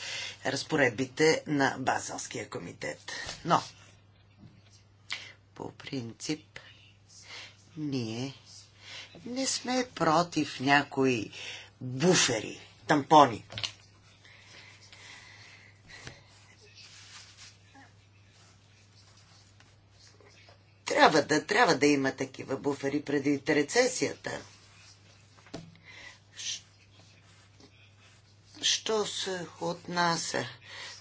Разпоредбите на Базалския комитет. Но, по принцип, ние не сме против някои буфери, тампони. Трябва да, трябва да има такива буфери преди рецесията. Що се отнася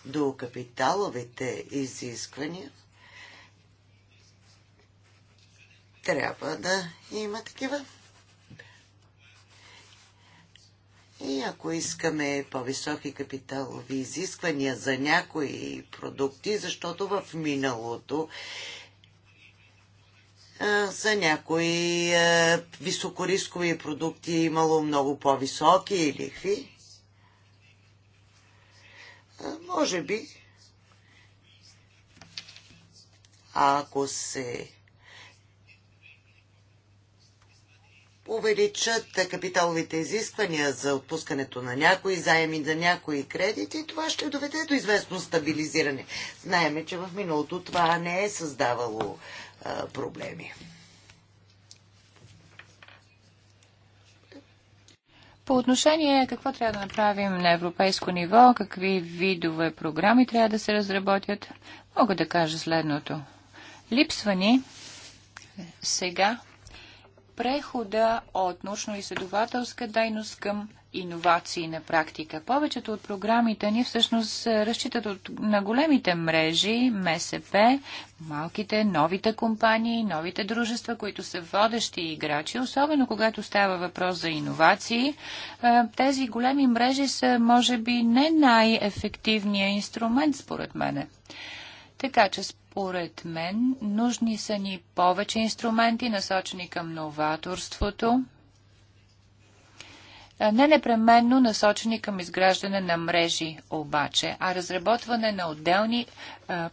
до капиталовите изисквания, трябва да има такива. И ако искаме по-високи капиталови изисквания за някои продукти, защото в миналото за някои високорискови продукти имало много по-високи лихви, може би, ако се увеличат капиталовите изисквания за отпускането на някои заеми, за някои кредити и това ще доведе до известно стабилизиране. Знаеме, че в миналото това не е създавало а, проблеми. По отношение какво трябва да направим на европейско ниво, какви видове програми трябва да се разработят, мога да кажа следното. Липсва ни сега прехода от научно-изследователска дейност към иновации на практика. Повечето от програмите ни всъщност разчитат от, на големите мрежи, МСП, малките, новите компании, новите дружества, които са водещи играчи, особено когато става въпрос за иновации. Е, тези големи мрежи са, може би, не най-ефективният инструмент, според мене. Така че според мен нужни са ни повече инструменти, насочени към новаторството, не непременно насочени към изграждане на мрежи обаче, а разработване на отделни а,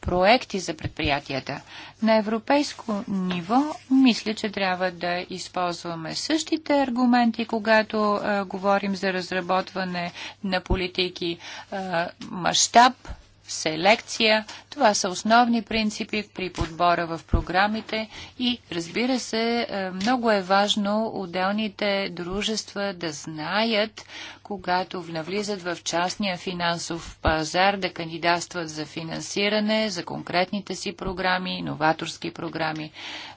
проекти за предприятията. На европейско ниво мисля, че трябва да използваме същите аргументи, когато а, говорим за разработване на политики. А, мащаб селекция. Това са основни принципи при подбора в програмите и разбира се, е, много е важно отделните дружества да знаят когато навлизат в частния финансов пазар да кандидатстват за финансиране, за конкретните си програми, новаторски програми.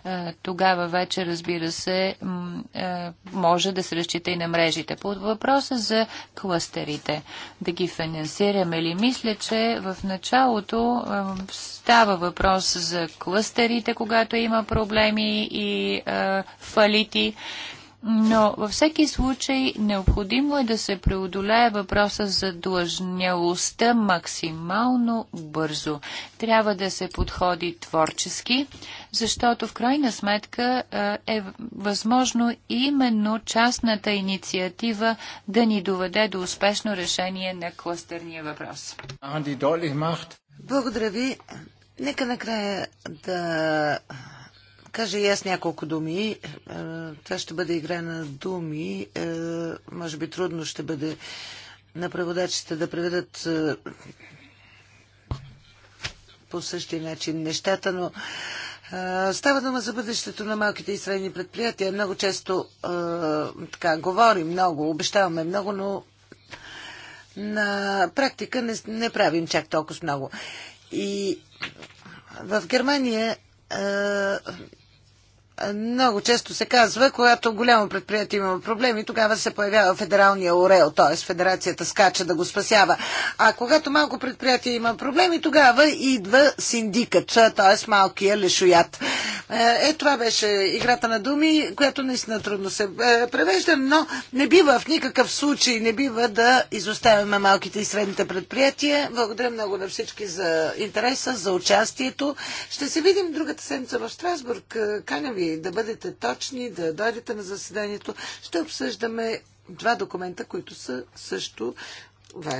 Е, тогава вече, разбира се, е, може да се разчита и на мрежите. Под въпроса за кластерите, да ги финансираме ли? Мисля, че в началото е, става въпрос за кластерите, когато има проблеми и фалити. Но във всеки случай необходимо е да се преодолее въпроса за длъжнялостта максимално бързо. Трябва да се подходи творчески, защото в крайна сметка е възможно именно частната инициатива да ни доведе до успешно решение на кластерния въпрос. Благодаря ви. Нека накрая да кажа и аз няколко думи. Е, това ще бъде игра на думи. Е, може би трудно ще бъде на преводачите да преведат е, по същия начин нещата, но Става дума за бъдещето на малките и средни предприятия. Много често така, говорим много, обещаваме много, но на практика не, не правим чак толкова много. И в Германия много често се казва, когато голямо предприятие има проблеми, тогава се появява федералния орел, т.е. федерацията скача да го спасява. А когато малко предприятие има проблеми, тогава идва синдикът, т.е. малкия лешоят. Е, е това беше играта на думи, която наистина трудно се е, превежда, но не бива в никакъв случай, не бива да изоставяме малките и средните предприятия. Благодаря много на всички за интереса, за участието. Ще се видим другата седмица в Страсбург. Е, Каня ви да бъдете точни, да дойдете на заседанието. Ще обсъждаме два документа, които са също важни.